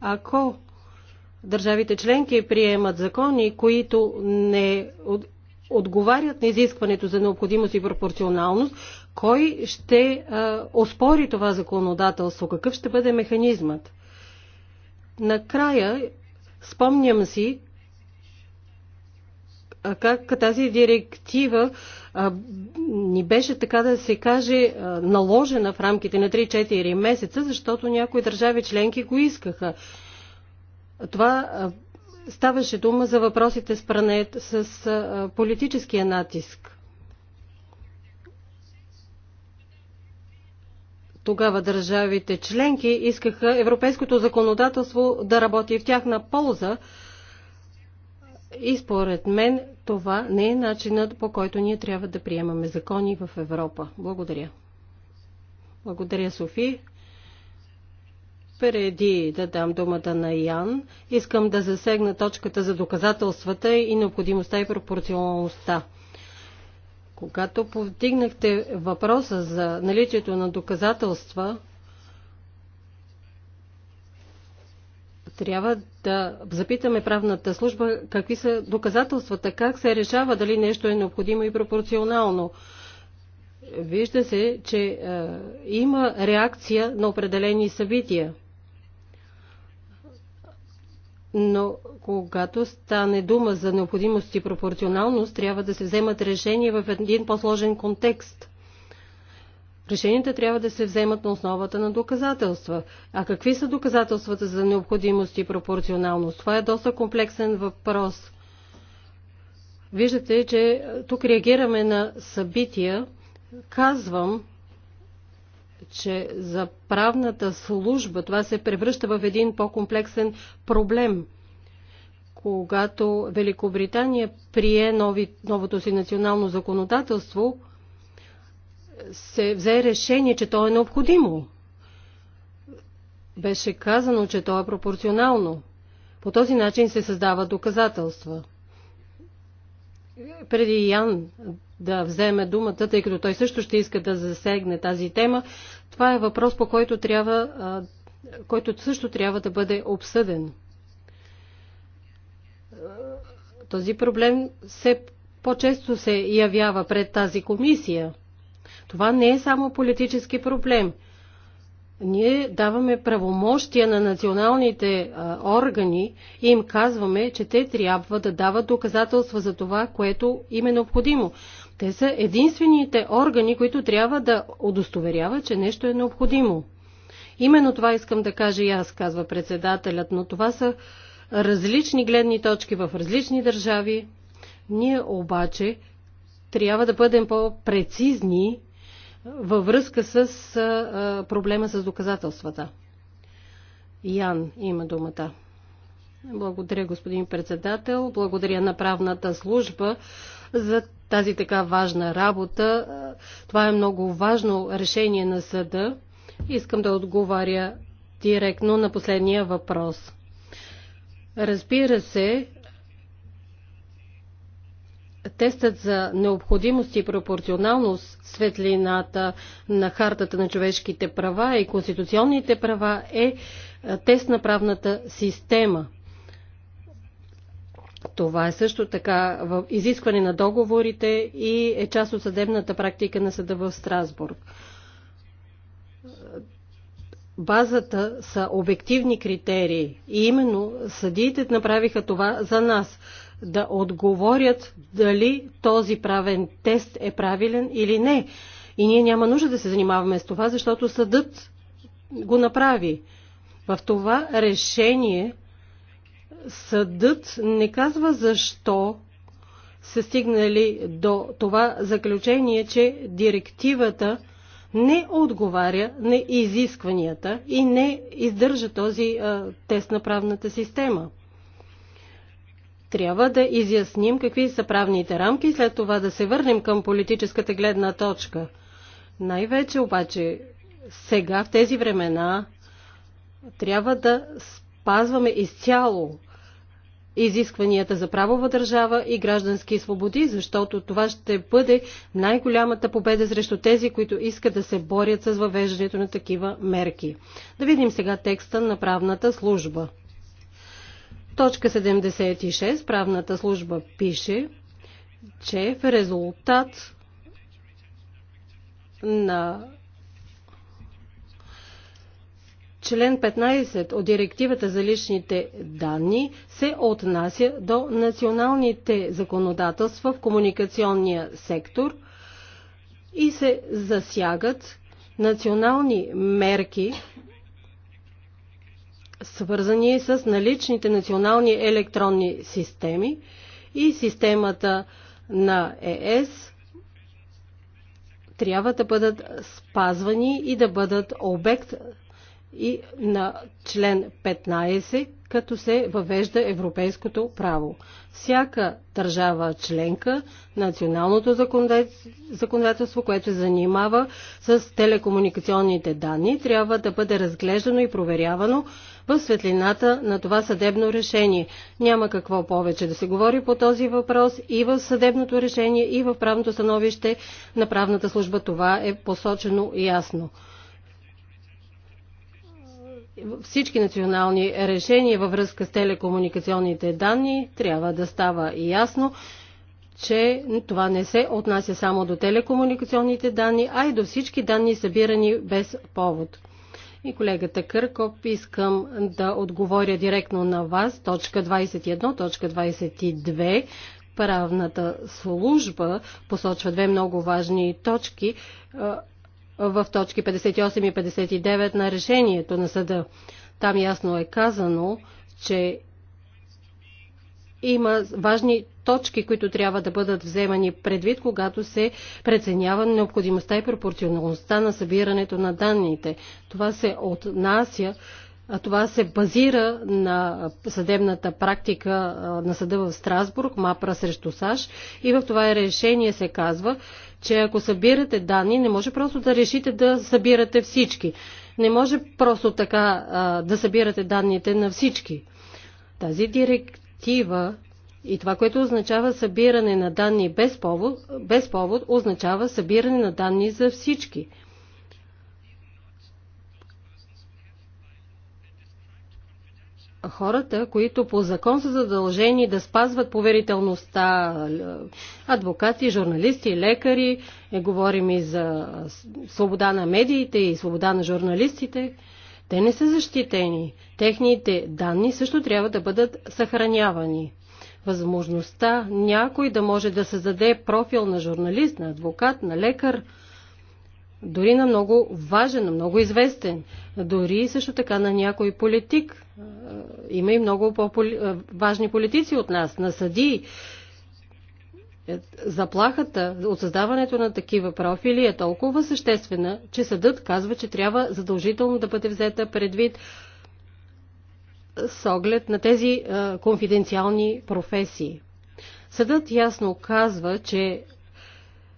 Ако държавите членки приемат закони, които не отговарят на изискването за необходимост и пропорционалност, кой ще а, оспори това законодателство? Какъв ще бъде механизмът? Накрая спомням си как тази директива ни беше така да се каже наложена в рамките на 3-4 месеца, защото някои държави членки го искаха. Това ставаше дума за въпросите с, с политическия натиск. Тогава държавите членки искаха европейското законодателство да работи в тяхна полза, и според мен това не е начинът по който ние трябва да приемаме закони в Европа. Благодаря. Благодаря, Софи. Преди да дам думата на Ян, искам да засегна точката за доказателствата и необходимостта и пропорционалността. Когато повдигнахте въпроса за наличието на доказателства, Трябва да запитаме правната служба какви са доказателствата, как се решава дали нещо е необходимо и пропорционално. Вижда се, че е, има реакция на определени събития. Но когато стане дума за необходимост и пропорционалност, трябва да се вземат решения в един по-сложен контекст. Решенията трябва да се вземат на основата на доказателства. А какви са доказателствата за необходимост и пропорционалност? Това е доста комплексен въпрос. Виждате, че тук реагираме на събития. Казвам, че за правната служба това се превръща в един по-комплексен проблем. Когато Великобритания прие нови, новото си национално законодателство, се взе решение, че то е необходимо. Беше казано, че то е пропорционално. По този начин се създава доказателства. Преди Ян да вземе думата, тъй като той също ще иска да засегне тази тема, това е въпрос, по който, трябва, който също трябва да бъде обсъден. Този проблем все по-често се явява пред тази комисия – това не е само политически проблем. Ние даваме правомощия на националните а, органи и им казваме, че те трябва да дават доказателства за това, което им е необходимо. Те са единствените органи, които трябва да удостоверяват, че нещо е необходимо. Именно това искам да кажа и аз, казва председателят, но това са различни гледни точки в различни държави. Ние обаче трябва да бъдем по-прецизни във връзка с а, проблема с доказателствата. Ян има думата. Благодаря, господин председател. Благодаря на правната служба за тази така важна работа. Това е много важно решение на съда. Искам да отговаря директно на последния въпрос. Разбира се, тестът за необходимост и пропорционалност светлината на хартата на човешките права и конституционните права е, е тест на правната система. Това е също така в изискване на договорите и е част от съдебната практика на съда в Страсбург. Базата са обективни критерии и именно съдиите направиха това за нас да отговорят дали този правен тест е правилен или не. И ние няма нужда да се занимаваме с това, защото съдът го направи. В това решение съдът не казва защо са стигнали до това заключение, че директивата не отговаря на изискванията и не издържа този а, тест на правната система. Трябва да изясним какви са правните рамки и след това да се върнем към политическата гледна точка. Най-вече обаче сега, в тези времена, трябва да спазваме изцяло изискванията за правова държава и граждански свободи, защото това ще бъде най-голямата победа срещу тези, които искат да се борят с въвеждането на такива мерки. Да видим сега текста на правната служба. Точка 76, правната служба пише, че в резултат на член 15 от директивата за личните данни се отнася до националните законодателства в комуникационния сектор и се засягат национални мерки свързани с наличните национални електронни системи и системата на ЕС трябва да бъдат спазвани и да бъдат обект и на член 15, като се въвежда европейското право. Всяка държава членка, националното законодателство, което се занимава с телекомуникационните данни, трябва да бъде разглеждано и проверявано в светлината на това съдебно решение. Няма какво повече да се говори по този въпрос и в съдебното решение, и в правното становище на правната служба. Това е посочено ясно всички национални решения във връзка с телекомуникационните данни трябва да става ясно, че това не се отнася само до телекомуникационните данни, а и до всички данни събирани без повод. И колегата Къркоп, искам да отговоря директно на вас. Точка 21, точка 22. Правната служба посочва две много важни точки в точки 58 и 59 на решението на съда. Там ясно е казано, че има важни точки, които трябва да бъдат вземани предвид, когато се преценява необходимостта и пропорционалността на събирането на данните. Това се отнася това се базира на съдебната практика на съда в Страсбург, МАПРА срещу САЩ и в това решение се казва, че ако събирате данни, не може просто да решите да събирате всички. Не може просто така да събирате данните на всички. Тази директива и това, което означава събиране на данни без повод, без повод означава събиране на данни за всички. хората, които по закон са задължени да спазват поверителността, адвокати, журналисти, лекари, е, говорим и за свобода на медиите и свобода на журналистите, те не са защитени. Техните данни също трябва да бъдат съхранявани. Възможността някой да може да създаде профил на журналист, на адвокат, на лекар, дори на много важен, на много известен, дори също така на някой политик, има и много важни политици от нас, на съди. Е, заплахата от създаването на такива профили е толкова съществена, че съдът казва, че трябва задължително да бъде взета предвид с оглед на тези конфиденциални професии. Съдът ясно казва, че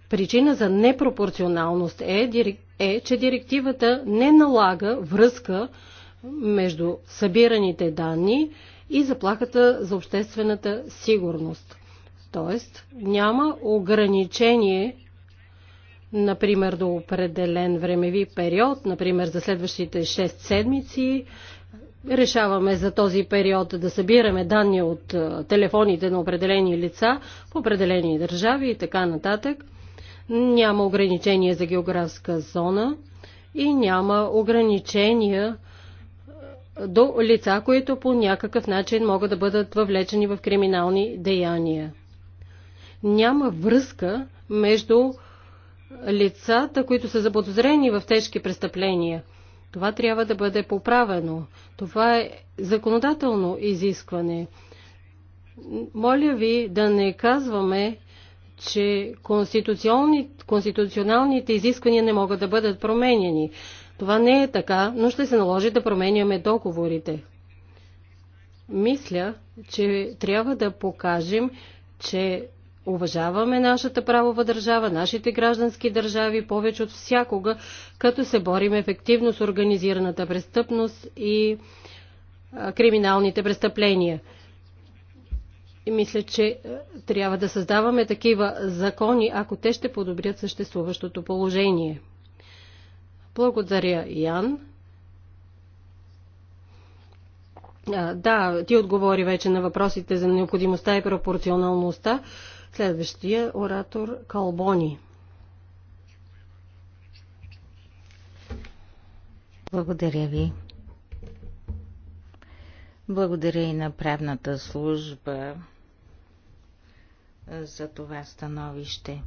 причина за непропорционалност е, е, че директивата не налага връзка между събираните данни и заплахата за обществената сигурност. Тоест, няма ограничение, например, до определен времеви период, например, за следващите 6 седмици. Решаваме за този период да събираме данни от телефоните на определени лица в определени държави и така нататък. Няма ограничение за географска зона и няма ограничения до лица, които по някакъв начин могат да бъдат въвлечени в криминални деяния. Няма връзка между лицата, които са заподозрени в тежки престъпления. Това трябва да бъде поправено. Това е законодателно изискване. Моля ви да не казваме, че конституционалните изисквания не могат да бъдат променени. Това не е така, но ще се наложи да променяме договорите. Мисля, че трябва да покажем, че уважаваме нашата правова държава, нашите граждански държави повече от всякога, като се борим ефективно с организираната престъпност и криминалните престъпления. И мисля, че трябва да създаваме такива закони, ако те ще подобрят съществуващото положение. Благодаря, Ян. Да, ти отговори вече на въпросите за необходимостта и пропорционалността. Следващия оратор Калбони. Благодаря ви. Благодаря и на правната служба за това становище.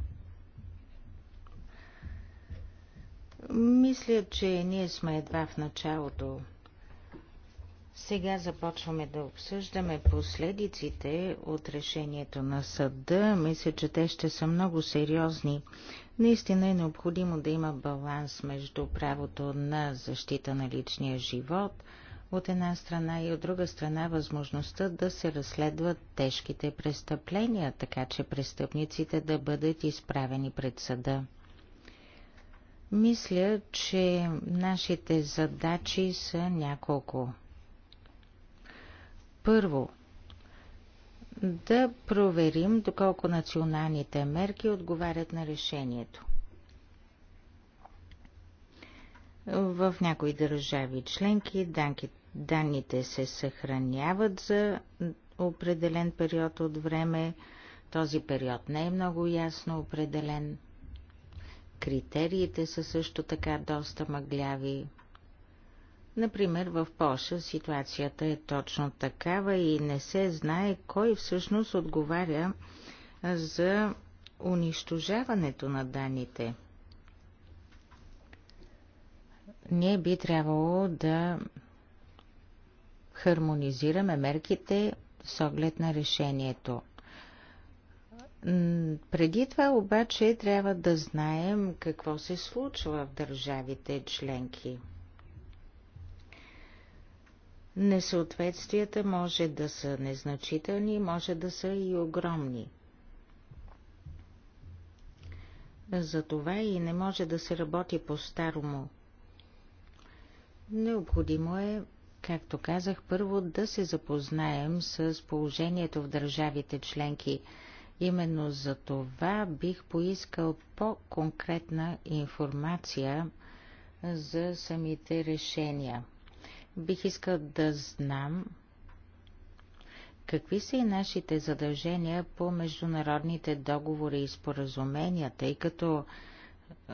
Мисля, че ние сме едва в началото. Сега започваме да обсъждаме последиците от решението на съда. Мисля, че те ще са много сериозни. Наистина е необходимо да има баланс между правото на защита на личния живот от една страна и от друга страна възможността да се разследват тежките престъпления, така че престъпниците да бъдат изправени пред съда. Мисля, че нашите задачи са няколко. Първо, да проверим доколко националните мерки отговарят на решението. В някои държави членки данните се съхраняват за определен период от време. Този период не е много ясно определен. Критериите са също така доста мъгляви. Например, в Польша ситуацията е точно такава и не се знае кой всъщност отговаря за унищожаването на данните. Ние би трябвало да хармонизираме мерките с оглед на решението – преди това обаче трябва да знаем какво се случва в държавите членки. Несъответствията може да са незначителни, може да са и огромни. Затова и не може да се работи по-старому. Необходимо е, както казах, първо да се запознаем с положението в държавите членки – Именно за това бих поискал по-конкретна информация за самите решения. Бих искал да знам какви са и нашите задължения по международните договори и споразумения, тъй като е,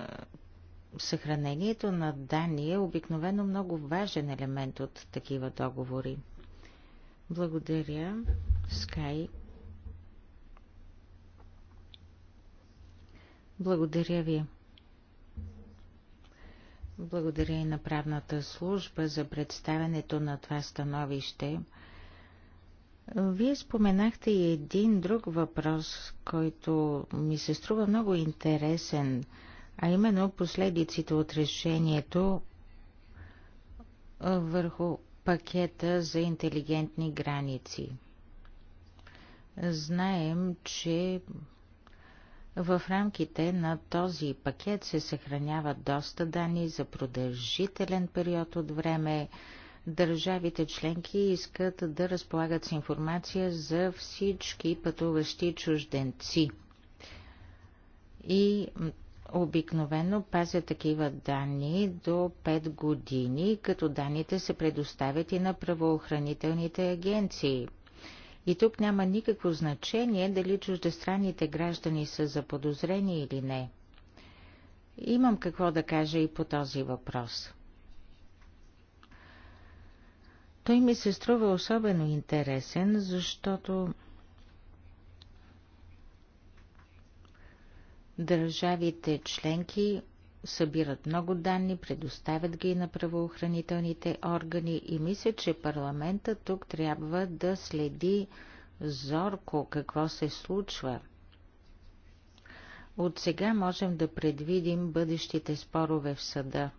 съхранението на данни е обикновено много важен елемент от такива договори. Благодаря, Скай. Благодаря ви. Благодаря и на правната служба за представенето на това становище. Вие споменахте и един друг въпрос, който ми се струва много интересен, а именно последиците от решението върху пакета за интелигентни граници. Знаем, че в рамките на този пакет се съхраняват доста данни за продължителен период от време. Държавите членки искат да разполагат с информация за всички пътуващи чужденци. И обикновено пазят такива данни до 5 години, като данните се предоставят и на правоохранителните агенции. И тук няма никакво значение дали чуждестранните граждани са заподозрени или не. Имам какво да кажа и по този въпрос. Той ми се струва особено интересен, защото държавите членки събират много данни, предоставят ги на правоохранителните органи и мисля, че парламента тук трябва да следи зорко какво се случва. От сега можем да предвидим бъдещите спорове в съда.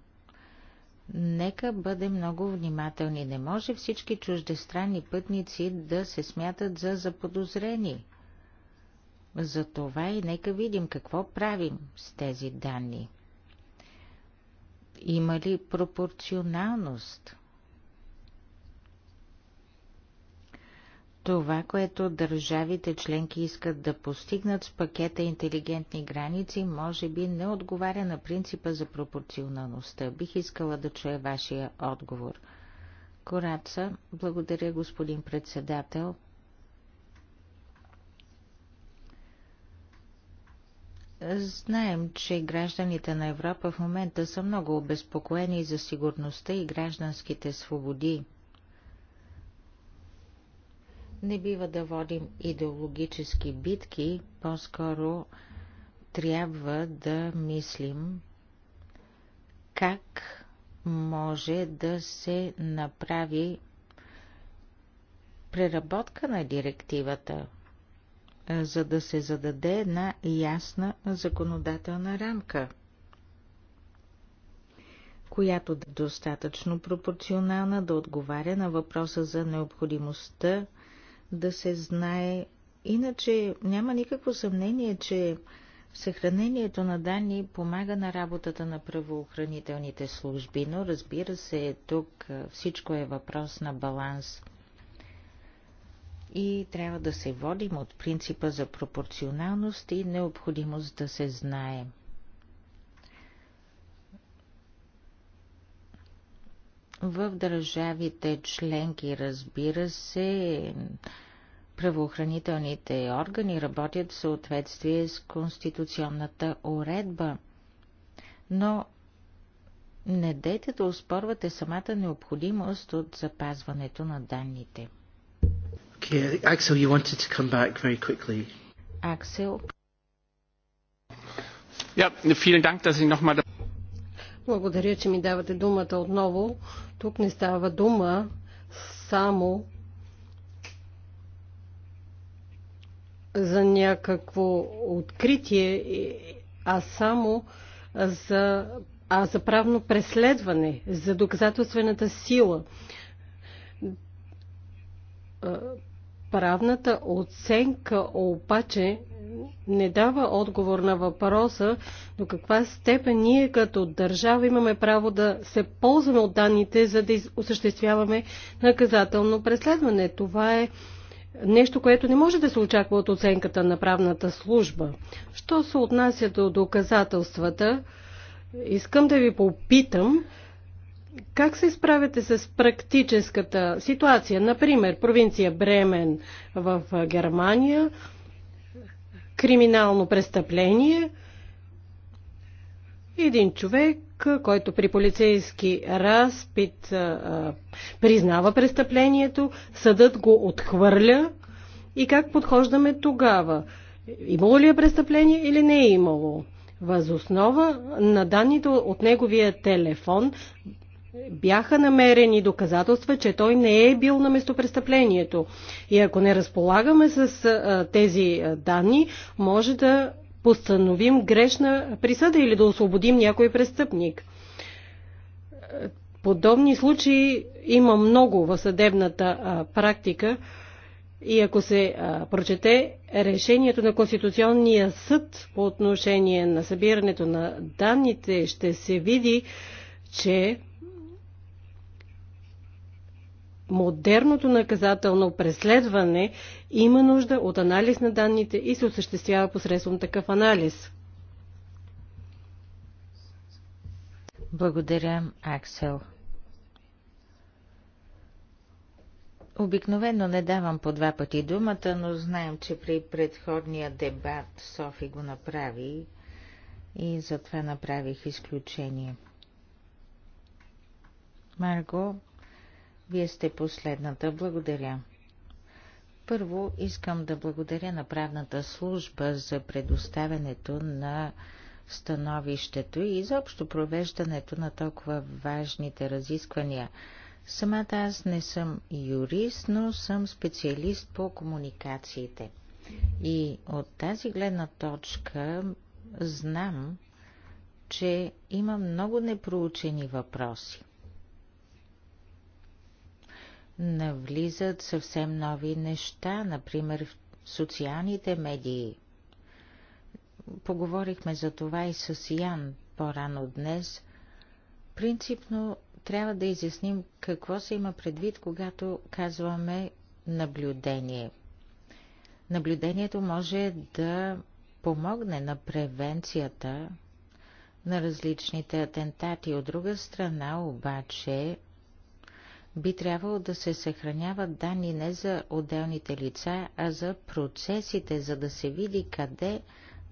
Нека бъдем много внимателни. Не може всички чуждестранни пътници да се смятат за заподозрени. Затова и нека видим какво правим с тези данни. Има ли пропорционалност? Това, което държавите членки искат да постигнат с пакета интелигентни граници, може би не отговаря на принципа за пропорционалността. Бих искала да чуя вашия отговор. Кораца, благодаря господин председател. Знаем, че гражданите на Европа в момента са много обезпокоени за сигурността и гражданските свободи. Не бива да водим идеологически битки, по-скоро трябва да мислим как може да се направи преработка на директивата, е, за да се зададе една ясна законодателна рамка, която да е достатъчно пропорционална да отговаря на въпроса за необходимостта да се знае. Иначе няма никакво съмнение, че Съхранението на данни помага на работата на правоохранителните служби, но разбира се, тук е, всичко е въпрос на баланс и трябва да се водим от принципа за пропорционалност и необходимост да се знае. В държавите членки, разбира се, правоохранителните органи работят в съответствие с конституционната уредба. Но не дейте да успорвате самата необходимост от запазването на данните. Okay, Axel, you wanted to come back very quickly. Axel. Ja, vielen Dank, dass ich Благодаря, че ми давате думата отново. Тук не става дума само за някакво откритие, а само за, а за правно преследване, за доказателствената сила Правната оценка обаче не дава отговор на въпроса до каква степен ние като държава имаме право да се ползваме от данните, за да осъществяваме наказателно преследване. Това е нещо, което не може да се очаква от оценката на правната служба. Що се отнася до доказателствата, искам да ви попитам как се справяте с практическата ситуация? Например, провинция Бремен в Германия, криминално престъпление, един човек, който при полицейски разпит а, признава престъплението, съдът го отхвърля и как подхождаме тогава? Имало ли е престъпление или не е имало? Възоснова на данните от неговия телефон бяха намерени доказателства, че той не е бил на местопрестъплението. И ако не разполагаме с а, тези данни, може да постановим грешна присъда или да освободим някой престъпник. Подобни случаи има много в съдебната а, практика и ако се а, прочете решението на Конституционния съд по отношение на събирането на данните, ще се види, че модерното наказателно преследване има нужда от анализ на данните и се осъществява посредством такъв анализ. Благодаря, Аксел. Обикновено не давам по два пъти думата, но знаем, че при предходния дебат Софи го направи и затова направих изключение. Марго, вие сте последната. Благодаря. Първо искам да благодаря на правната служба за предоставянето на становището и изобщо провеждането на толкова важните разисквания. Самата аз не съм юрист, но съм специалист по комуникациите. И от тази гледна точка знам, че има много непроучени въпроси навлизат съвсем нови неща, например в социалните медии. Поговорихме за това и с Ян по-рано днес. Принципно трябва да изясним какво се има предвид, когато казваме наблюдение. Наблюдението може да помогне на превенцията на различните атентати. От друга страна обаче би трябвало да се съхраняват данни не за отделните лица, а за процесите, за да се види къде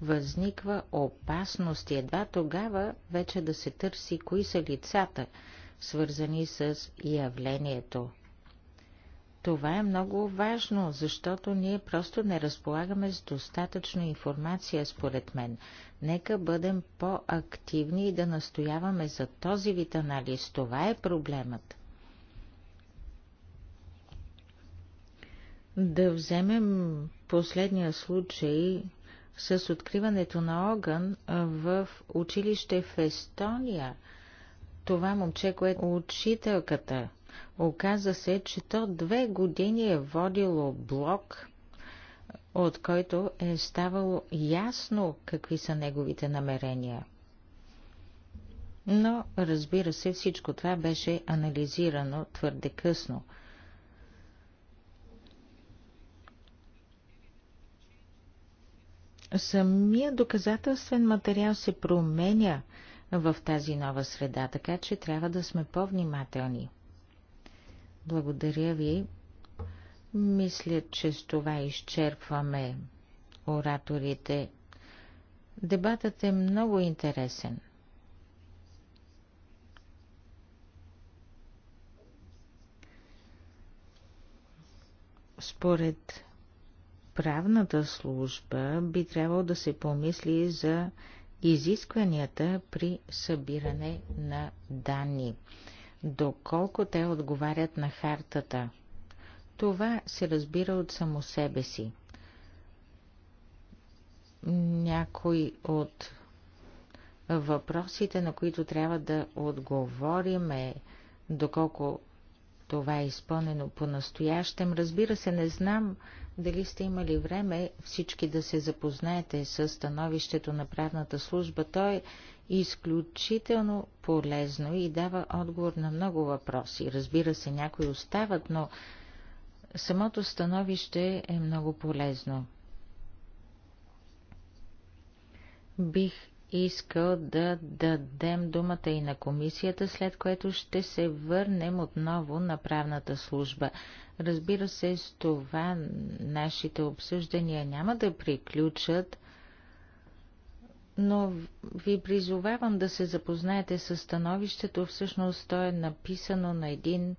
възниква опасност и едва тогава вече да се търси кои са лицата, свързани с явлението. Това е много важно, защото ние просто не разполагаме с достатъчно информация, според мен. Нека бъдем по-активни и да настояваме за този вид анализ. Това е проблемът. Да вземем последния случай с откриването на огън в училище в Естония. Това момче, което е учителката, оказа се, че то две години е водило блок, от който е ставало ясно какви са неговите намерения. Но, разбира се, всичко това беше анализирано твърде късно – Самия доказателствен материал се променя в тази нова среда, така че трябва да сме по-внимателни. Благодаря ви. Мисля, че с това изчерпваме ораторите. Дебатът е много интересен. Според правната служба би трябвало да се помисли за изискванията при събиране на данни, доколко те отговарят на хартата. Това се разбира от само себе си. Някой от въпросите, на които трябва да отговорим е доколко това е изпълнено по-настоящем. Разбира се, не знам дали сте имали време всички да се запознаете с становището на правната служба. То е изключително полезно и дава отговор на много въпроси. Разбира се, някои остават, но самото становище е много полезно. Бих искал да дадем думата и на комисията, след което ще се върнем отново на правната служба. Разбира се, с това нашите обсъждания няма да приключат, но ви призовавам да се запознаете с становището. Всъщност то е написано на един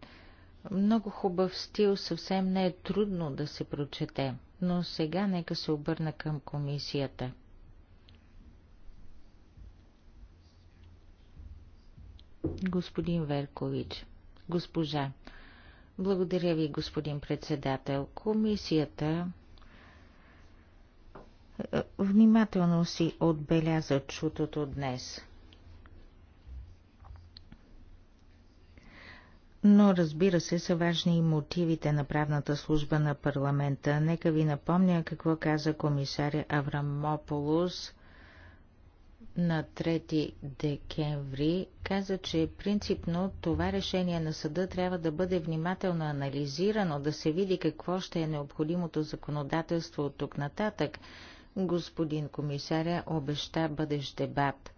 много хубав стил, съвсем не е трудно да се прочете. Но сега нека се обърна към комисията. Господин Веркович, госпожа, благодаря ви, господин председател. Комисията е, внимателно си отбеляза чутото днес. Но разбира се, са важни и мотивите на правната служба на парламента. Нека ви напомня какво каза комисаря Аврамополус на 3 декември каза, че принципно това решение на съда трябва да бъде внимателно анализирано, да се види какво ще е необходимото законодателство от тук нататък. Господин комисаря обеща бъдещ дебат.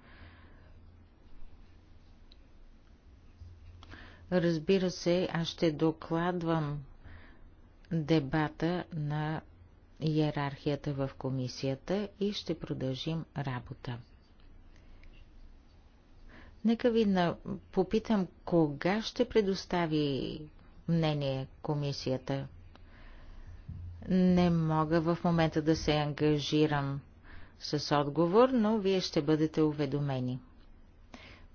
Разбира се, аз ще докладвам дебата на иерархията в комисията и ще продължим работа. Нека ви на... попитам, кога ще предостави мнение комисията? Не мога в момента да се ангажирам с отговор, но вие ще бъдете уведомени.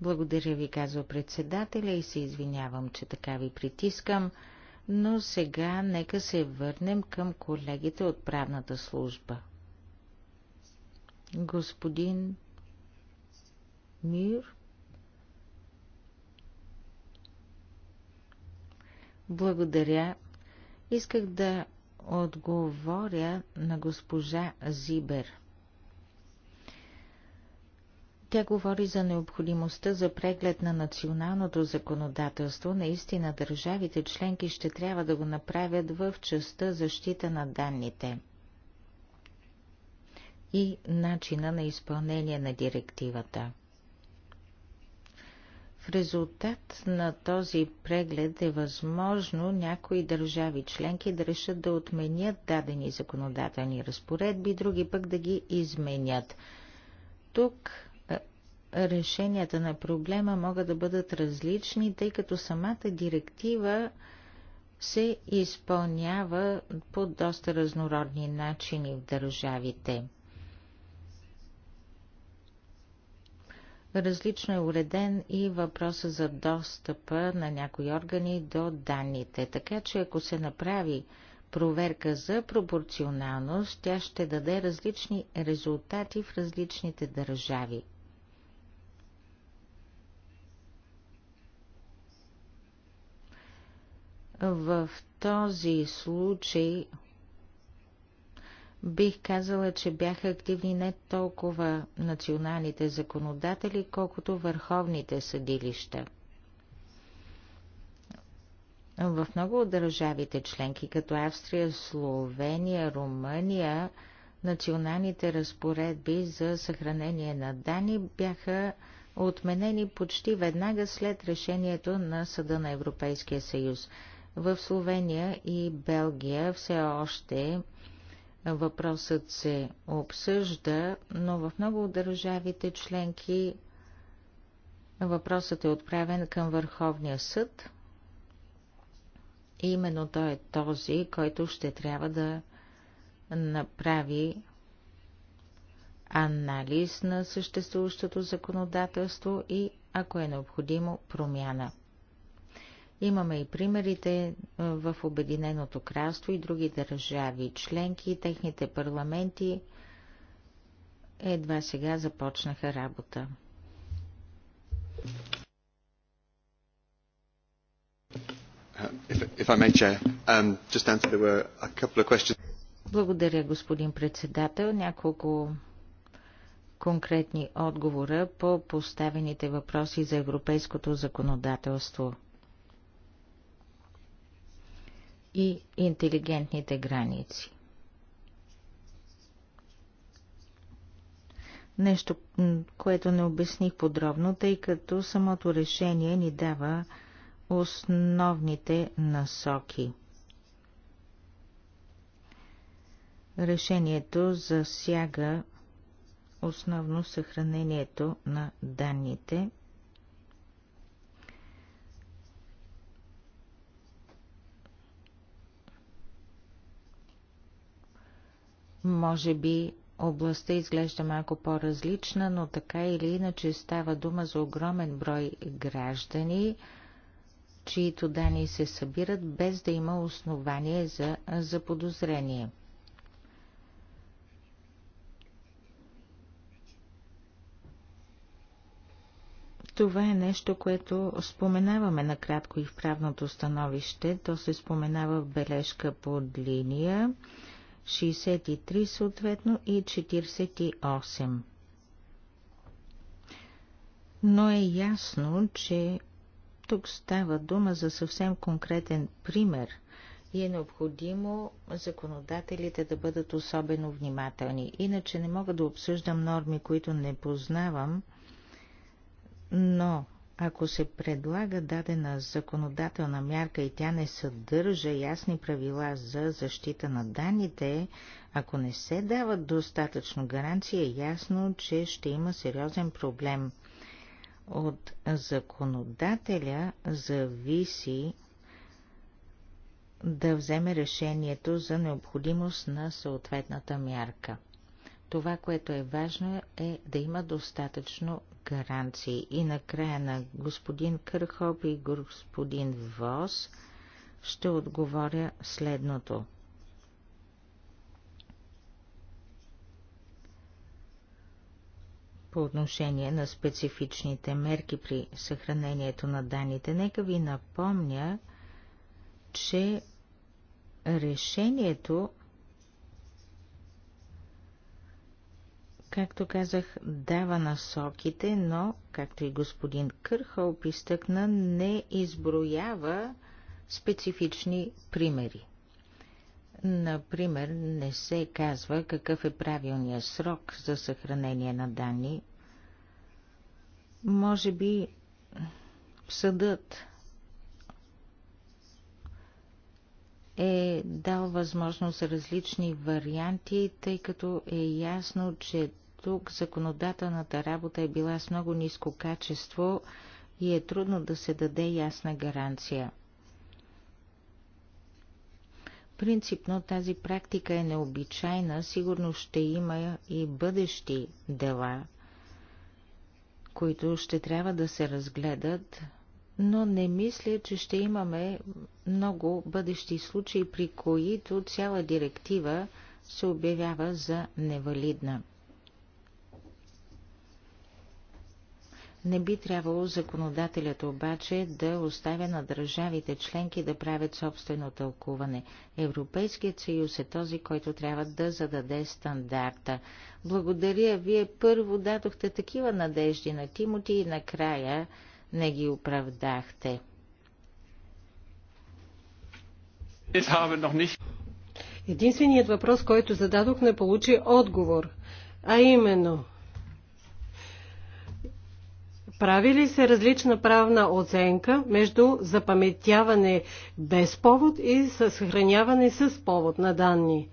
Благодаря ви, казва председателя и се извинявам, че така ви притискам, но сега нека се върнем към колегите от правната служба. Господин Мир? Благодаря. Исках да отговоря на госпожа Зибер. Тя говори за необходимостта за преглед на националното законодателство. Наистина държавите членки ще трябва да го направят в частта защита на данните и начина на изпълнение на директивата. В резултат на този преглед е възможно някои държави членки да решат да отменят дадени законодателни разпоредби, други пък да ги изменят. Тук е, решенията на проблема могат да бъдат различни, тъй като самата директива се изпълнява по доста разнородни начини в държавите. Различно е уреден и въпроса за достъпа на някои органи до данните, така че ако се направи проверка за пропорционалност, тя ще даде различни резултати в различните държави. В този случай Бих казала, че бяха активни не толкова националните законодатели, колкото върховните съдилища. В много от държавите членки, като Австрия, Словения, Румъния, националните разпоредби за съхранение на данни бяха отменени почти веднага след решението на Съда на Европейския съюз. В Словения и Белгия все още Въпросът се обсъжда, но в много от държавите членки въпросът е отправен към Върховния съд. И именно той е този, който ще трябва да направи анализ на съществуващото законодателство и, ако е необходимо, промяна. Имаме и примерите е, в Обединеното кралство и други държави членки, техните парламенти едва сега започнаха работа. Uh, um, Благодаря, господин председател. Няколко конкретни отговора по поставените въпроси за европейското законодателство – и интелигентните граници. Нещо, което не обясних подробно, тъй като самото решение ни дава основните насоки. Решението засяга основно съхранението на данните Може би областта изглежда малко по-различна, но така или иначе става дума за огромен брой граждани, чието данни се събират без да има основание за заподозрение. Това е нещо, което споменаваме накратко и в правното становище. То се споменава в бележка под линия. 63 съответно и 48. Но е ясно, че тук става дума за съвсем конкретен пример и е необходимо законодателите да бъдат особено внимателни. Иначе не мога да обсъждам норми, които не познавам, но ако се предлага дадена законодателна мярка и тя не съдържа ясни правила за защита на данните, ако не се дават достатъчно гаранции, е ясно, че ще има сериозен проблем. От законодателя зависи да вземе решението за необходимост на съответната мярка. Това, което е важно е да има достатъчно гаранции. И накрая на господин Кърхоп и господин Вос ще отговоря следното. По отношение на специфичните мерки при съхранението на данните, нека ви напомня, че решението както казах, дава насоките, но, както и господин Кърхъл, изтъкна, не изброява специфични примери. Например, не се казва какъв е правилният срок за съхранение на данни. Може би съдът е дал възможност за различни варианти, тъй като е ясно, че тук законодателната работа е била с много ниско качество и е трудно да се даде ясна гаранция. Принципно тази практика е необичайна, сигурно ще има и бъдещи дела, които ще трябва да се разгледат, но не мисля, че ще имаме много бъдещи случаи, при които цяла директива се обявява за невалидна. Не би трябвало законодателят обаче да оставя на държавите членки да правят собствено тълкуване. Европейският съюз е този, който трябва да зададе стандарта. Благодаря, вие първо дадохте такива надежди на Тимоти и накрая не ги оправдахте. Единственият въпрос, който зададох, не получи отговор. А именно, прави ли се различна правна оценка между запаметяване без повод и съхраняване с повод на данни?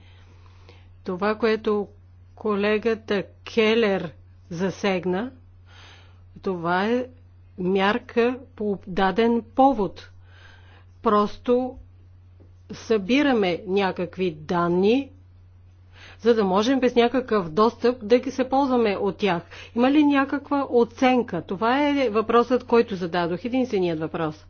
Това, което колегата Келер засегна, това е мярка по даден повод. Просто събираме някакви данни, за да можем без някакъв достъп да ги се ползваме от тях. Има ли някаква оценка? Това е въпросът, който зададох. Единственият въпрос.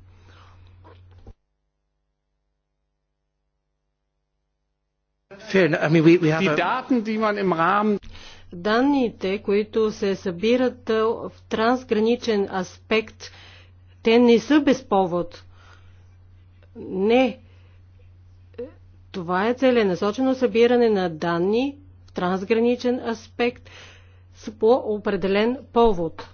Данните, които се събират в трансграничен аспект, те не са без повод. Не, това е целенасочено събиране на данни в трансграничен аспект с по определен повод.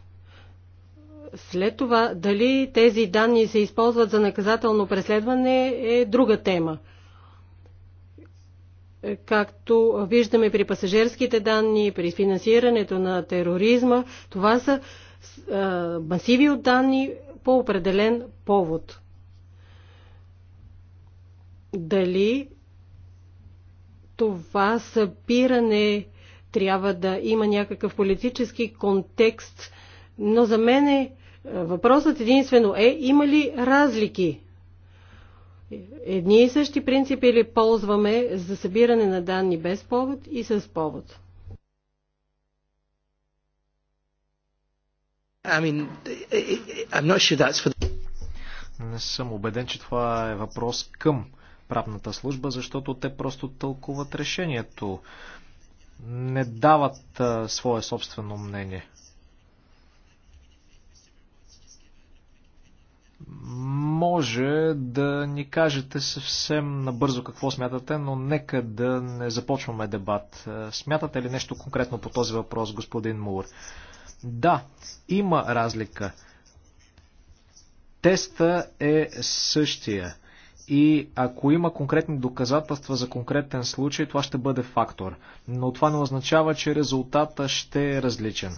След това, дали тези данни се използват за наказателно преследване е друга тема. Както виждаме при пасажирските данни, при финансирането на тероризма, това са масиви от данни по определен повод. Дали това събиране трябва да има някакъв политически контекст, но за мен е, въпросът единствено е има ли разлики. Едни и същи принципи ли ползваме за събиране на данни без повод и с повод? I mean, I'm not sure that's for... Не съм убеден, че това е въпрос към правната служба, защото те просто тълкуват решението. Не дават а, свое собствено мнение. Може да ни кажете съвсем набързо какво смятате, но нека да не започваме дебат. Смятате ли нещо конкретно по този въпрос, господин Мур? Да, има разлика. Теста е същия и ако има конкретни доказателства за конкретен случай, това ще бъде фактор. Но това не означава, че резултата ще е различен.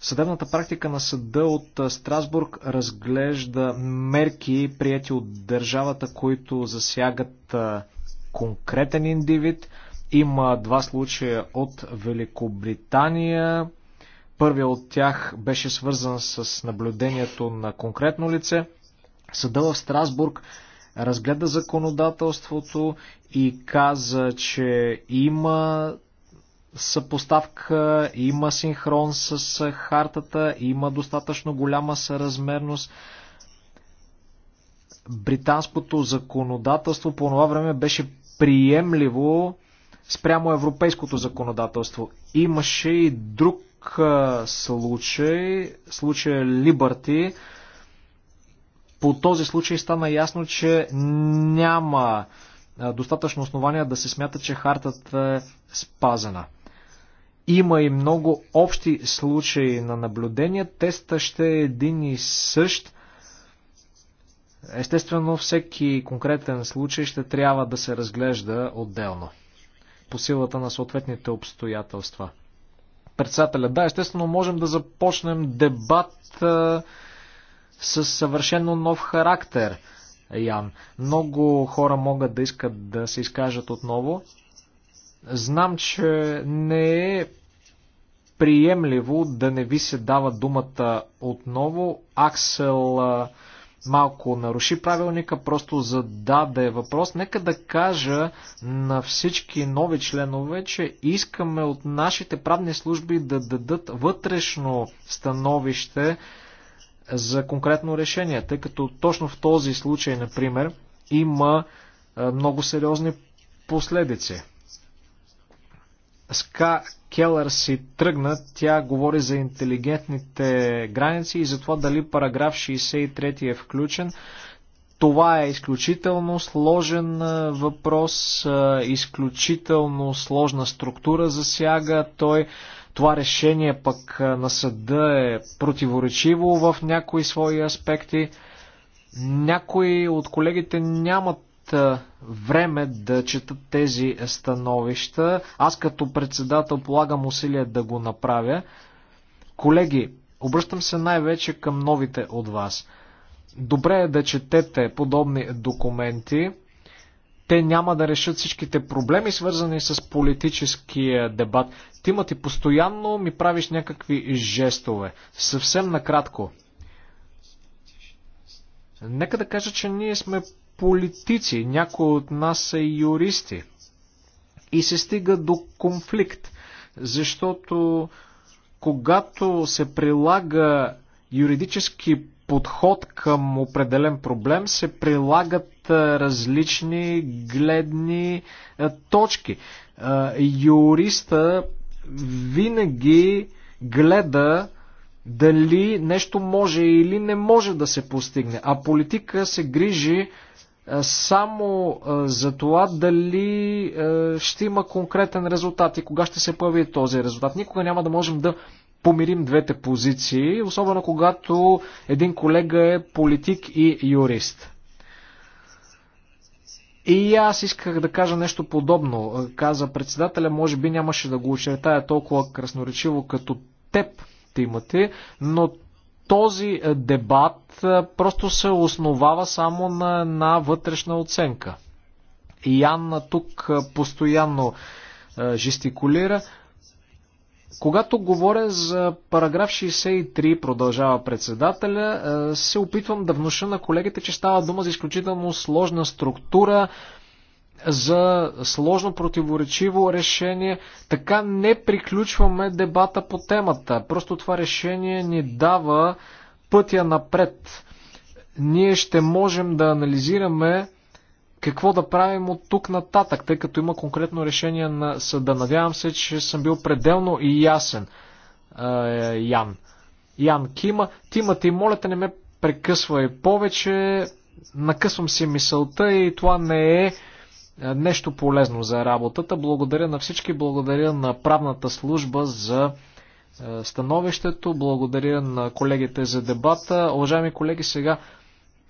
Съдебната практика на съда от Страсбург разглежда мерки, прияти от държавата, които засягат конкретен индивид. Има два случая от Великобритания. Първият от тях беше свързан с наблюдението на конкретно лице. Съда в Страсбург разгледа законодателството и каза, че има съпоставка, има синхрон с хартата, има достатъчно голяма съразмерност. Британското законодателство по това време беше приемливо спрямо европейското законодателство. Имаше и друг случай, случая Либърти, по този случай стана ясно, че няма достатъчно основания да се смята, че хартата е спазена. Има и много общи случаи на наблюдение. Теста ще е един и същ. Естествено, всеки конкретен случай ще трябва да се разглежда отделно по силата на съответните обстоятелства. Председателя, да, естествено, можем да започнем дебат с съвършено нов характер, Ян. Много хора могат да искат да се изкажат отново. Знам, че не е приемливо да не ви се дава думата отново. Аксел малко наруши правилника, просто зададе въпрос. Нека да кажа на всички нови членове, че искаме от нашите правни служби да дадат вътрешно становище за конкретно решение, тъй като точно в този случай, например, има много сериозни последици. Ска Келър си тръгна, тя говори за интелигентните граници и за това дали параграф 63 е включен. Това е изключително сложен въпрос, изключително сложна структура засяга той. Това решение пък на съда е противоречиво в някои свои аспекти. Някои от колегите нямат време да четат тези становища. Аз като председател полагам усилия да го направя. Колеги, обръщам се най-вече към новите от вас. Добре е да четете подобни документи. Те няма да решат всичките проблеми, свързани с политическия дебат. Ти ма ти постоянно ми правиш някакви жестове. Съвсем накратко. Нека да кажа, че ние сме политици, някои от нас са и юристи. И се стига до конфликт, защото когато се прилага юридически подход към определен проблем, се прилагат различни гледни точки. Юриста винаги гледа дали нещо може или не може да се постигне, а политика се грижи само за това дали ще има конкретен резултат и кога ще се появи този резултат. Никога няма да можем да помирим двете позиции, особено когато един колега е политик и юрист. И аз исках да кажа нещо подобно. Е, каза председателя, може би нямаше да го очертая толкова красноречиво като теб, Тимати, но този е, дебат е, просто се основава само на една вътрешна оценка. И Анна тук постоянно жестикулира. Когато говоря за параграф 63, продължава председателя, е, се опитвам да внуша на колегите, че става дума за изключително сложна структура, за сложно противоречиво решение. Така не приключваме дебата по темата. Просто това решение ни дава пътя напред. Ние ще можем да анализираме какво да правим от тук нататък, тъй като има конкретно решение на съда. Надявам се, че съм бил пределно и ясен. Е, Ян. Ян Кима. Тима, ти моля те не ме прекъсвай повече. Накъсвам си мисълта и това не е нещо полезно за работата. Благодаря на всички, благодаря на правната служба за становището, благодаря на колегите за дебата. Уважаеми колеги, сега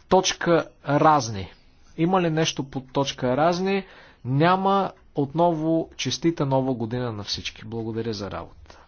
точка разни. Има ли нещо под точка разни? Няма. Отново честита нова година на всички. Благодаря за работа.